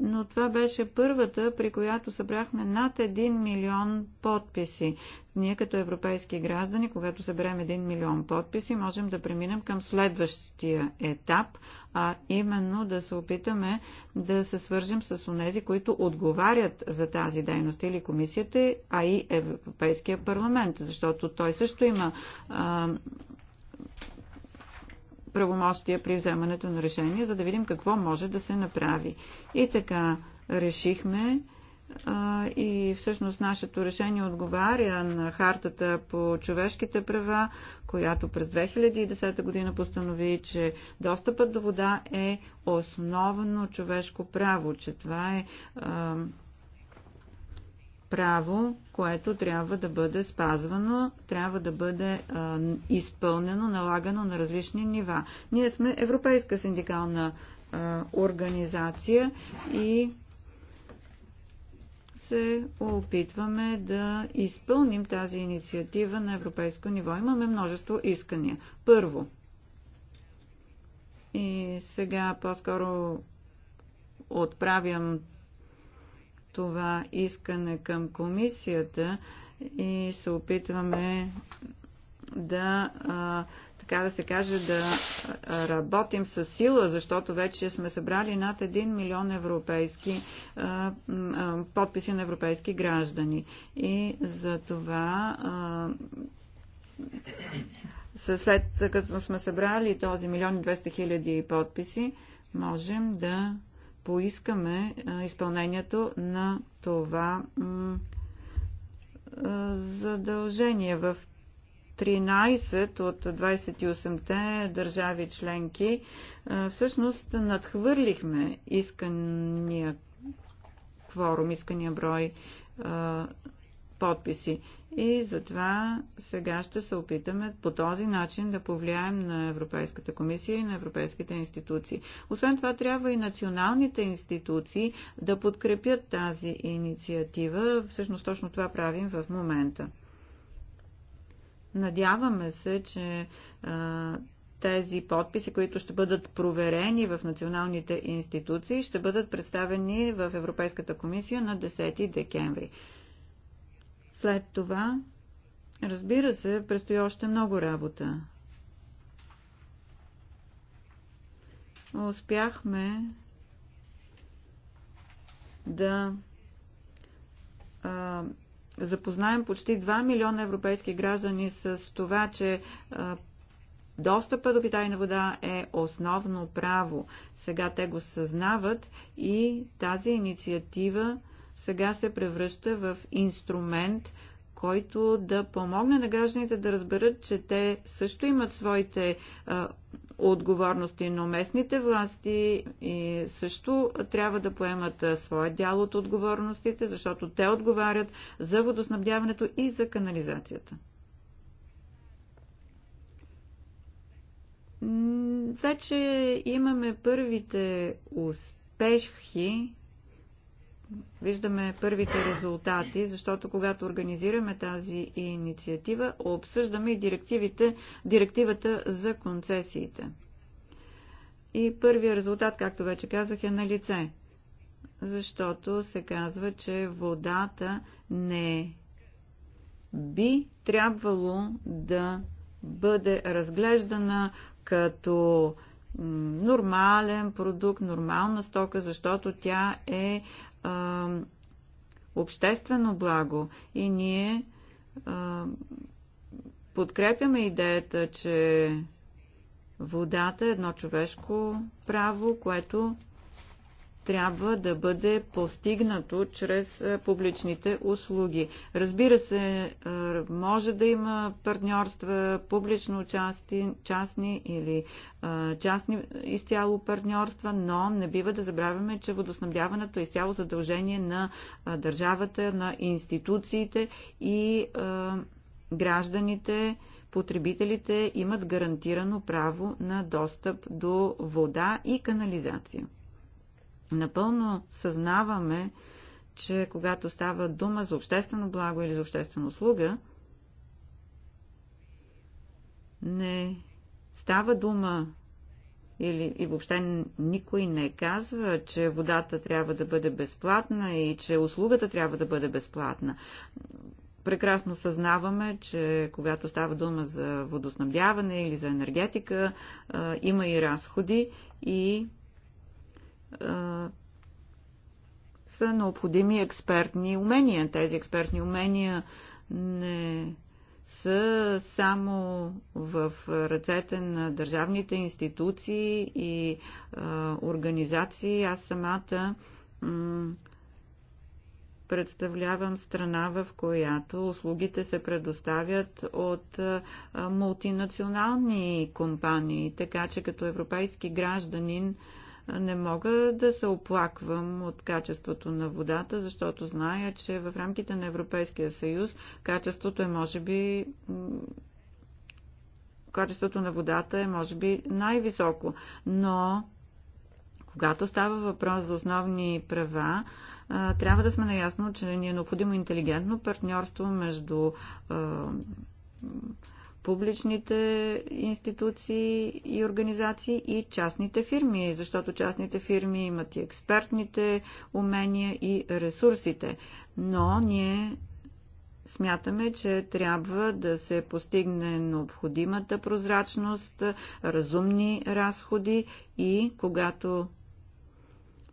но това беше първата, при която събрахме над 1 милион подписи. Ние като европейски граждани, когато съберем 1 милион подписи, можем да преминем към следващия етап, а именно да се опитаме да се свържим с онези, които отговарят за тази дейност или комисията, а и Европейския парламент, защото той също има а, правомощия при вземането на решение, за да видим какво може да се направи. И така решихме и всъщност нашето решение отговаря на хартата по човешките права, която през 2010 година постанови, че достъпът до вода е основно човешко право, че това е право, което трябва да бъде спазвано, трябва да бъде а, изпълнено, налагано на различни нива. Ние сме Европейска синдикална а, организация и се опитваме да изпълним тази инициатива на европейско ниво. Имаме множество искания. Първо, и сега по-скоро отправям това искане към комисията и се опитваме да, а, така да се каже, да работим с сила, защото вече сме събрали над 1 милион европейски а, а, подписи на европейски граждани. И за това а, след като сме събрали този милион и 200 хиляди подписи, можем да поискаме изпълнението на това задължение. В 13 от 28-те държави членки всъщност надхвърлихме искания кворум, искания брой подписи. И затова сега ще се опитаме по този начин да повлияем на Европейската комисия и на европейските институции. Освен това, трябва и националните институции да подкрепят тази инициатива. Всъщност точно това правим в момента. Надяваме се, че а, тези подписи, които ще бъдат проверени в националните институции, ще бъдат представени в Европейската комисия на 10 декември. След това, разбира се, предстои още много работа. Успяхме да а, запознаем почти 2 милиона европейски граждани с това, че а, достъпа до питайна вода е основно право. Сега те го съзнават и тази инициатива сега се превръща в инструмент, който да помогне на гражданите да разберат, че те също имат своите а, отговорности, но местните власти и също трябва да поемат а, своя дял от отговорностите, защото те отговарят за водоснабдяването и за канализацията. Вече имаме първите успехи виждаме първите резултати, защото когато организираме тази инициатива, обсъждаме и директивите, директивата за концесиите. И първият резултат, както вече казах, е на лице, защото се казва, че водата не би трябвало да бъде разглеждана като нормален продукт, нормална стока, защото тя е а, обществено благо и ние а, подкрепяме идеята, че водата е едно човешко право, което трябва да бъде постигнато чрез е, публичните услуги. Разбира се, е, може да има партньорства, публично-частни или е, частни изцяло партньорства, но не бива да забравяме, че водоснабдяването е изцяло задължение на държавата, на институциите и гражданите, потребителите имат гарантирано право на достъп до вода и канализация. Напълно съзнаваме, че когато става дума за обществено благо или за обществена услуга, не става дума или и въобще никой не казва, че водата трябва да бъде безплатна и че услугата трябва да бъде безплатна. Прекрасно съзнаваме, че когато става дума за водоснабдяване или за енергетика, има и разходи и са необходими експертни умения. Тези експертни умения не са само в ръцете на държавните институции и а, организации. Аз самата представлявам страна, в която услугите се предоставят от а, мултинационални компании, така че като европейски гражданин а, не мога да се оплаквам от качеството на водата, защото зная, че в рамките на Европейския съюз качеството е може би качеството на водата е може би най-високо, но когато става въпрос за основни права, трябва да сме наясно, че ни е необходимо интелигентно партньорство между публичните институции и организации и частните фирми, защото частните фирми имат и експертните умения и ресурсите. Но ние смятаме, че трябва да се постигне необходимата прозрачност, разумни разходи и когато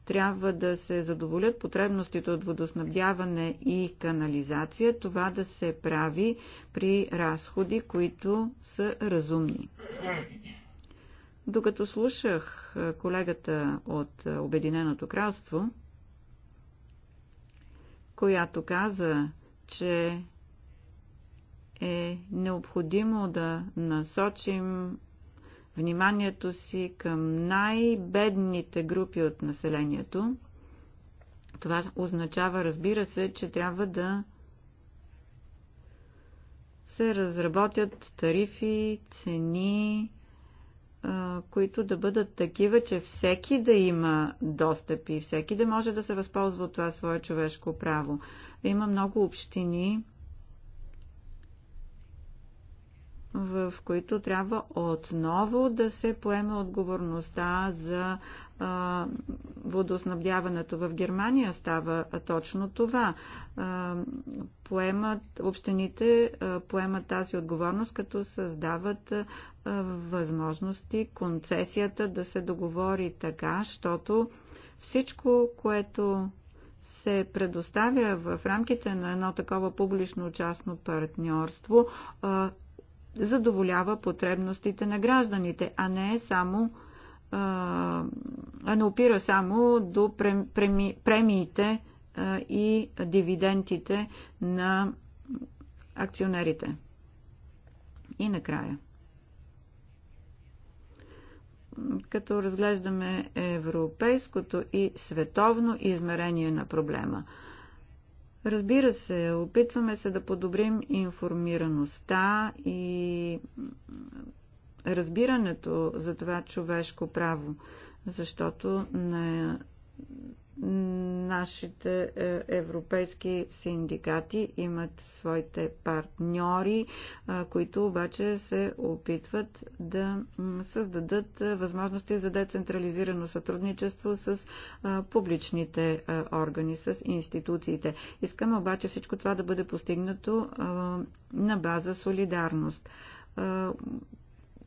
трябва да се задоволят потребностите от водоснабдяване и канализация, това да се прави при разходи, които са разумни. Докато слушах колегата от Обединеното кралство, която каза, че е необходимо да насочим вниманието си към най-бедните групи от населението. Това означава, разбира се, че трябва да се разработят тарифи, цени, които да бъдат такива, че всеки да има достъп и всеки да може да се възползва от това свое човешко право. Има много общини, в които трябва отново да се поеме отговорността за водоснабдяването в Германия става точно това. Поемат, общините поемат тази отговорност, като създават възможности концесията да се договори така, защото всичко, което се предоставя в рамките на едно такова публично-частно партньорство, задоволява потребностите на гражданите, а не само а не опира само до премиите и дивидентите на акционерите. И накрая. Като разглеждаме европейското и световно измерение на проблема – Разбира се, опитваме се да подобрим информираността и разбирането за това човешко право, защото на Нашите е, европейски синдикати имат своите партньори, е, които обаче се опитват да създадат е, възможности за децентрализирано сътрудничество с публичните органи, с институциите. Искаме обаче всичко това да бъде постигнато на база солидарност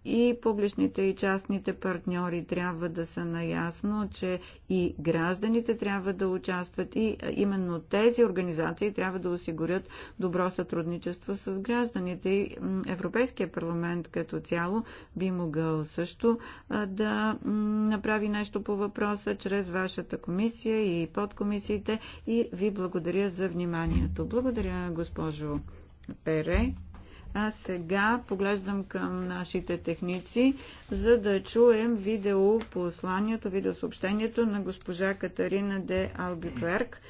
и публичните и частните партньори трябва да са наясно, че и гражданите трябва да участват и именно тези организации трябва да осигурят добро сътрудничество с гражданите. И Европейския парламент като цяло би могъл също да направи нещо по въпроса чрез вашата комисия и подкомисиите и ви благодаря за вниманието. Благодаря, госпожо Пере. А сега поглеждам към нашите техници, за да чуем видеопосланието, видеосъобщението на госпожа Катарина де Албикверк.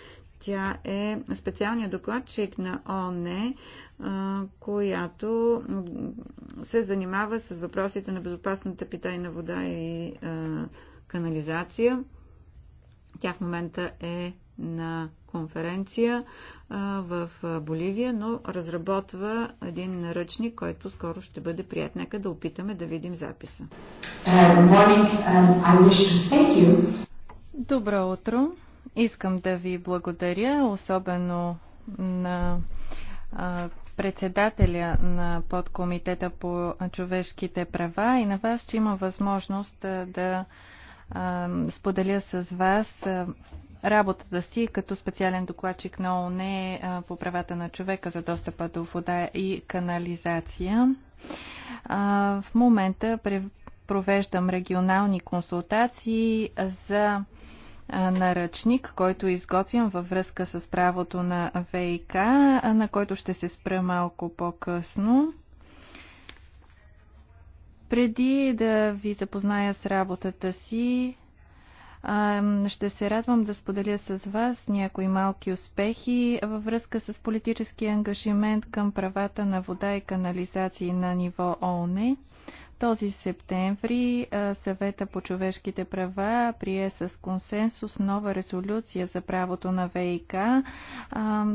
Тя е специалният докладчик на ОНЕ, която се занимава с въпросите на безопасната питайна вода и канализация. Тя в момента е на конференция в Боливия, но разработва един наръчник, който скоро ще бъде прият. Нека да опитаме да видим записа. Е, um,
Добро утро! Искам да ви благодаря, особено на председателя на подкомитета по човешките права и на вас, че има възможност да споделя с вас работата си като специален докладчик на ООН е, по правата на човека за достъпа до вода и канализация. В момента провеждам регионални консултации за наръчник, който изготвям във връзка с правото на ВИК, на който ще се спра малко по-късно. Преди да ви запозная с работата си, ще се радвам да споделя с вас някои малки успехи във връзка с политически ангажимент към правата на вода и канализации на ниво ООН. Този септември съвета по човешките права прие с консенсус нова резолюция за правото на ВИК,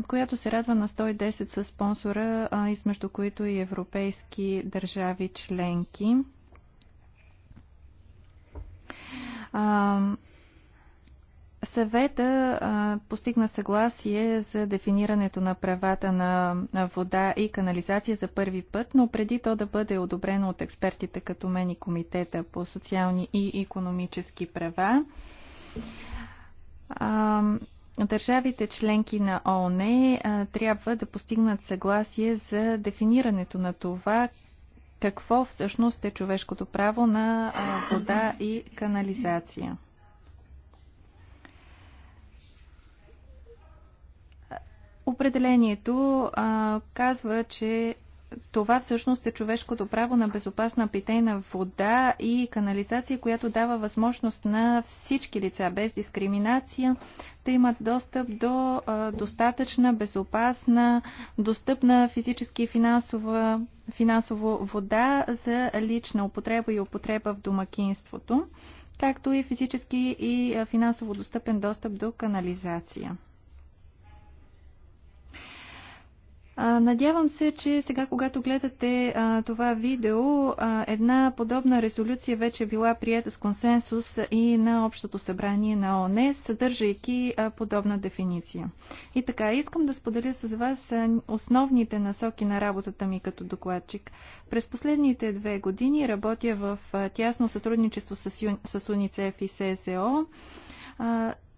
която се радва на 110 със спонсора, измежду които и европейски държави членки. Съвета постигна съгласие за дефинирането на правата на, вода и канализация за първи път, но преди то да бъде одобрено от експертите като мен и Комитета по социални и економически права, държавите членки на ООН трябва да постигнат съгласие за дефинирането на това какво всъщност е човешкото право на вода и канализация. Определението а, казва, че това всъщност е човешкото право на безопасна питейна вода и канализация, която дава възможност на всички лица без дискриминация да имат достъп до достатъчна, безопасна, достъпна физически и финансова, финансово вода за лична употреба и употреба в домакинството, както и физически и финансово достъпен достъп до канализация. Надявам се, че сега, когато гледате а, това видео, а, една подобна резолюция вече е била прията с консенсус и на Общото събрание на ОНЕ, съдържайки а, подобна дефиниция. И така, искам да споделя с вас основните насоки на работата ми като докладчик. През последните две години работя в тясно сътрудничество с, ЮН... с УНИЦЕФ и ССО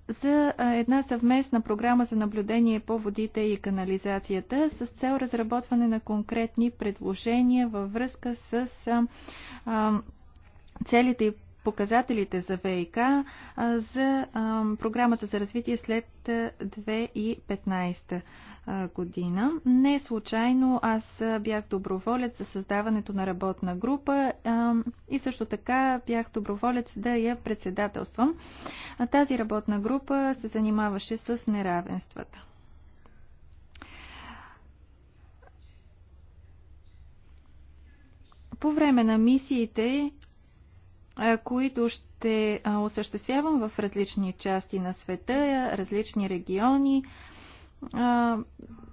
за една съвместна програма за наблюдение по водите и канализацията с цел разработване на конкретни предложения във връзка с целите и показателите за ВИК за програмата за развитие след 2015 година. Не случайно аз бях доброволец за създаването на работна група и също така бях доброволец да я председателствам. Тази работна група се занимаваше с неравенствата. По време на мисиите които ще осъществявам в различни части на света, различни региони.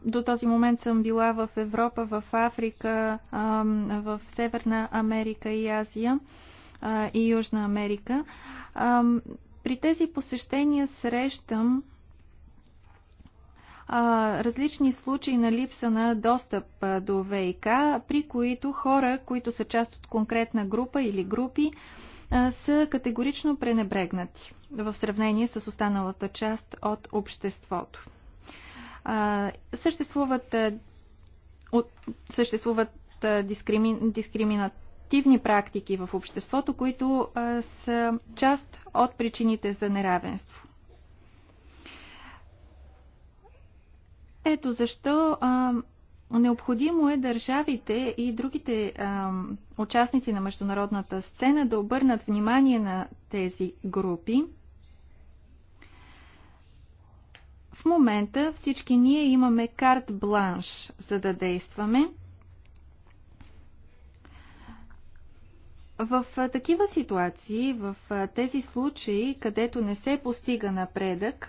До този момент съм била в Европа, в Африка, в Северна Америка и Азия и Южна Америка. При тези посещения срещам различни случаи на липса на достъп до ВИК, при които хора, които са част от конкретна група или групи, са категорично пренебрегнати в сравнение с останалата част от обществото. Съществуват, съществуват дискрими, дискриминативни практики в обществото, които са част от причините за неравенство. Ето защо Необходимо е държавите и другите а, участници на международната сцена да обърнат внимание на тези групи. В момента всички ние имаме карт бланш, за да действаме. В такива ситуации, в тези случаи, където не се постига напредък,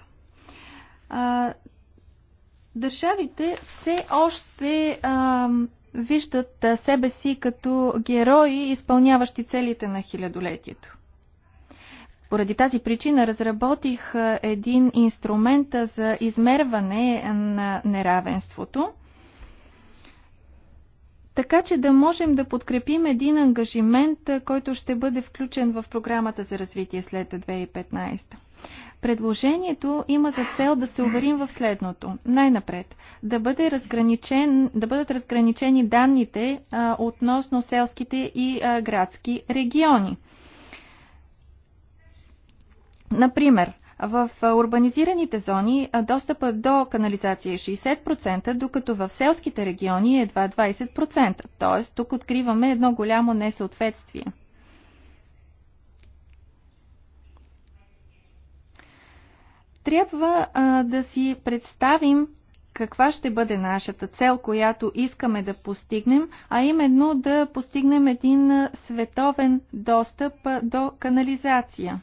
Държавите все още а, виждат себе си като герои, изпълняващи целите на хилядолетието. Поради тази причина разработих един инструмент за измерване на неравенството, така че да можем да подкрепим един ангажимент, който ще бъде включен в програмата за развитие след 2015. Предложението има за цел да се уверим в следното. Най-напред, да, бъде разграничен, да бъдат разграничени данните а, относно селските и а, градски региони. Например, в урбанизираните зони достъпа до канализация е 60%, докато в селските региони е едва 20%. Т.е. тук откриваме едно голямо несъответствие. Трябва а, да си представим каква ще бъде нашата цел, която искаме да постигнем, а именно да постигнем един световен достъп до канализация.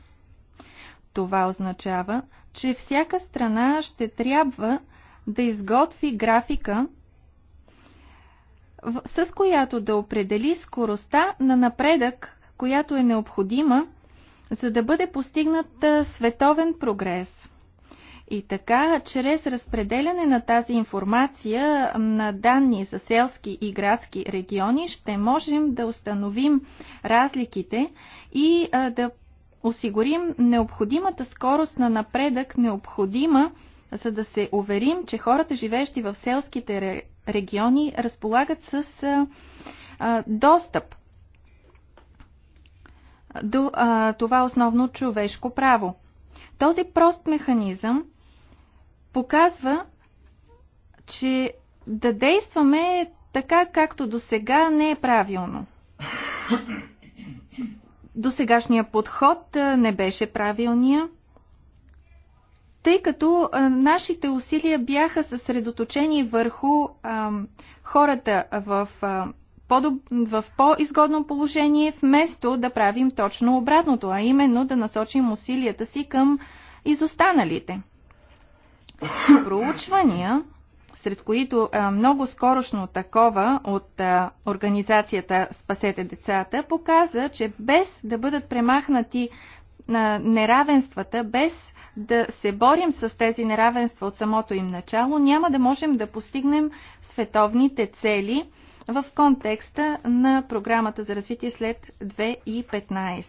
Това означава, че всяка страна ще трябва да изготви графика, с която да определи скоростта на напредък, която е необходима, за да бъде постигнат световен прогрес – и така, чрез разпределяне на тази информация на данни за селски и градски региони, ще можем да установим разликите и да осигурим необходимата скорост на напредък, необходима, за да се уверим, че хората, живеещи в селските региони, разполагат с достъп до това основно човешко право. Този прост механизъм показва, че да действаме така, както до сега не е правилно. До сегашния подход не беше правилния, тъй като нашите усилия бяха съсредоточени върху а, хората в, а, по в по-изгодно положение, вместо да правим точно обратното, а именно да насочим усилията си към изостаналите – проучвания, сред които много скорошно такова от организацията Спасете децата, показа, че без да бъдат премахнати неравенствата, без да се борим с тези неравенства от самото им начало, няма да можем да постигнем световните цели в контекста на програмата за развитие след 2015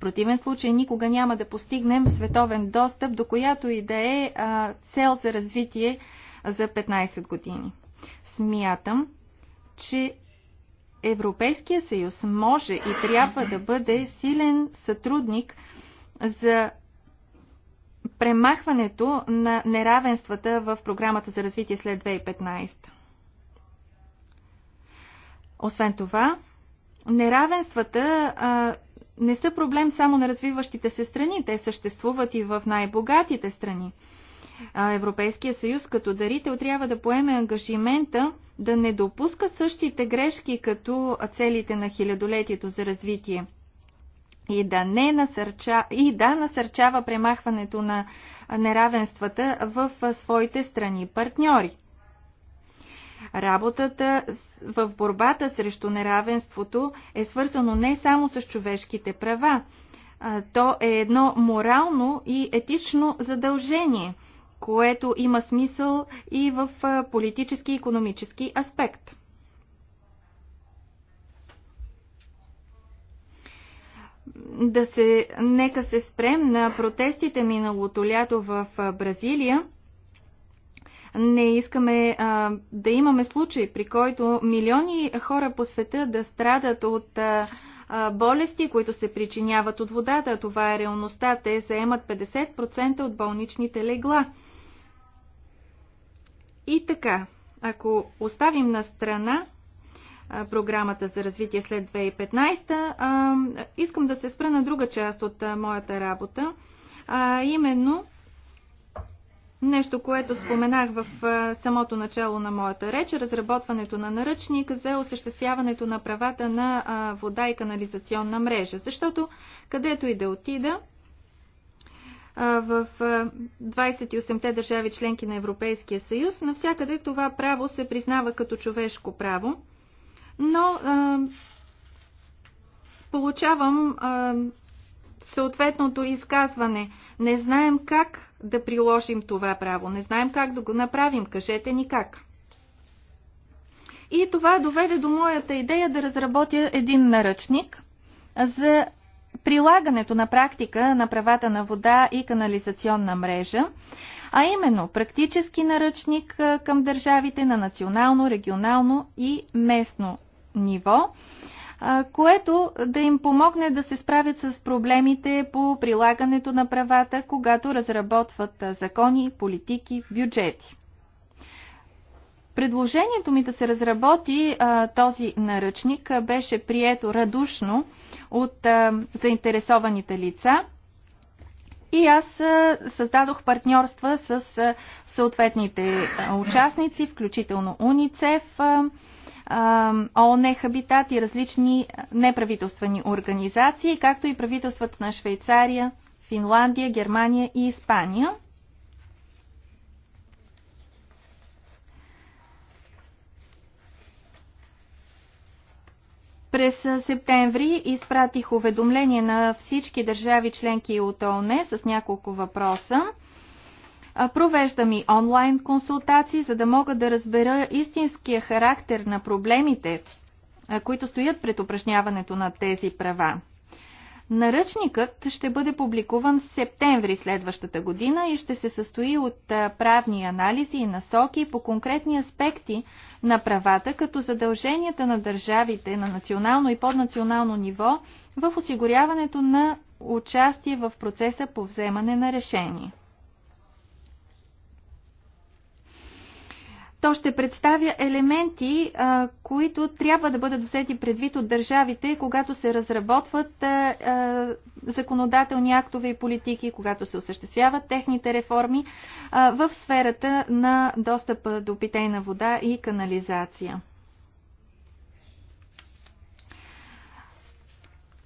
противен случай никога няма да постигнем световен достъп до която и да е цел за развитие за 15 години. Смятам, че Европейския съюз може и трябва да бъде силен сътрудник за премахването на неравенствата в програмата за развитие след 2015. Освен това, неравенствата а, не са проблем само на развиващите се страни, те съществуват и в най-богатите страни. Европейския съюз като дарител трябва да поеме ангажимента да не допуска същите грешки като целите на хилядолетието за развитие и да, не насърча, и да насърчава премахването на неравенствата в своите страни партньори. Работата в борбата срещу неравенството е свързано не само с човешките права, то е едно морално и етично задължение, което има смисъл и в политически и економически аспект. Да се, нека се спрем на протестите миналото лято в Бразилия – не искаме а, да имаме случаи, при който милиони хора по света да страдат от а, а, болести, които се причиняват от водата. Това е реалността. Те заемат 50% от болничните легла. И така, ако оставим на страна програмата за развитие след 2015, искам да се спра на друга част от моята работа, а именно Нещо, което споменах в самото начало на моята реч, разработването на наръчник за осъществяването на правата на вода и канализационна мрежа. Защото където и да отида, в 28-те държави членки на Европейския съюз, навсякъде това право се признава като човешко право, но получавам съответното изказване. Не знаем как да приложим това право. Не знаем как да го направим. Кажете ни как. И това доведе до моята идея да разработя един наръчник за прилагането на практика на правата на вода и канализационна мрежа, а именно практически наръчник към държавите на национално, регионално и местно ниво което да им помогне да се справят с проблемите по прилагането на правата, когато разработват закони, политики, бюджети. Предложението ми да се разработи а, този наръчник а, беше прието радушно от а, заинтересованите лица и аз а, създадох партньорства с а, съответните а, участници, включително УНИЦЕФ. А, ООН е Хабитат и различни неправителствени организации, както и правителствата на Швейцария, Финландия, Германия и Испания. През септември изпратих уведомление на всички държави членки от ООН с няколко въпроса. Провеждам и онлайн консултации, за да мога да разбера истинския характер на проблемите, които стоят пред упражняването на тези права. Наръчникът ще бъде публикуван в септември следващата година и ще се състои от правни анализи и насоки по конкретни аспекти на правата, като задълженията на държавите на национално и поднационално ниво в осигуряването на участие в процеса по вземане на решение. То ще представя елементи, които трябва да бъдат взети предвид от държавите, когато се разработват законодателни актове и политики, когато се осъществяват техните реформи в сферата на достъпа до питейна вода и канализация.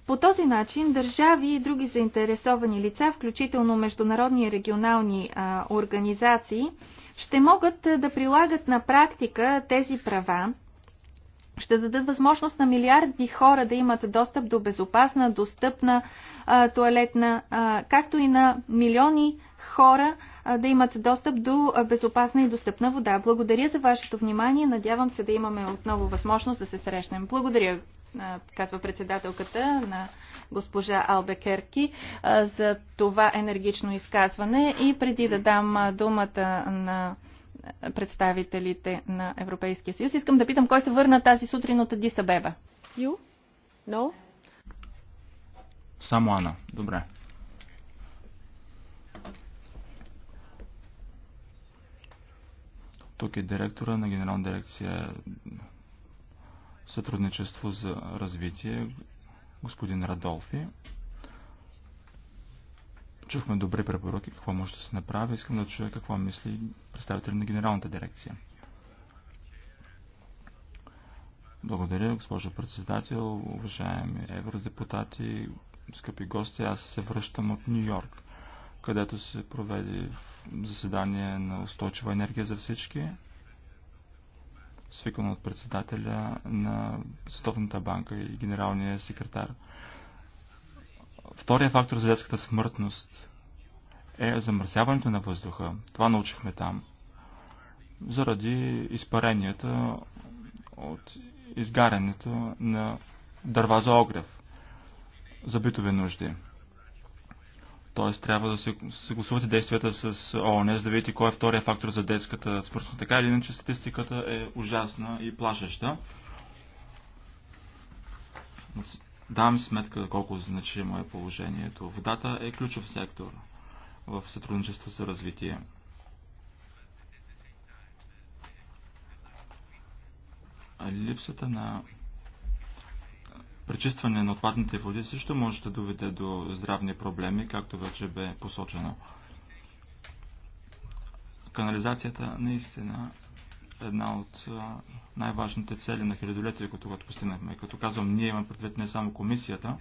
По този начин държави и други заинтересовани лица, включително международни и регионални а, организации, ще могат е, да прилагат на практика тези права, ще дадат възможност на милиарди хора да имат достъп до безопасна, достъпна а, туалетна, а, както и на милиони хора а, да имат достъп до безопасна и достъпна вода. Благодаря за вашето внимание. Надявам се да имаме отново възможност да се срещнем. Благодаря, а, казва председателката на госпожа Албекерки за това енергично изказване и преди да дам думата на представителите на Европейския съюз. Искам да питам, кой се върна тази сутрин от Адис Абеба? You? No?
Само Ана. Добре. Тук е директора на генерална дирекция сътрудничество за развитие, господин Радолфи. Чухме добри препоръки, какво може да се направи. Искам да чуя какво мисли представители на генералната дирекция. Благодаря, госпожо председател, уважаеми евродепутати, скъпи гости. Аз се връщам от Нью Йорк, където се проведе заседание на устойчива енергия за всички свикано от председателя на Световната банка и генералния секретар. Втория фактор за детската смъртност е замърсяването на въздуха. Това научихме там. Заради изпаренията от изгарянето на дърва за огрев за битови нужди. Т.е. трябва да се съгласувате действията с ООН, за да видите кой е втория фактор за детската смъртност. Така или иначе статистиката е ужасна и плашеща. Давам сметка колко значимо е положението. Водата е ключов сектор в сътрудничество за развитие. Липсата на пречистване на отпадните води също може да доведе до здравни проблеми, както вече бе посочено. Канализацията наистина е една от най-важните цели на хилядолетието, когато постигнахме. Като казвам, ние имаме предвид не само комисията,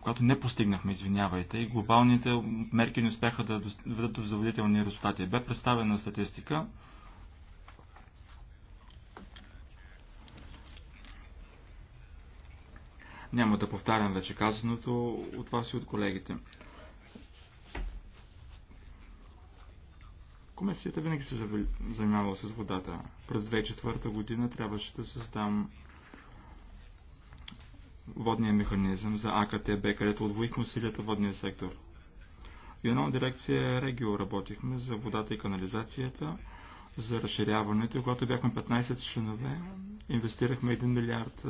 Когато не постигнахме, извинявайте, и глобалните мерки не успяха да доведат до заводителни резултати. Бе представена статистика, Няма да повтарям вече казаното от вас и от колегите. Комисията винаги се занимава с водата. През 2004 година трябваше да създам водния механизъм за АКТБ, където отвоихме усилията в водния сектор. В една дирекция Регио работихме за водата и канализацията за разширяването. Когато бяхме 15 членове, инвестирахме 1 милиард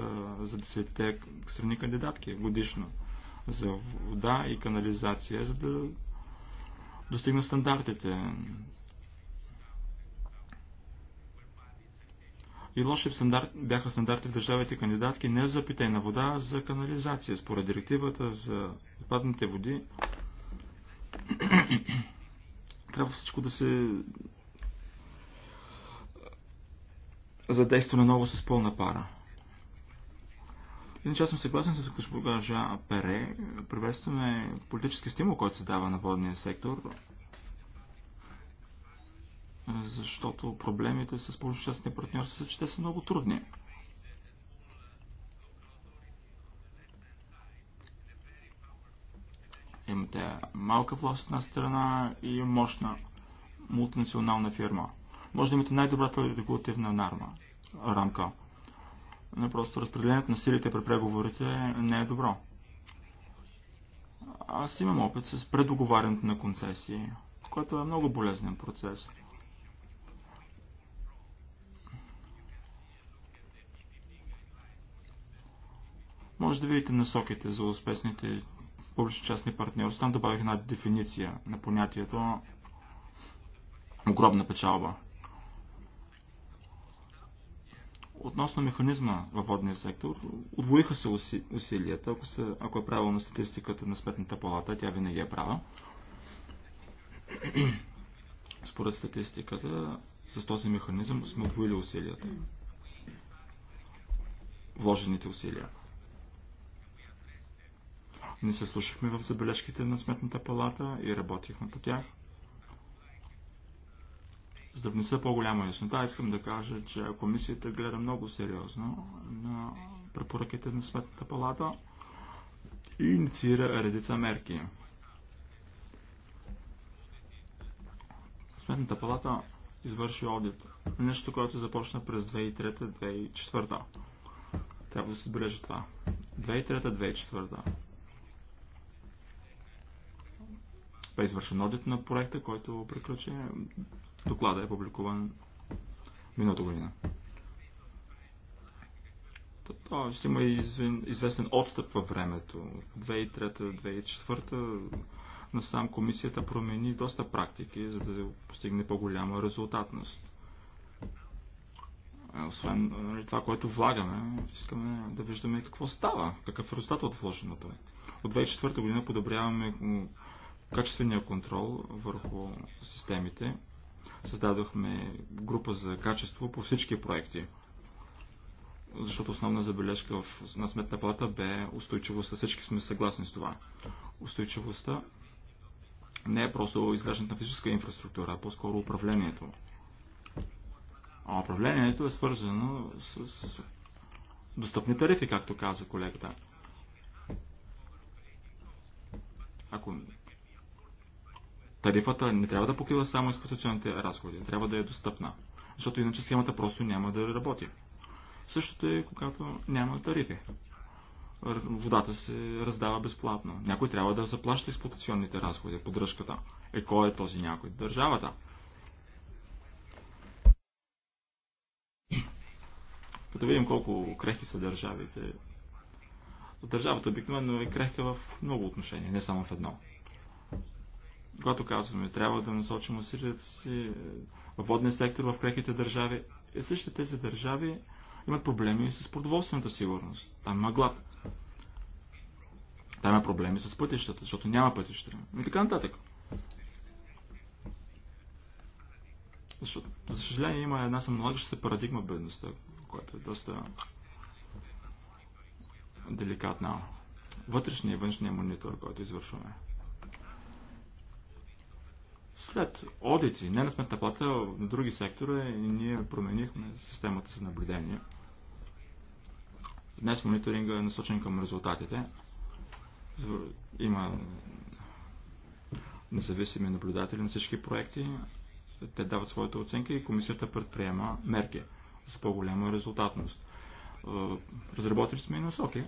за 10-те страни кандидатки годишно за вода и канализация, за да достигна стандартите. И лоши стандарт, бяха стандарти в държавите кандидатки не за питейна вода, а за канализация. Според директивата за отпадните води трябва всичко да се задейства наново с пълна пара. Иначе аз съм съгласен с госпожа Жа Пере. Приветстваме политически стимул, който се дава на водния сектор, защото проблемите с публично-частния са, че те са много трудни. Имате малка власт на страна и мощна мултинационална фирма – може да имате най-добрата регулативна норма, рамка. Но просто разпределението на силите при преговорите не е добро. Аз имам опит с предоговарянето на концесии, което е много болезнен процес. Може да видите насоките за успешните публично-частни партньорства. Там добавих една дефиниция на понятието огромна печалба. Относно механизма във водния сектор, отвоиха се усилията, ако, са, ако е правилна статистиката на Сметната палата, тя винаги е права. Според статистиката, с този механизъм сме отвоили усилията. Вложените усилия. Ние се слушахме в забележките на Сметната палата и работихме по тях за да внеса по-голяма яснота, искам да кажа, че комисията гледа много сериозно на препоръките на Сметната палата и инициира редица мерки. Сметната палата извърши одит. Нещо, което започна през 2003-2004. Трябва да се отбележи това. 2003-2004. Бе извършен одит на проекта, който приключи. Доклада е публикуван миналата година. То, ще има известен отстъп във времето. 2003-2004 насам комисията промени доста практики, за да постигне по-голяма резултатност. Освен нали, това, което влагаме, искаме да виждаме какво става, какъв е резултат от вложеното. От 2004 година подобряваме качествения контрол върху системите. Създадохме група за качество по всички проекти. Защото основна забележка в, на сметна плата бе устойчивостта. Всички сме съгласни с това. Устойчивостта не е просто изграждането на физическа инфраструктура, а по-скоро управлението. А управлението е свързано с достъпни тарифи, както каза колегата. Ако Тарифата не трябва да покрива само експлуатационните разходи, трябва да е достъпна, защото иначе схемата просто няма да работи. Същото е когато няма тарифи. Водата се раздава безплатно. Някой трябва да заплаща експлуатационните разходи, поддръжката. Е, кой е този някой? Държавата. Като видим колко крехи са държавите, държавата обикновено е крехка в много отношения, не само в едно когато казваме, трябва да насочим усилията си е, в водния сектор в крехите държави, е същите тези държави имат проблеми с продоволствената сигурност. Там има глад. Там има проблеми с пътищата, защото няма пътища. И така нататък. Защото, за съжаление, има една самоналагаща се парадигма в бедността, която е доста деликатна. Вътрешния и външния монитор, който извършваме. След одити, не на сметната плата, на други сектора, ние променихме системата за наблюдение. Днес мониторинга е насочен към резултатите. Има независими наблюдатели на всички проекти. Те дават своята оценка и комисията предприема мерки с по-голяма резултатност. Е, разработили сме и насоки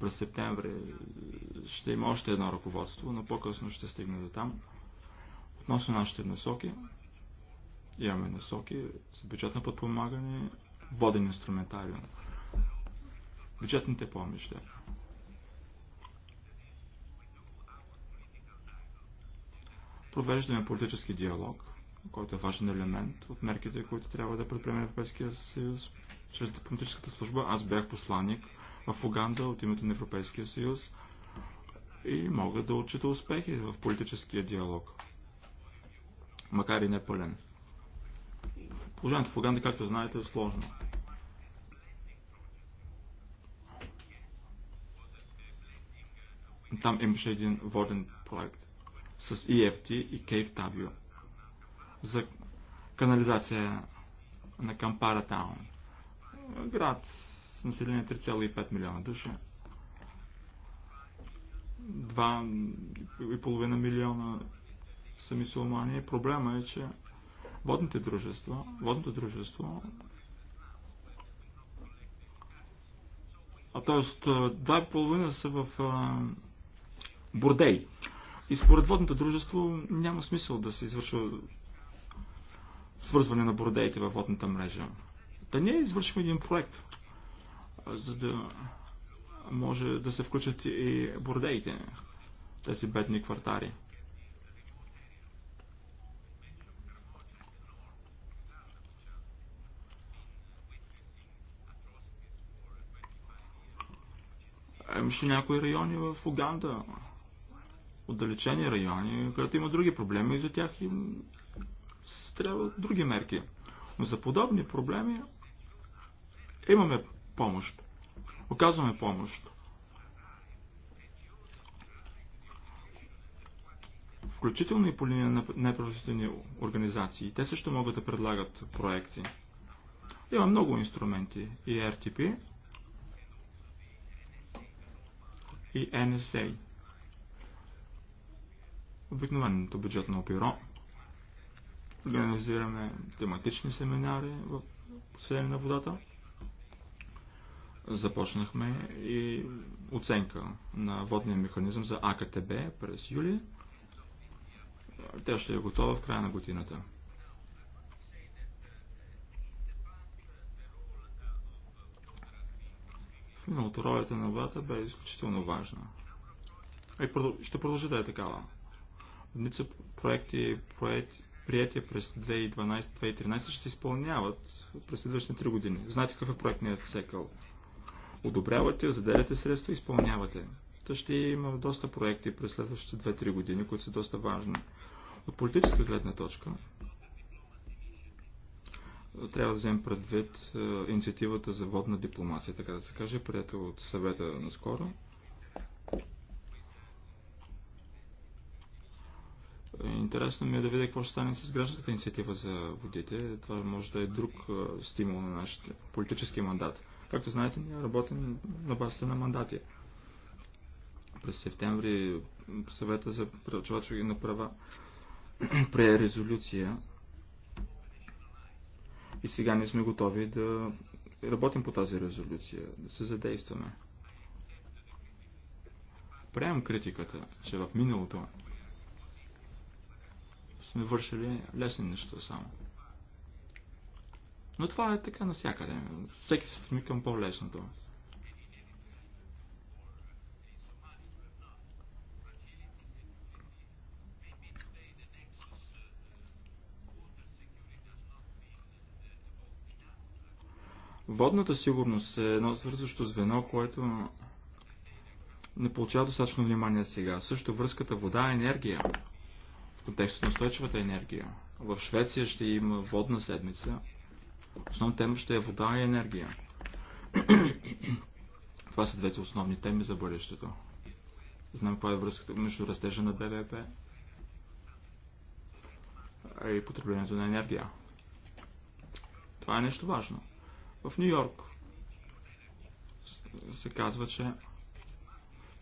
през септември ще има още едно ръководство, но по-късно ще стигне до там. Относно нашите насоки, имаме насоки за бюджетно подпомагане, воден инструментариум, бюджетните помещи. Провеждаме политически диалог, който е важен елемент от мерките, които трябва да предприеме Европейския съюз чрез дипломатическата служба. Аз бях посланник в Уганда от името на Европейския съюз и мога да отчита успехи в политическия диалог, макар и не пълен. Положението в Уганда, както знаете, е сложно. Там имаше един воден проект с EFT и KFW за канализация на Кампара Таун. Град население 3,5 е милиона души. 2,5 милиона са мисулмани. Проблема е, че водните дружества, водното дружество, а т.е. 2,5 са в а, бордей. И според водното дружество няма смисъл да се извършва свързване на бордеите във водната мрежа. Да ние извършим един проект, за да може да се включат и бордеите, тези бедни квартари. Имаше някои райони в Уганда, отдалечени райони, където има други проблеми и за тях им трябва други мерки. Но за подобни проблеми имаме помощ. Оказваме помощ. Включително и по линия на неправителствени организации. Те също могат да предлагат проекти. Има много инструменти. И RTP, и NSA. Обикновеното бюджетно бюро. Организираме тематични семинари в Селени на водата започнахме и оценка на водния механизъм за АКТБ през юли. Тя ще е готова в края на годината. В миналото ролята на водата бе изключително важна. И е, ще продължи да е такава. Дница проекти, проекти, приятия през 2012-2013 ще се изпълняват през следващите 3 години. Знаете какъв е проектният цикъл? одобрявате, заделяте средства, и изпълнявате. Та ще има доста проекти през следващите 2-3 години, които са доста важни. От политическа гледна точка трябва да вземем предвид е, инициативата за водна дипломация, така да се каже, прията от съвета наскоро. Интересно ми е да видя какво ще стане с гражданската инициатива за водите. Това може да е друг е, стимул на нашия политически мандат. Както знаете, ние работим на базата на мандати. През септември съвета за човечески на права прие резолюция и сега ние сме готови да работим по тази резолюция, да се задействаме. Приемам критиката, че в миналото сме вършили лесни неща само. Но това е така навсякъде. Всеки се стреми към по-лесното. Водната сигурност е едно свързващо звено, което не получава достатъчно внимание сега. Също връзката вода-енергия е в контекста на устойчивата енергия. В Швеция ще има водна седмица – Основна тема ще е вода и енергия. Това са двете основни теми за бъдещето. Знам каква е връзката между растежа на БВП и потреблението на енергия. Това е нещо важно. В Нью Йорк се казва, че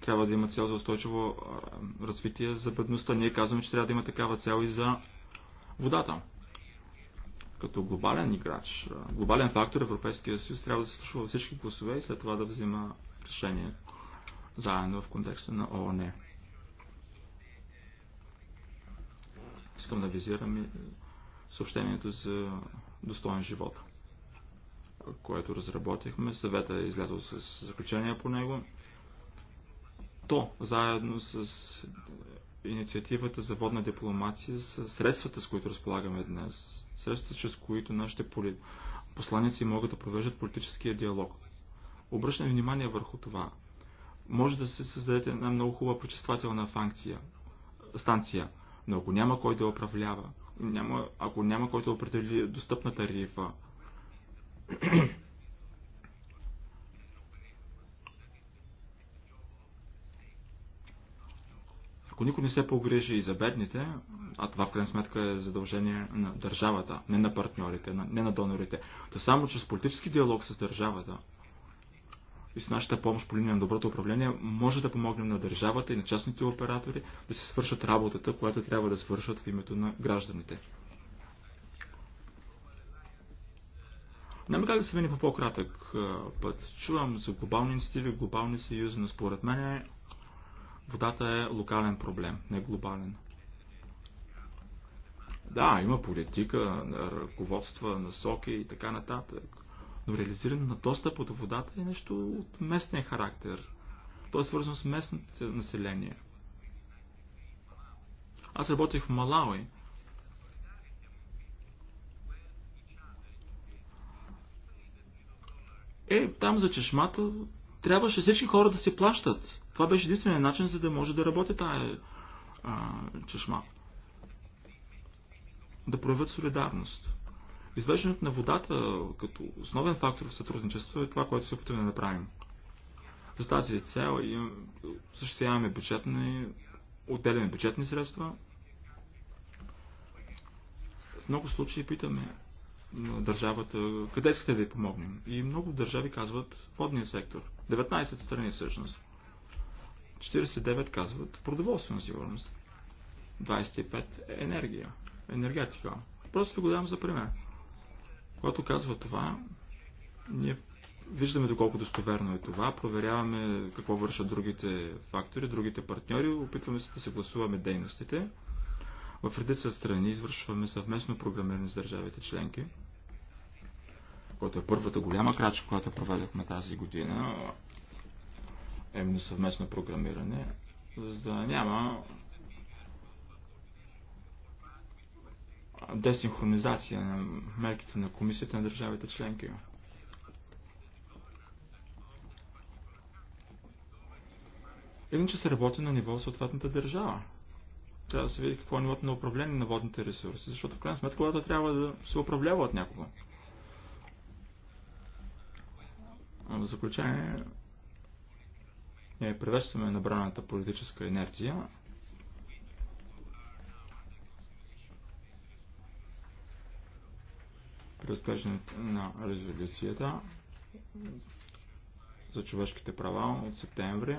трябва да има цел за устойчиво развитие за бедността. Ние казваме, че трябва да има такава цел и за водата като глобален играч, глобален фактор Европейския съюз трябва да се слушва всички гласове и след това да взима решение заедно в контекста на ООН. Искам да визирам съобщението за достоен живот, което разработихме. Съвета е излязъл с заключение по него. То, заедно с инициативата за водна дипломация са средствата, с които разполагаме днес. Средствата, чрез които нашите посланици могат да провеждат политическия диалог. Обръщам внимание върху това. Може да се създадете една много хубава почествателна функция, станция, но ако няма кой да управлява, няма, ако няма кой да определи достъпна тарифа, Ако никой не се погрижи и за бедните, а това в крайна сметка е задължение на държавата, не на партньорите, не на донорите, то само чрез политически диалог с държавата и с нашата помощ по линия на доброто управление може да помогнем на държавата и на частните оператори да се свършат работата, която трябва да свършат в името на гражданите. Няма как да се мине по по-кратък път. Чувам за глобални инициативи, глобални съюзи, но според мен водата е локален проблем, не глобален. Да, има политика, ръководства, насоки и така нататък. Но реализиране на достъпа до водата е нещо от местния характер. То е свързано с местното население. Аз работих в Малауи. Е, там за чешмата трябваше всички хора да си плащат. Това беше единственият начин, за да може да работи тая а, чешма. Да проявят солидарност. Извеждането на водата като основен фактор в сътрудничество е това, което се опитваме да направим. За тази цел съществяваме бюджетни, отделяме бюджетни средства. В много случаи питаме на държавата къде искате да ви помогнем. И много държави казват водния сектор – 19 страни всъщност. 49 казват продоволствена сигурност. 25 е енергия, енергетика. Просто го давам за пример. Когато казва това, ние виждаме доколко достоверно е това, проверяваме какво вършат другите фактори, другите партньори, опитваме се да съгласуваме дейностите. В редица страни извършваме съвместно програмиране с държавите членки което е първата голяма крачка, която проведохме тази година, именно съвместно програмиране, за да няма десинхронизация на мерките на комисията на държавите членки. Иначе се работи на ниво съответната държава. Трябва да се види какво е нивото на управление на водните ресурси, защото в крайна сметка когато трябва да се управлява от някого. В заключение, ние приветстваме набраната политическа енергия. При разглеждането на резолюцията за човешките права от септември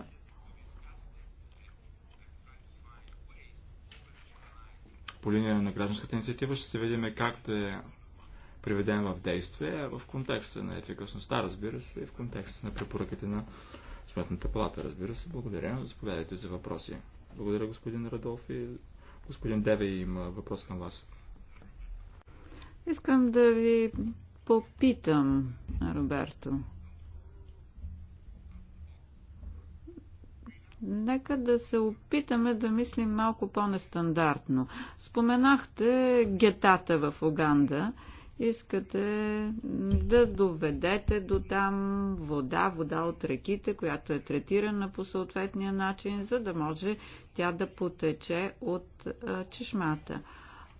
по линия на гражданската инициатива ще се видим как да е приведем в действие в контекста на ефикасността, разбира се, и в контекста на препоръките на Сметната палата, разбира се. Благодаря. Заповядайте за въпроси. Благодаря, господин Радолф и господин Деве има въпрос към вас.
Искам да ви попитам, Роберто. Нека да се опитаме да мислим малко по-нестандартно. Споменахте гетата в Уганда – искате да доведете до там вода, вода от реките, която е третирана по съответния начин, за да може тя да потече от чешмата.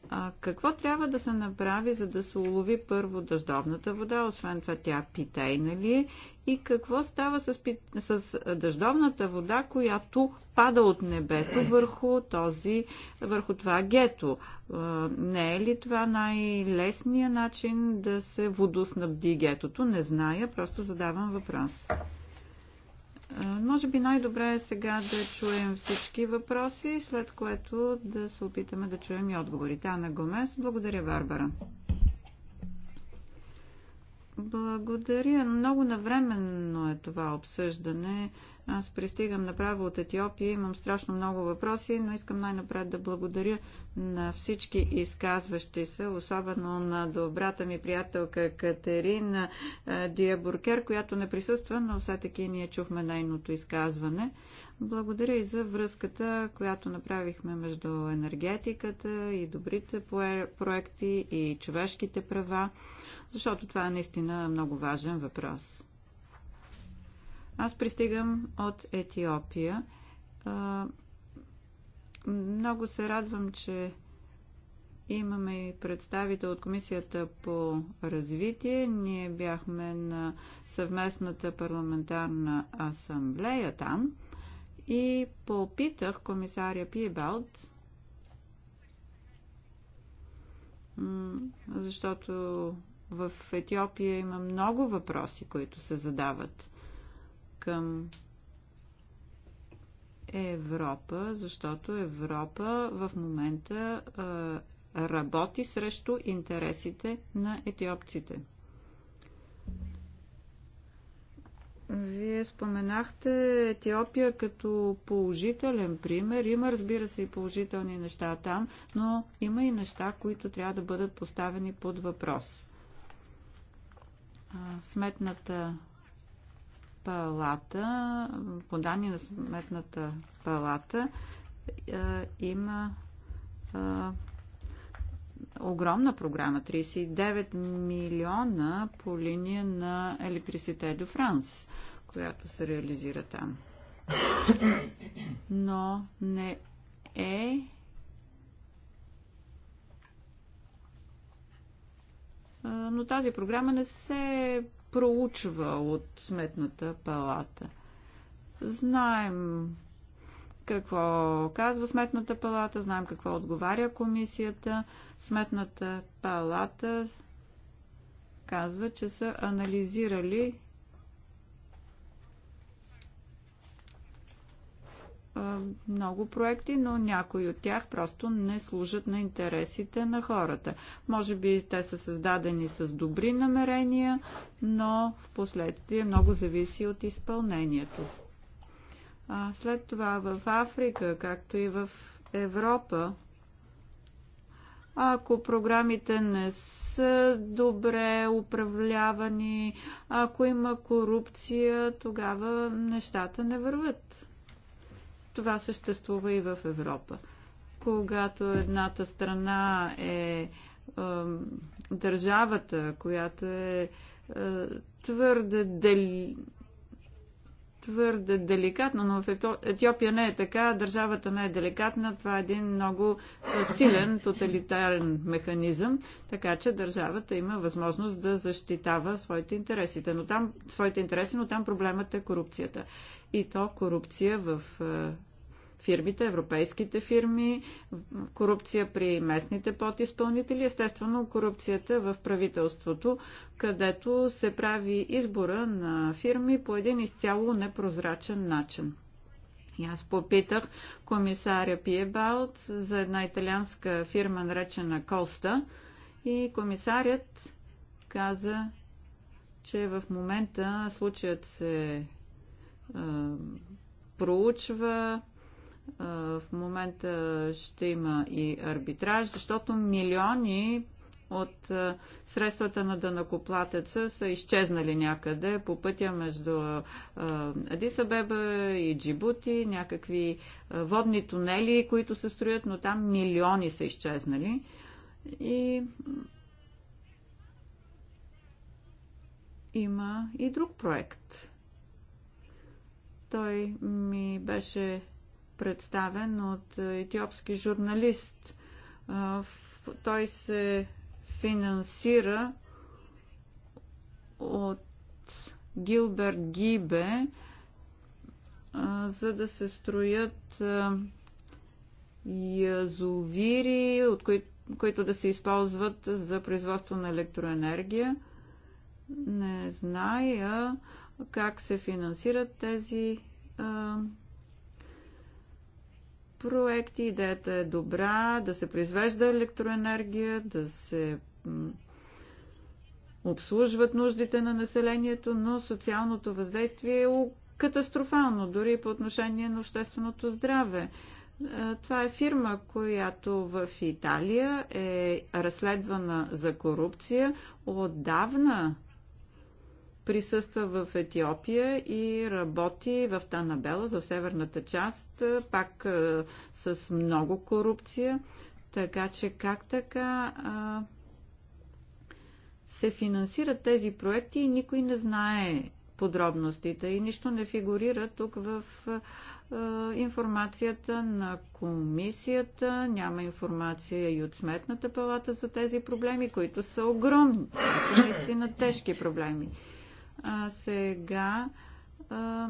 А, какво трябва да се направи, за да се улови първо дъждовната вода, освен това тя питейна ли е? И какво става с, пи... с дъждовната вода, която пада от небето върху, този, върху това гето? А, не е ли това най-лесният начин да се водоснабди гетото? Не зная, просто задавам въпрос. Може би най-добре е сега да чуем всички въпроси, след което да се опитаме да чуем и отговорите. Ана Гомес, благодаря, Барбара. Благодаря. Много навременно е това обсъждане. Аз пристигам направо от Етиопия, имам страшно много въпроси, но искам най-напред да благодаря на всички изказващи се, особено на добрата ми приятелка Катерина Диабуркер, която не присъства, но все таки ние чухме нейното изказване. Благодаря и за връзката, която направихме между енергетиката и добрите проекти и човешките права, защото това е наистина много важен въпрос. Аз пристигам от Етиопия. Много се радвам, че имаме и представител от Комисията по развитие. Ние бяхме на съвместната парламентарна асамблея там и попитах комисаря Пиебалт, защото в Етиопия има много въпроси, които се задават към Европа, защото Европа в момента а, работи срещу интересите на етиопците. Вие споменахте Етиопия като положителен пример. Има, разбира се, и положителни неща там, но има и неща, които трябва да бъдат поставени под въпрос. Сметната палата, по данни на сметната палата, е, има е, огромна програма, 39 милиона по линия на Електрисите до Франс, която се реализира там. Но не е, е но тази програма не се проучва от сметната палата. Знаем какво казва Сметната палата, знаем какво отговаря комисията. Сметната палата казва, че са анализирали много проекти, но някои от тях просто не служат на интересите на хората. Може би те са създадени с добри намерения, но в последствие много зависи от изпълнението. А след това в Африка, както и в Европа, ако програмите не са добре управлявани, ако има корупция, тогава нещата не върват. Това съществува и в Европа. Когато едната страна е държавата, която е твърде дали, твърде деликатно, но в Етиопия не е така. Държавата не е деликатна. Това е един много силен тоталитарен механизъм, така че държавата има възможност да защитава своите интереси. Но там, своите интереси, но там проблемът е корупцията. И то корупция в е, фирмите, европейските фирми, корупция при местните подиспълнители, естествено корупцията в правителството, където се прави избора на фирми по един изцяло непрозрачен начин. И аз попитах комисаря Пиебалт за една италианска фирма, наречена Коста, и комисарят каза, че в момента случаят се е, проучва, в момента ще има и арбитраж, защото милиони от средствата на дънакоплатеца са изчезнали някъде по пътя между Адисабеба и Джибути, някакви водни тунели, които се строят, но там милиони са изчезнали. И има и друг проект. Той ми беше представен от етиопски журналист. Той се финансира от Гилберт Гибе, за да се строят язовири, от кои, които да се използват за производство на електроенергия. Не зная как се финансират тези проекти. Идеята е добра, да се произвежда електроенергия, да се обслужват нуждите на населението, но социалното въздействие е катастрофално, дори по отношение на общественото здраве. Е, това е фирма, която в Италия е разследвана за корупция. Отдавна присъства в Етиопия и работи в Танабела, за северната част, пак с много корупция. Така че как така а, се финансират тези проекти и никой не знае подробностите и нищо не фигурира тук в а, информацията на комисията, няма информация и от сметната палата за тези проблеми, които са огромни. Това са наистина тежки проблеми а, сега а,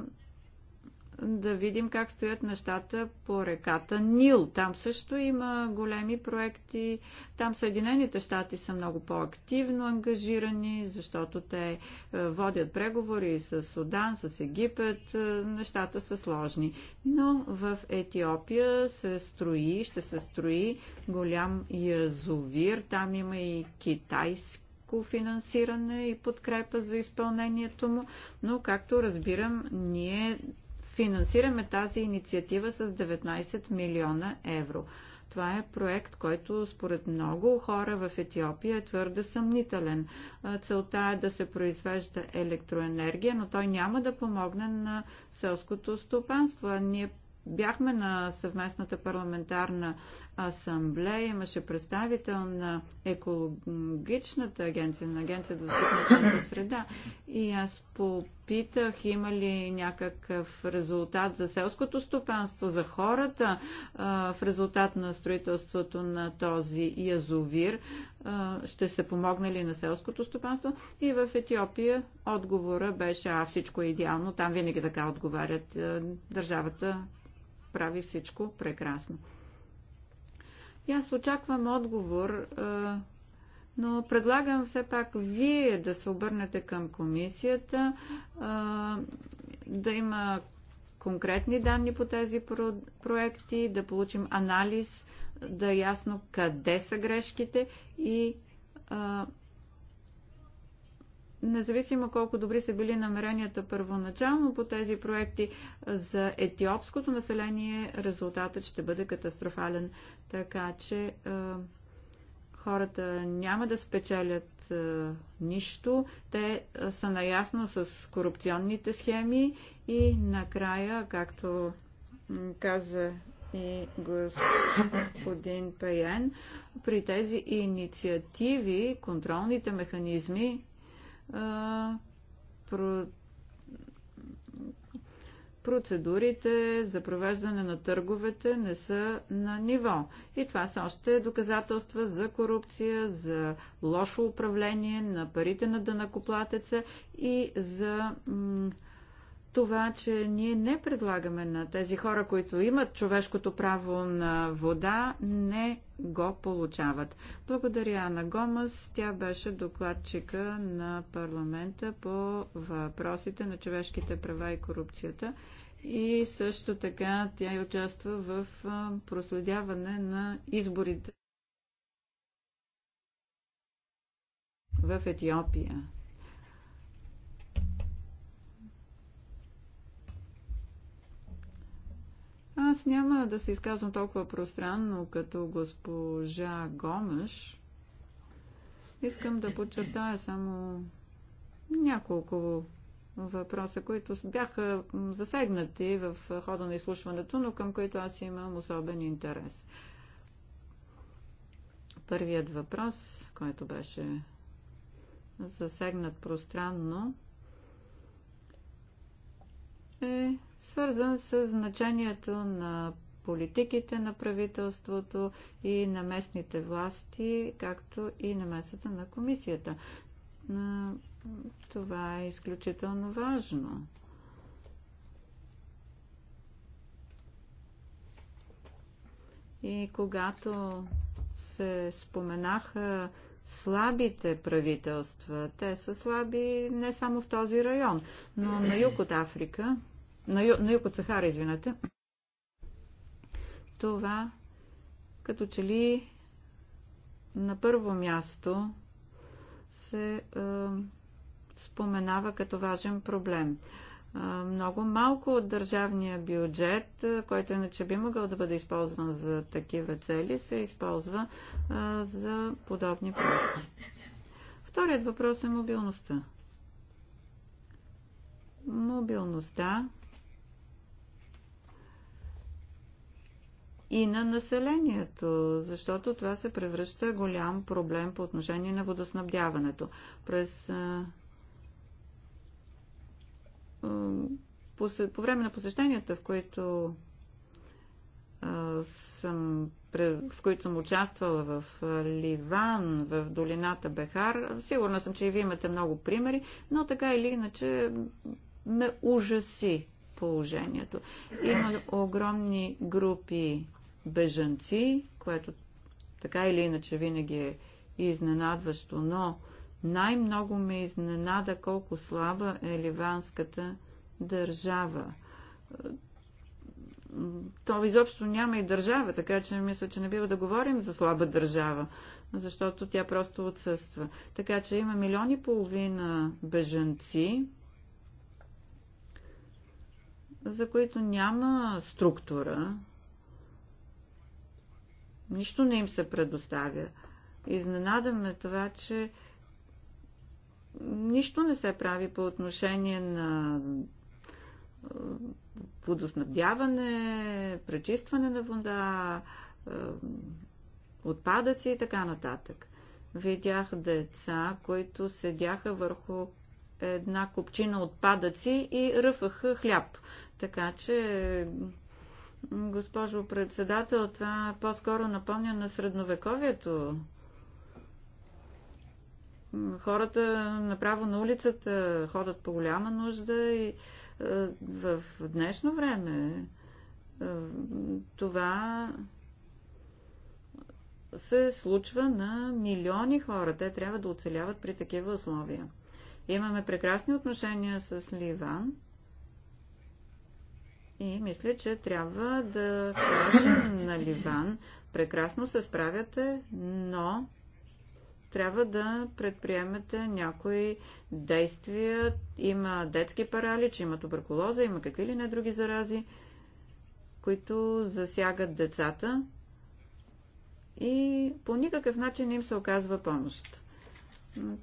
да видим как стоят нещата по реката Нил. Там също има големи проекти. Там Съединените щати са много по-активно ангажирани, защото те е, водят преговори с Судан, с Египет. Е, нещата са сложни. Но в Етиопия се строи, ще се строи голям язовир. Там има и китайски всяко финансиране и подкрепа за изпълнението му, но както разбирам, ние финансираме тази инициатива с 19 милиона евро. Това е проект, който според много хора в Етиопия е твърде съмнителен. Целта е да се произвежда електроенергия, но той няма да помогне на селското стопанство. Ние бяхме на съвместната парламентарна асамблея, имаше представител на екологичната агенция, на Агенция за стъпната среда и аз попитах има ли някакъв резултат за селското стопанство, за хората в резултат на строителството на този язовир, ще се помогна ли на селското стопанство и в Етиопия отговора беше а всичко е идеално, там винаги така отговарят държавата прави всичко прекрасно. И аз очаквам отговор, е, но предлагам все пак вие да се обърнете към комисията, е, да има конкретни данни по тези проекти, да получим анализ, да е ясно къде са грешките и е, Независимо колко добри са били намеренията първоначално по тези проекти за етиопското население, резултатът ще бъде катастрофален. Така че е, хората няма да спечелят е, нищо. Те е, са наясно с корупционните схеми и накрая, както каза и господин Пеен, при тези инициативи, контролните механизми процедурите за провеждане на търговете не са на ниво. И това са още доказателства за корупция, за лошо управление на парите на дънакоплатеца и за това, че ние не предлагаме на тези хора, които имат човешкото право на вода, не го получават. Благодаря Ана Гомас. Тя беше докладчика на парламента по въпросите на човешките права и корупцията. И също така тя и участва в проследяване на изборите в Етиопия. Аз няма да се изказвам толкова пространно, като госпожа Гомеш. Искам да подчертая само няколко въпроса, които бяха засегнати в хода на изслушването, но към които аз имам особен интерес. Първият въпрос, който беше засегнат пространно, е свързан с значението на политиките на правителството и на местните власти, както и на месата на комисията. Това е изключително важно. И когато се споменаха слабите правителства, те са слаби не само в този район, но на юг от Африка, на, ю, на юг от Сахара, извинете, това като че ли на първо място се е, споменава като важен проблем. Е, много малко от държавния бюджет, е, който иначе би могъл да бъде използван за такива цели, се използва е, за подобни проекти. Вторият въпрос е мобилността. Мобилността и на населението, защото това се превръща голям проблем по отношение на водоснабдяването. През по време на посещенията, в които съм, в които съм участвала в Ливан, в долината Бехар. Сигурна съм, че и вие имате много примери, но така или иначе ме ужаси положението. Има огромни групи бежанци, което така или иначе винаги е изненадващо, но най-много ме изненада колко слаба е ливанската държава. То изобщо няма и държава, така че мисля, че не бива да говорим за слаба държава, защото тя просто отсъства. Така че има милиони и половина бежанци, за които няма структура, Нищо не им се предоставя. Изненадаме това, че нищо не се прави по отношение на е, водоснабдяване, пречистване на вода, е, отпадъци и така нататък. Видях деца, които седяха върху една купчина отпадъци и ръфаха хляб. Така че Госпожо председател, това по-скоро напомня на средновековието. Хората направо на улицата ходят по голяма нужда и е, в днешно време е, това се случва на милиони хора. Те трябва да оцеляват при такива условия. Имаме прекрасни отношения с Ливан – и мисля, че трябва да кажем на Ливан, прекрасно се справяте, но трябва да предприемете някои действия. Има детски паралич, има туберкулоза, има какви ли не други зарази, които засягат децата и по никакъв начин им се оказва помощ.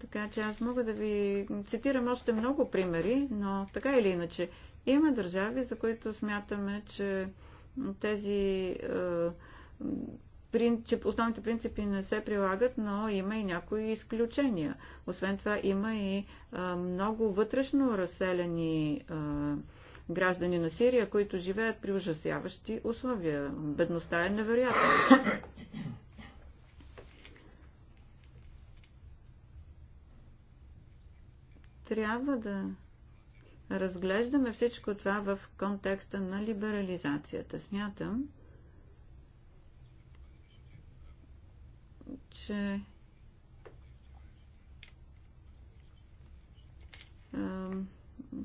Така че аз мога да ви цитирам още много примери, но така или иначе има държави, за които смятаме, че тези е, че основните принципи не се прилагат, но има и някои изключения. Освен това има и е, много вътрешно разселени е, граждани на Сирия, които живеят при ужасяващи условия. Бедността е невероятна. трябва да разглеждаме всичко това в контекста на либерализацията. Смятам, че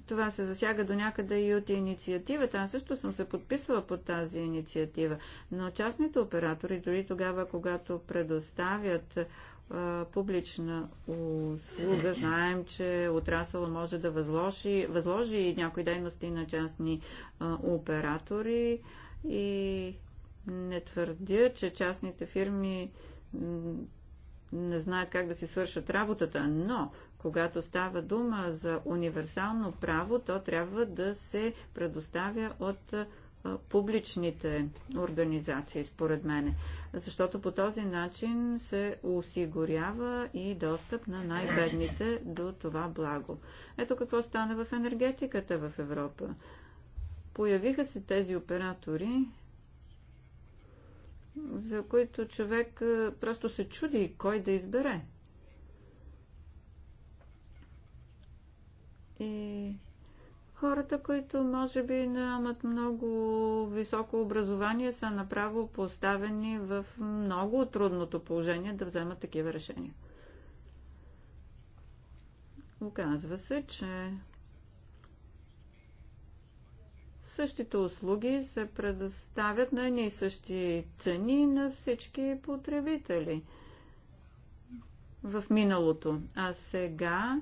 това се засяга до някъде и от инициативата. Аз също съм се подписала под тази инициатива, но частните оператори, дори тогава, когато предоставят публична услуга. Знаем, че отрасъла може да възложи, възложи някои дейности на частни оператори и не твърдя, че частните фирми не знаят как да си свършат работата, но когато става дума за универсално право, то трябва да се предоставя от публичните организации, според мене защото по този начин се осигурява и достъп на най-бедните до това благо. Ето какво стана в енергетиката в Европа. Появиха се тези оператори, за които човек просто се чуди кой да избере. И хората, които може би нямат много високо образование, са направо поставени в много трудното положение да вземат такива решения. Оказва се, че същите услуги се предоставят на едни и същи цени на всички потребители в миналото. А сега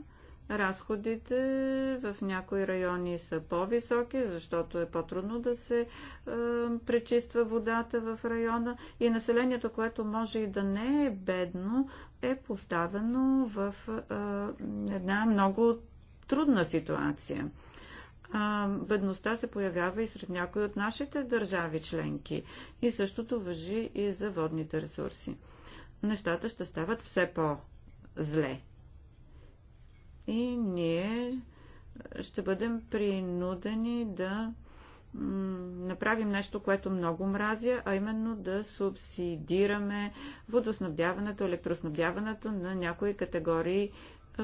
Разходите в някои райони са по-високи, защото е по-трудно да се е, пречиства водата в района и населението, което може и да не е бедно, е поставено в е, една много трудна ситуация. Е, бедността се появява и сред някои от нашите държави членки и същото въжи и за водните ресурси. Нещата ще стават все по-зле и ние ще бъдем принудени да направим нещо, което много мразя, а именно да субсидираме водоснабдяването, електроснабдяването на някои категории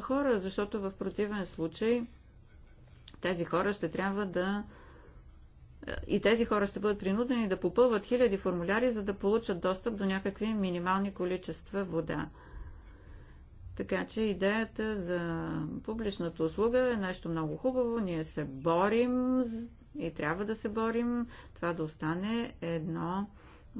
хора, защото в противен случай тези хора ще трябва да и тези хора ще бъдат принудени да попълват хиляди формуляри, за да получат достъп до някакви минимални количества вода. Така че идеята за публичната услуга е нещо много хубаво. Ние се борим и трябва да се борим това да остане едно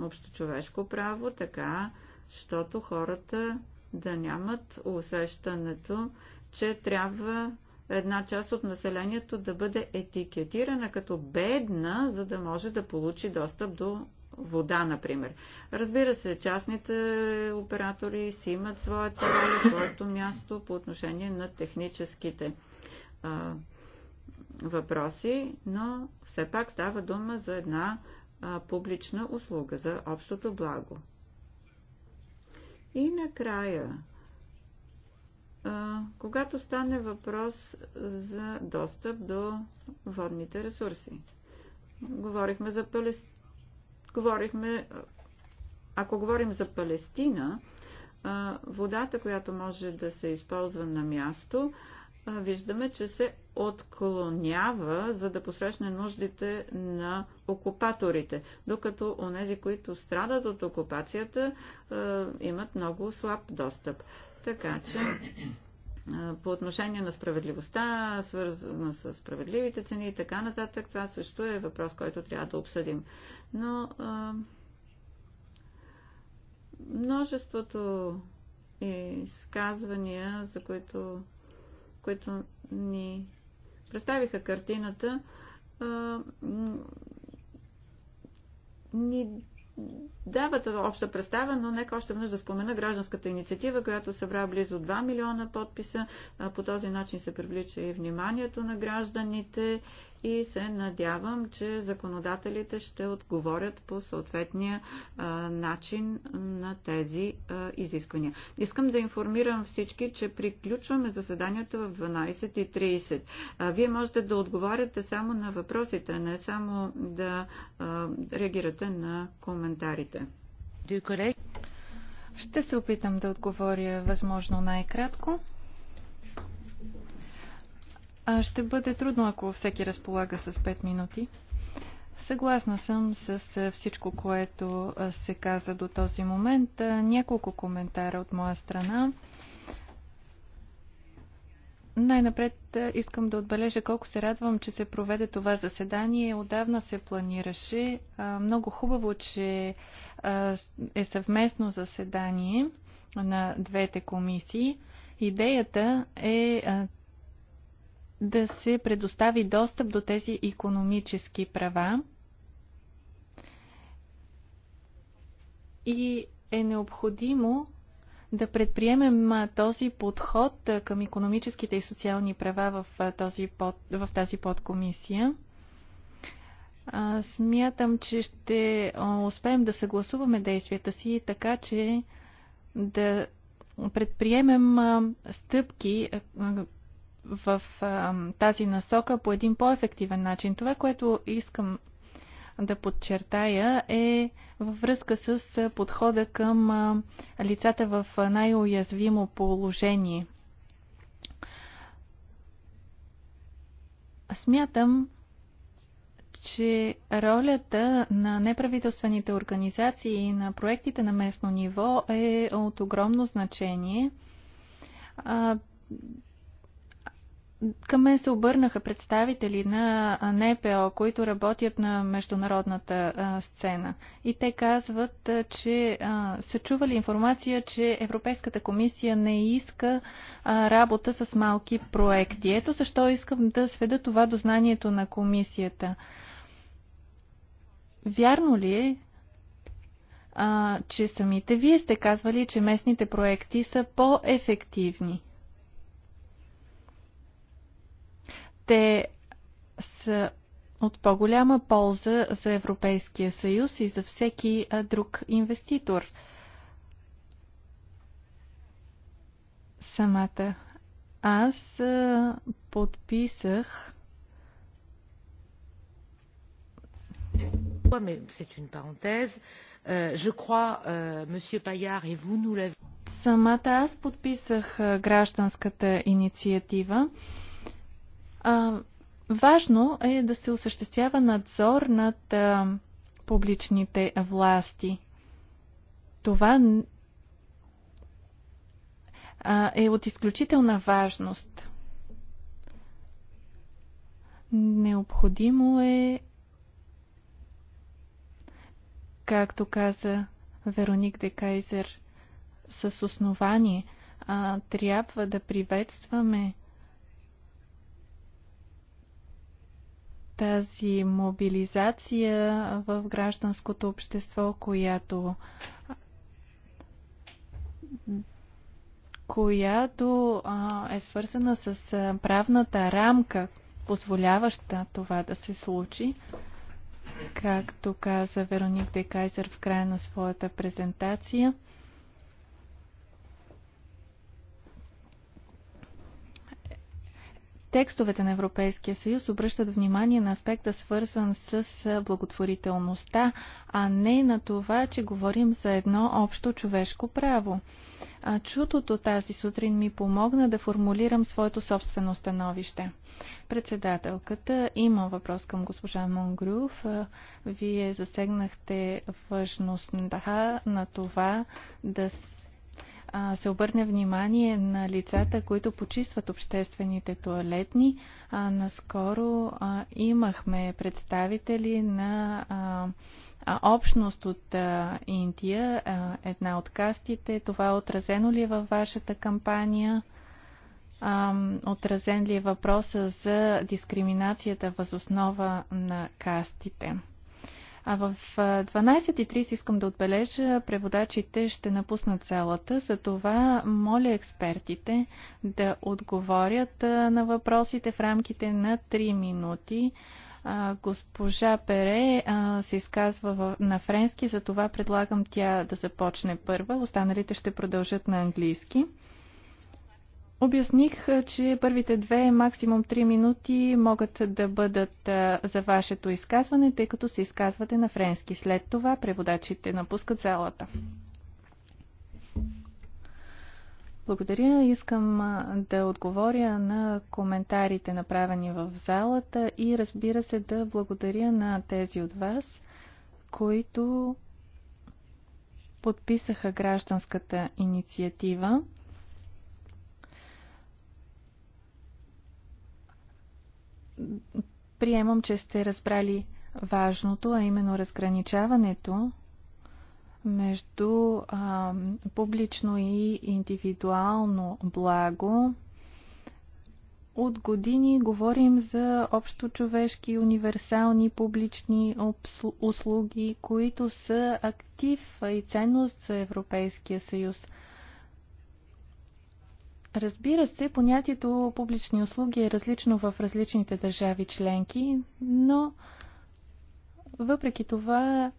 общочовешко право, така, защото хората да нямат усещането, че трябва една част от населението да бъде етикетирана като бедна, за да може да получи достъп до вода, например. Разбира се, частните оператори си имат своята роля, своето място по отношение на техническите а, въпроси, но все пак става дума за една а, публична услуга, за общото благо. И накрая, а, когато стане въпрос за достъп до водните ресурси. Говорихме за Палестина Говорихме, ако говорим за Палестина, водата, която може да се използва на място, виждаме, че се отклонява, за да посрещне нуждите на окупаторите, докато онези, които страдат от окупацията, имат много слаб достъп. Така че по отношение на справедливостта, свързана с справедливите цени и така нататък, това също е въпрос, който трябва да обсъдим. Но множеството изказвания, за които, които ни представиха картината, ни дават обща представа, но нека още веднъж да спомена гражданската инициатива, която събра близо 2 милиона подписа. По този начин се привлича и вниманието на гражданите и се надявам, че законодателите ще отговорят по съответния начин на тези изисквания. Искам да информирам всички, че приключваме заседанието в 12.30. Вие можете да отговаряте само на въпросите, не само да реагирате на коментарите. Ще се опитам да отговоря възможно
най-кратко. Ще бъде трудно, ако всеки разполага с 5 минути. Съгласна съм с всичко, което се каза до този момент. Няколко коментара от моя страна. Най-напред искам да отбележа колко се радвам, че се проведе това заседание. Отдавна се планираше. Много хубаво, че е съвместно заседание на двете комисии. Идеята е да се предостави достъп до тези економически права и е необходимо да предприемем този подход към економическите и социални права в, този под, в тази подкомисия. Смятам, че ще успеем да съгласуваме действията си така, че да предприемем стъпки в а, тази насока по един по-ефективен начин. Това, което искам да подчертая е във връзка с подхода към а, лицата в най-уязвимо положение. Смятам, че ролята на неправителствените организации и на проектите на местно ниво е от огромно значение. А, към мен се обърнаха представители на НПО, които работят на международната сцена. И те казват, че са чували информация, че Европейската комисия не иска работа с малки проекти. Ето защо искам да сведа това до знанието на комисията. Вярно ли е, че самите вие сте казвали, че местните проекти са по-ефективни? Те са от по-голяма полза за Европейския съюз и за всеки друг инвеститор. Самата аз подписах
euh, euh,
Самата аз подписах гражданската инициатива. А, важно е да се осъществява надзор над а, публичните власти. Това а, е от изключителна важност. Необходимо е, както каза Вероник Декайзер, с основание, а, трябва да приветстваме тази мобилизация в гражданското общество, която която а, е свързана с а, правната рамка, позволяваща това да се случи. Както каза Вероник Декайзер в края на своята презентация, Текстовете на Европейския съюз обръщат внимание на аспекта свързан с благотворителността, а не на това, че говорим за едно общо човешко право. А чутото тази сутрин ми помогна да формулирам своето собствено становище. Председателката, имам въпрос към госпожа Монгрюв. Вие засегнахте важността на това да се а, се обърне внимание на лицата, които почистват обществените туалетни. А, наскоро а, имахме представители на а, а, общност от а, Индия, а, една от кастите. Това е отразено ли е във вашата кампания? А, отразен ли е въпроса за дискриминацията възоснова на кастите? А в 12.30 искам да отбележа, преводачите ще напуснат залата, за това моля експертите да отговорят на въпросите в рамките на 3 минути. Госпожа Пере се изказва на френски, затова предлагам тя да започне първа. Останалите ще продължат на английски. Обясних, че първите две, максимум три минути могат да бъдат за вашето изказване, тъй като се изказвате на френски. След това преводачите напускат залата. Благодаря. Искам да отговоря на коментарите, направени в залата и разбира се да благодаря на тези от вас, които подписаха гражданската инициатива. Приемам, че сте разбрали важното, а именно разграничаването между а, публично и индивидуално благо. От години говорим за общочовешки универсални публични услуги, които са актив и ценност за Европейския съюз – Разбира се, понятието публични услуги е различно в различните държави членки, но въпреки това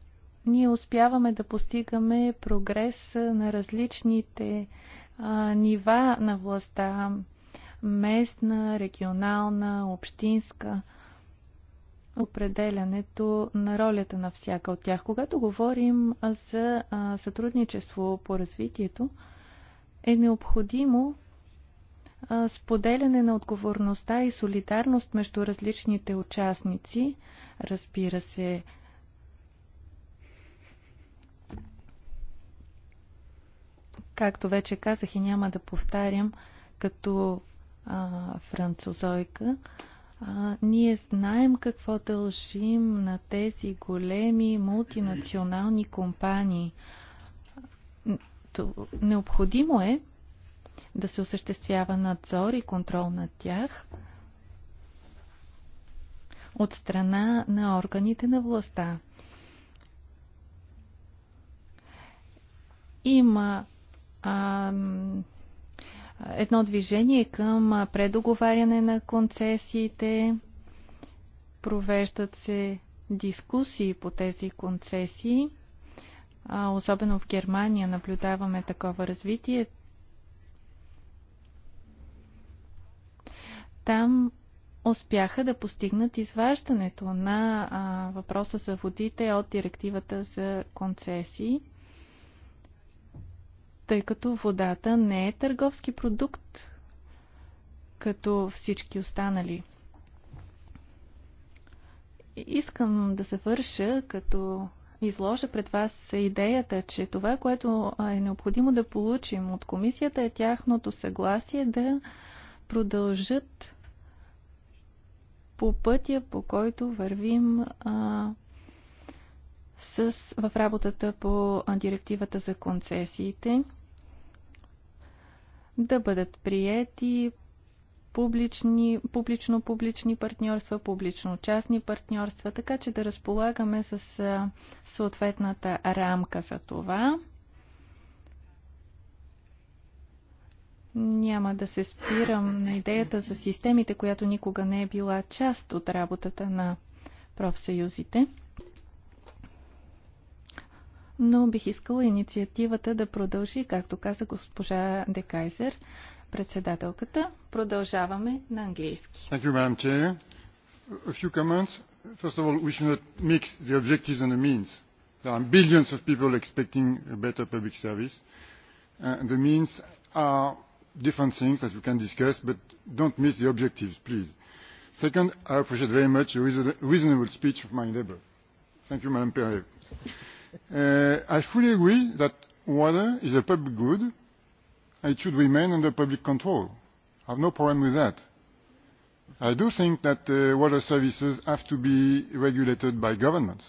ние успяваме да постигаме прогрес на различните а, нива на властта местна, регионална, общинска определянето на ролята на всяка от тях. Когато говорим за сътрудничество по развитието, е необходимо споделяне на отговорността и солидарност между различните участници, разбира се, както вече казах и няма да повтарям, като а, французойка, а, ние знаем какво дължим на тези големи мултинационални компании. необходимо е да се осъществява надзор и контрол над тях от страна на органите на властта. Има а, едно движение към предоговаряне на концесиите. Провеждат се дискусии по тези концесии. А, особено в Германия наблюдаваме такова развитие. Там успяха да постигнат изваждането на а, въпроса за водите от директивата за концесии, тъй като водата не е търговски продукт, като всички останали. Искам да се върша, като изложа пред вас идеята, че това, което е необходимо да получим от комисията е тяхното съгласие да продължат по пътя, по който вървим а, с, в работата по директивата за концесиите, да бъдат приети публични, публично-публични партньорства, публично-частни партньорства, така че да разполагаме с съответната рамка за това. Няма да се спирам на идеята за системите, която никога не е била част от работата на профсъюзите. Но бих искала инициативата да продължи, както каза госпожа Декайзер, председателката. Продължаваме на английски.
Thank you, Madam Chair. A few comments. First of all, we should not mix the objectives and the means. There are billions of people expecting a better public service. Uh, the means are different things that we can discuss, but do not miss the objectives, please. Second, I appreciate very much the reasonable speech of my neighbour. Thank you, Madam Perret. Uh, I fully agree that water is a public good and it should remain under public control. I have no problem with that. I do think that uh, water services have to be regulated by governments.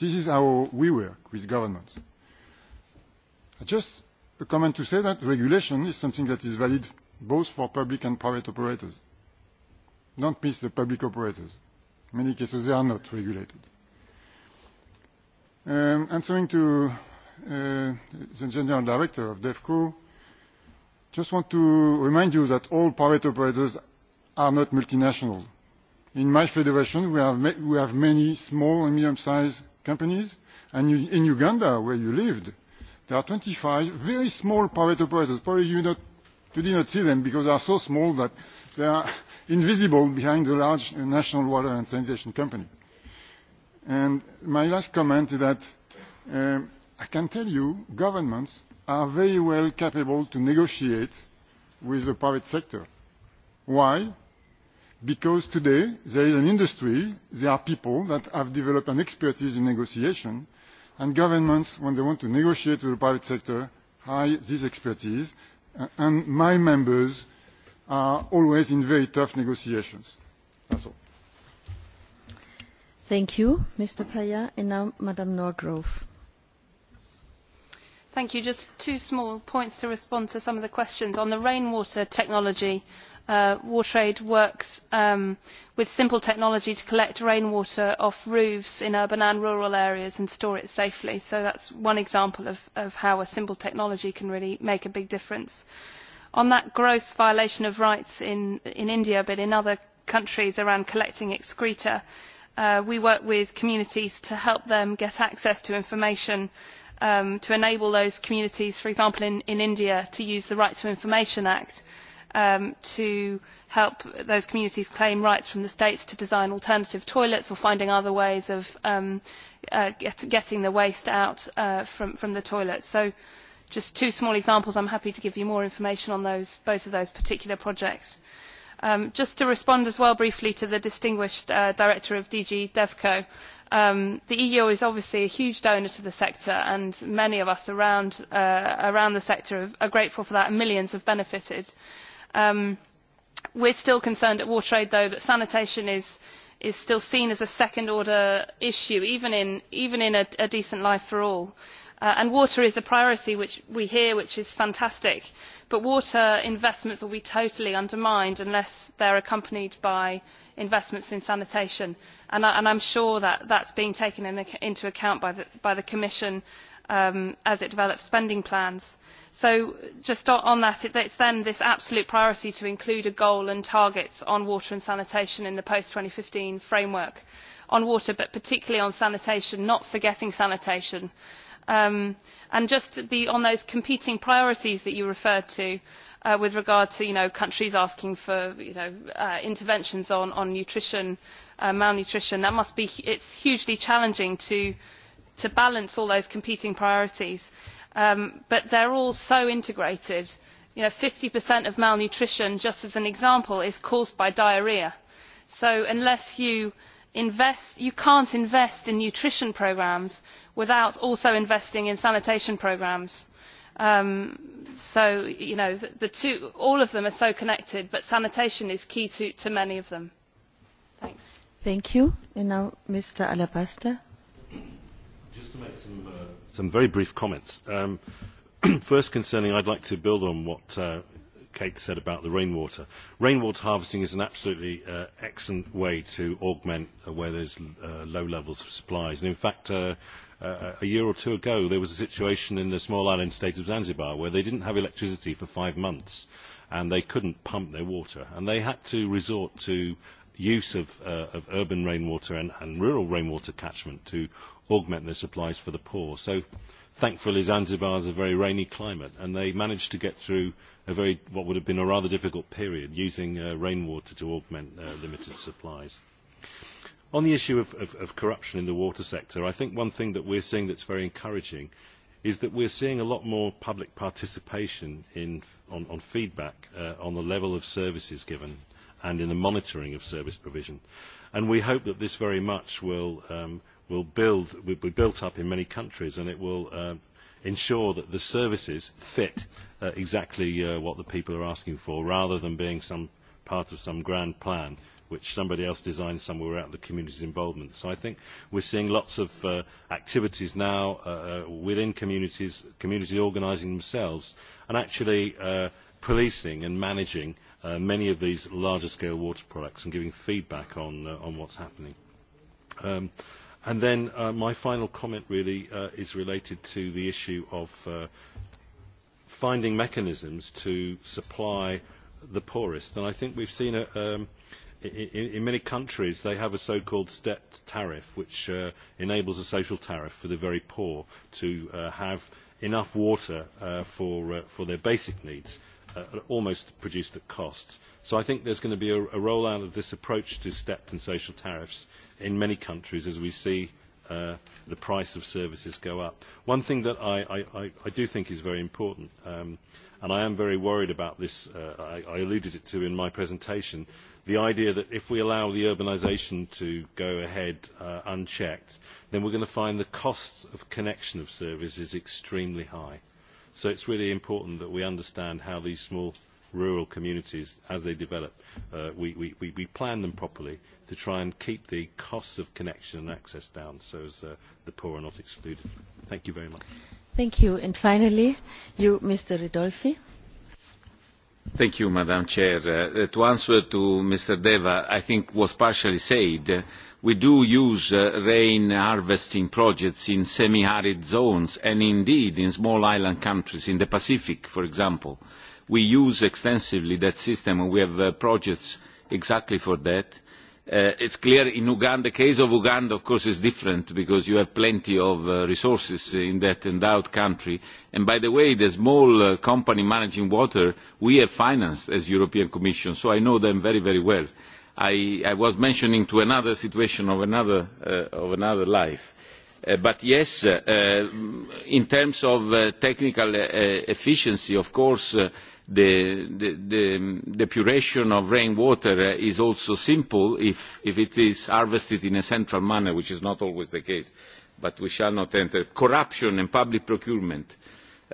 This is how we work with governments. I just a comment to say that regulation is something that is valid both for public and private operators. Don't miss the public operators. In many cases, they are not regulated. Um, answering to uh, the general director of DEFCO, just want to remind you that all private operators are not multinational. In my federation, we have, we have many small and medium-sized companies, and you, in Uganda, where you lived, There are 25 very small private operators. Probably you, not, you did not see them because they are so small that they are invisible behind the large national water and sanitation company. And my last comment is that um, I can tell you governments are very well capable to negotiate with the private sector. Why? Because today there is an industry, there are people that have developed an expertise in negotiation, and governments, when they want to negotiate with the private sector, hire this expertise, and my members are always in very tough negotiations. That's all.
Thank you, Mr. Paya. And now, Madam Norgrove.
Thank you. Just two small points to respond to some of the questions on the rainwater technology trade works with simple technology to collect rainwater off roofs in urban and rural areas and store it safely so that is one example of how a simple technology can really make a big difference. on that gross violation of rights in india but in other countries around collecting excreta we work with communities to help them get access to information to enable those communities for example in india to use the right to information act to help those communities claim rights from the states to design alternative toilets or finding other ways of getting the waste out from the toilets. So just two small examples. I'm happy to give you more information on those, both of those particular projects. just to respond as well briefly to the distinguished director of DG DevCo, the eu is obviously a huge donor to the sector and many of us around the sector are grateful for that and millions have benefited we are still concerned at watertrade though that sanitation is is still seen as a second order issue even in a decent life for all and water is a priority which we hear which is fantastic but water investments will be totally undermined unless they are accompanied by investments in sanitation and i am sure that is being taken into account by the commission as it develops spending plans. so just on that it is then this absolute priority to include a goal and targets on water and sanitation in the post two thousand and fifteen framework on water but particularly on sanitation not forgetting sanitation. and just on those competing priorities that you referred to with regard to countries asking for interventions on nutrition malnutrition that must be hugely challenging to to balance all those competing priorities but they are all so integrated fifty of malnutrition just as an example is caused by diarrhoea so unless you invest you cannot invest in nutrition programmes without also investing in sanitation programmes so all of them are so connected but sanitation is key to many of them.
Just to make some, uh, some very brief comments. Um, first concerning, I'd like to build on what uh, Kate said about the rainwater. Rainwater harvesting is an absolutely uh, excellent way to augment uh, where there's uh, low levels of supplies. And in fact, uh, uh, a year or two ago, there was a situation in the small island state of Zanzibar where they didn't have electricity for five months and they couldn't pump their water. And they had to resort to use of, of urban rainwater and, and rural rainwater catchment to augment their supplies for the poor. So thankfully Zanzibar is a very rainy climate and they managed to get through a very, what would have been a rather difficult period using uh, rainwater to augment uh, limited supplies. On the issue of, of, of corruption in the water sector, I think one thing that we're seeing that's very encouraging is that we're seeing a lot more public participation in, on, on feedback uh, on the level of services given and in the monitoring of service provision. And we hope that this very much will, um, will, build, will be built up in many countries and it will uh, ensure that the services fit uh, exactly uh, what the people are asking for rather than being some part of some grand plan which somebody else designed somewhere out the community's involvement. So I think we're seeing lots of uh, activities now uh, within communities, communities organising themselves and actually uh, policing and managing many of these larger scale water products and giving feedback on, uh, on what's happening. Um, and then uh, my final comment really uh, is related to the issue of uh, finding mechanisms to supply the poorest. And I think we've seen a, um, in, many countries they have a so-called stepped tariff which enables a social tariff for the very poor to have enough water for, their basic needs almost produced at cost. So I think there's going to be a, a rollout of this approach to stepped and social tariffs in many countries as we see uh, the price of services go up. One thing that I, I, I do think is very important, um, and I am very worried about this, uh, I, I alluded it to in my presentation, the idea that if we allow the urbanisation to go ahead uh, unchecked, then we're going to find the costs of connection of services extremely high so it is really important that we understand how these small rural communities as they develop we, we, we plan them properly to try and keep the costs of connection and access down so as the poor are not excluded. Thank you very much.
Thank you. And finally, you, Mr. Ridolfi.
Thank you, Madam Chair. to answer to Mr. Deva, I think was partially said we do use uh, rain harvesting projects in semi-arid zones and indeed in small island countries in the Pacific, for example. We use extensively that system and we have uh, projects exactly for that. Uh, it's clear in Uganda, the case of Uganda of course is different because you have plenty of uh, resources in that endowed country. And by the way, the small uh, company managing water, we have financed as European Commission, so I know them very, very well I, was mentioning to another situation of another, life. but yes, in terms of technical efficiency, of course, the, depuration of rainwater is also simple if, it is harvested in a central manner, which is not always the case. But we shall not enter. Corruption and public procurement.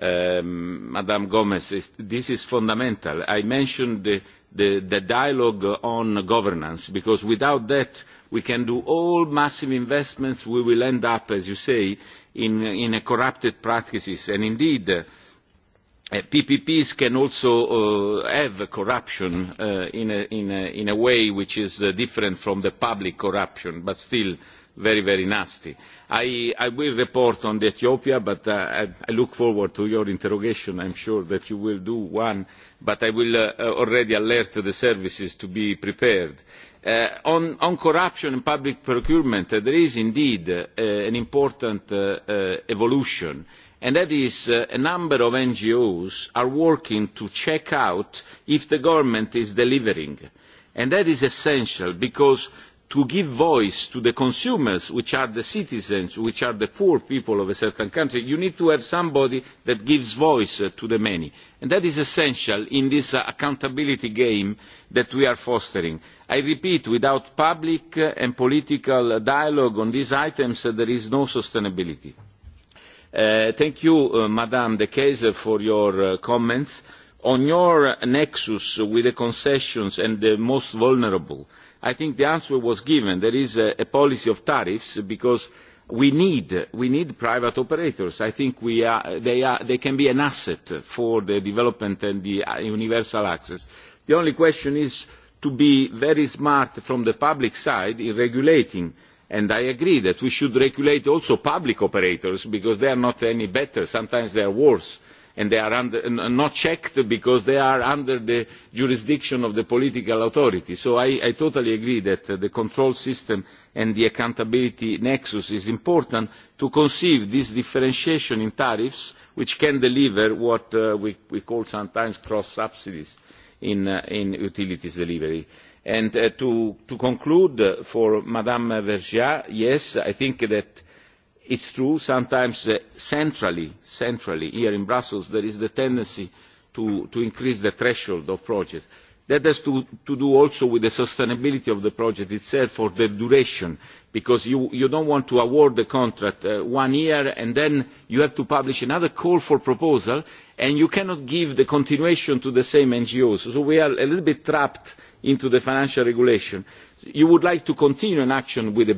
Madam Gomes, this is fundamental. I mentioned the the, dialogue on governance, because without that we can do all massive investments, we will end up, as you say, in, corrupt corrupted practices. And indeed, PPPs can also uh, have corruption uh, in, a, in, a, in a way which is uh, different from the public corruption, but still very, very nasty. I, I will report on Ethiopia, but uh, I, I look forward to your interrogation. I'm sure that you will do one, but I will uh, already alert the services to be prepared. Uh, on, on corruption and public procurement, uh, there is indeed uh, an important uh, uh, evolution and that is a number of ngos are working to check out if the government is delivering and that is essential because to give voice to the consumers which are the citizens which are the poor people of a certain country you need to have somebody that gives voice to the many and that is essential in this accountability game that we are fostering. i repeat without public and political dialogue on these items there is no sustainability. thank you madam de keyser for your comments. on your nexus with the concessions and the most vulnerable i think the answer was given there is a policy of tariffs because we need private operators. i think they can be an asset for the development and the universal access. the only question is to be very smart from the public side in regulating and i agree that we should regulate also public operators because they are not any better sometimes they are worse and they are not checked because they are under the jurisdiction of the political authority. so i totally agree that the control system and the accountability nexus is important to conceive this differentiation in tariffs which can deliver what we call sometimes cross subsidies in utilities delivery. to conclude for ms vergiat yes i think that it is true sometimes centrally here in brussels there is the tendency to increase the threshold of projects. that has to do also with the sustainability of the project itself or the duration because you do not want to award the contract one year and then you have to publish another call for proposal and you cannot give the continuation to the same ngos. so we are a little bit trapped into the financial regulation you would like to continue an action with,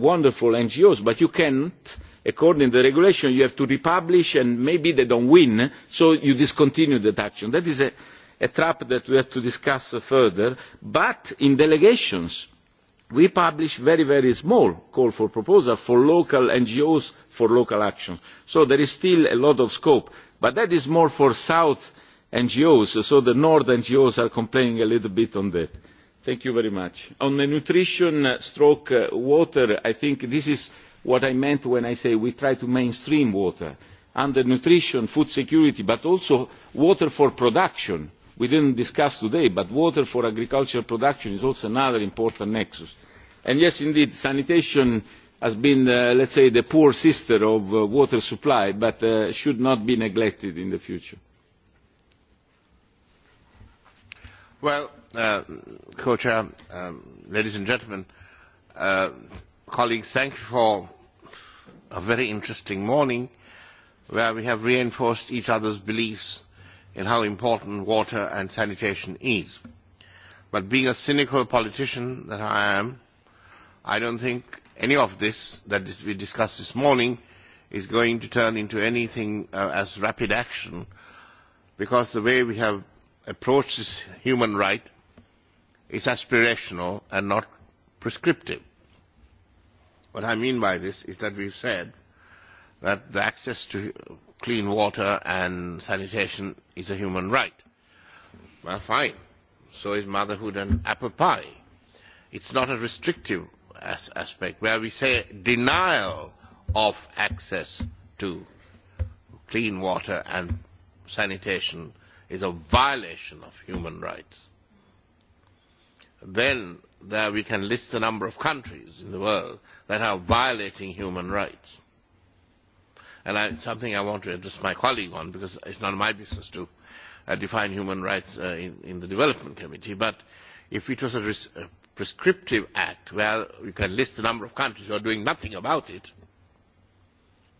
wonderful ngos but you cannot according to the regulation you have to republish and maybe they do not win so you discontinue that action. that is a, a trap that we have to discuss further but in delegations we publish very very small call for proposals for local ngos for local action so there is still a lot of scope but that is more for south ngos so the north ngos are complaining a little bit on that Thank you very much. On the nutrition stroke water, I think this is what I meant when I said we try to mainstream water. Under nutrition, food security, but also water for production. We did not discuss today, but water for agricultural production is also another important nexus. And yes, indeed, sanitation has been, let us say, the poor sister of water supply, but
should not be neglected in the future co chair ladies and gentlemen colleagues thank you for a very interesting morning where we have reinforced each other's beliefs in how important water and sanitation is. But being a cynical politician that I am, I don't think any of this that we discussed this morning is going to turn into anything uh, as rapid action because the way we have approached this human right is aspirational and not prescriptive. What I mean by this is that we've said that the access to clean water and sanitation is a human right. Well, fine. So is motherhood and apple pie. It's not a restrictive as aspect where we say denial of access to clean water and sanitation is a violation of human rights then there we can list the number of countries in the world that are violating human rights. And I, something I want to address my colleague on, because it's not my business to uh, define human rights uh, in, in the Development Committee. But if it was a, res- a prescriptive act where you can list the number of countries who are doing nothing about it,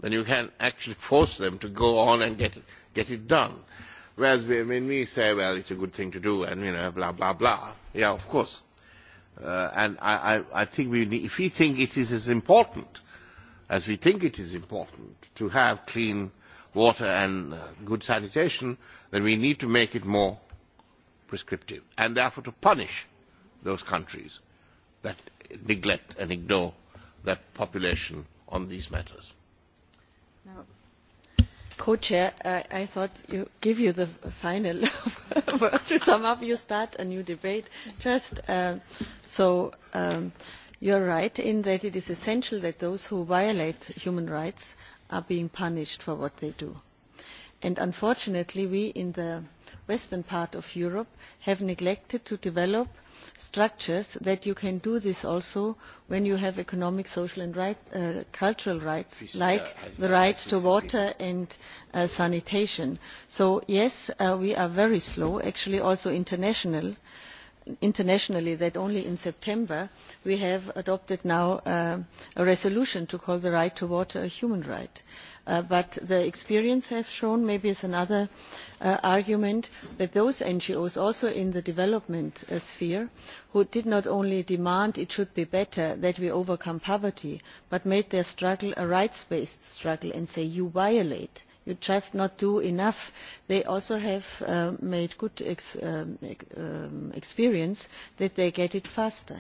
then you can actually force them to go on and get, get it done. Whereas we, when we say, well, it's a good thing to do, and you know, blah blah blah. Yeah, of course. Uh, and I, I, I think we need, if we think it is as important as we think it is important to have clean water and uh, good sanitation, then we need to make it more prescriptive, and therefore to punish those countries that neglect and ignore that population on these matters.
Now,
co-chair, I, I thought you give you the final word to sum up. You start a new debate. Just so you are right in that it is essential that those who violate human rights are being punished for what they do. And unfortunately, we in the western part of Europe have neglected to develop structures that you can do this also when you have economic, social and right, uh, cultural rights like the right to water and uh, sanitation. So yes, uh, we are very slow, actually also international, internationally that only in September we have adopted now uh, a resolution to call the right to water a human right but the experience has shown maybe is another argument that those ngos also in the development sphere who did not only demand it should be better that we overcome poverty but made their struggle a rights based struggle and say you violate you just not do enough. They also have made good experience that they get it faster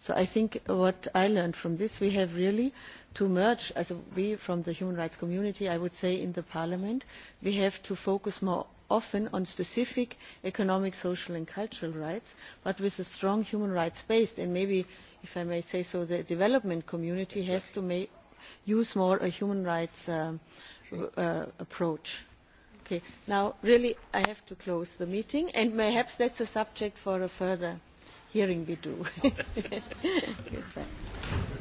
So I think what I learned from this, we have really to merge, as we from the human rights community, I would say in parliament, we have to focus more often on specific economic, social and cultural rights, but with a strong human rights base. And maybe, if I may say so, the development community has to make, use more a human rights approach. Okay. Now, really, I have to close the meeting, and perhaps that is a subject for a further hearing we do. Goodbye.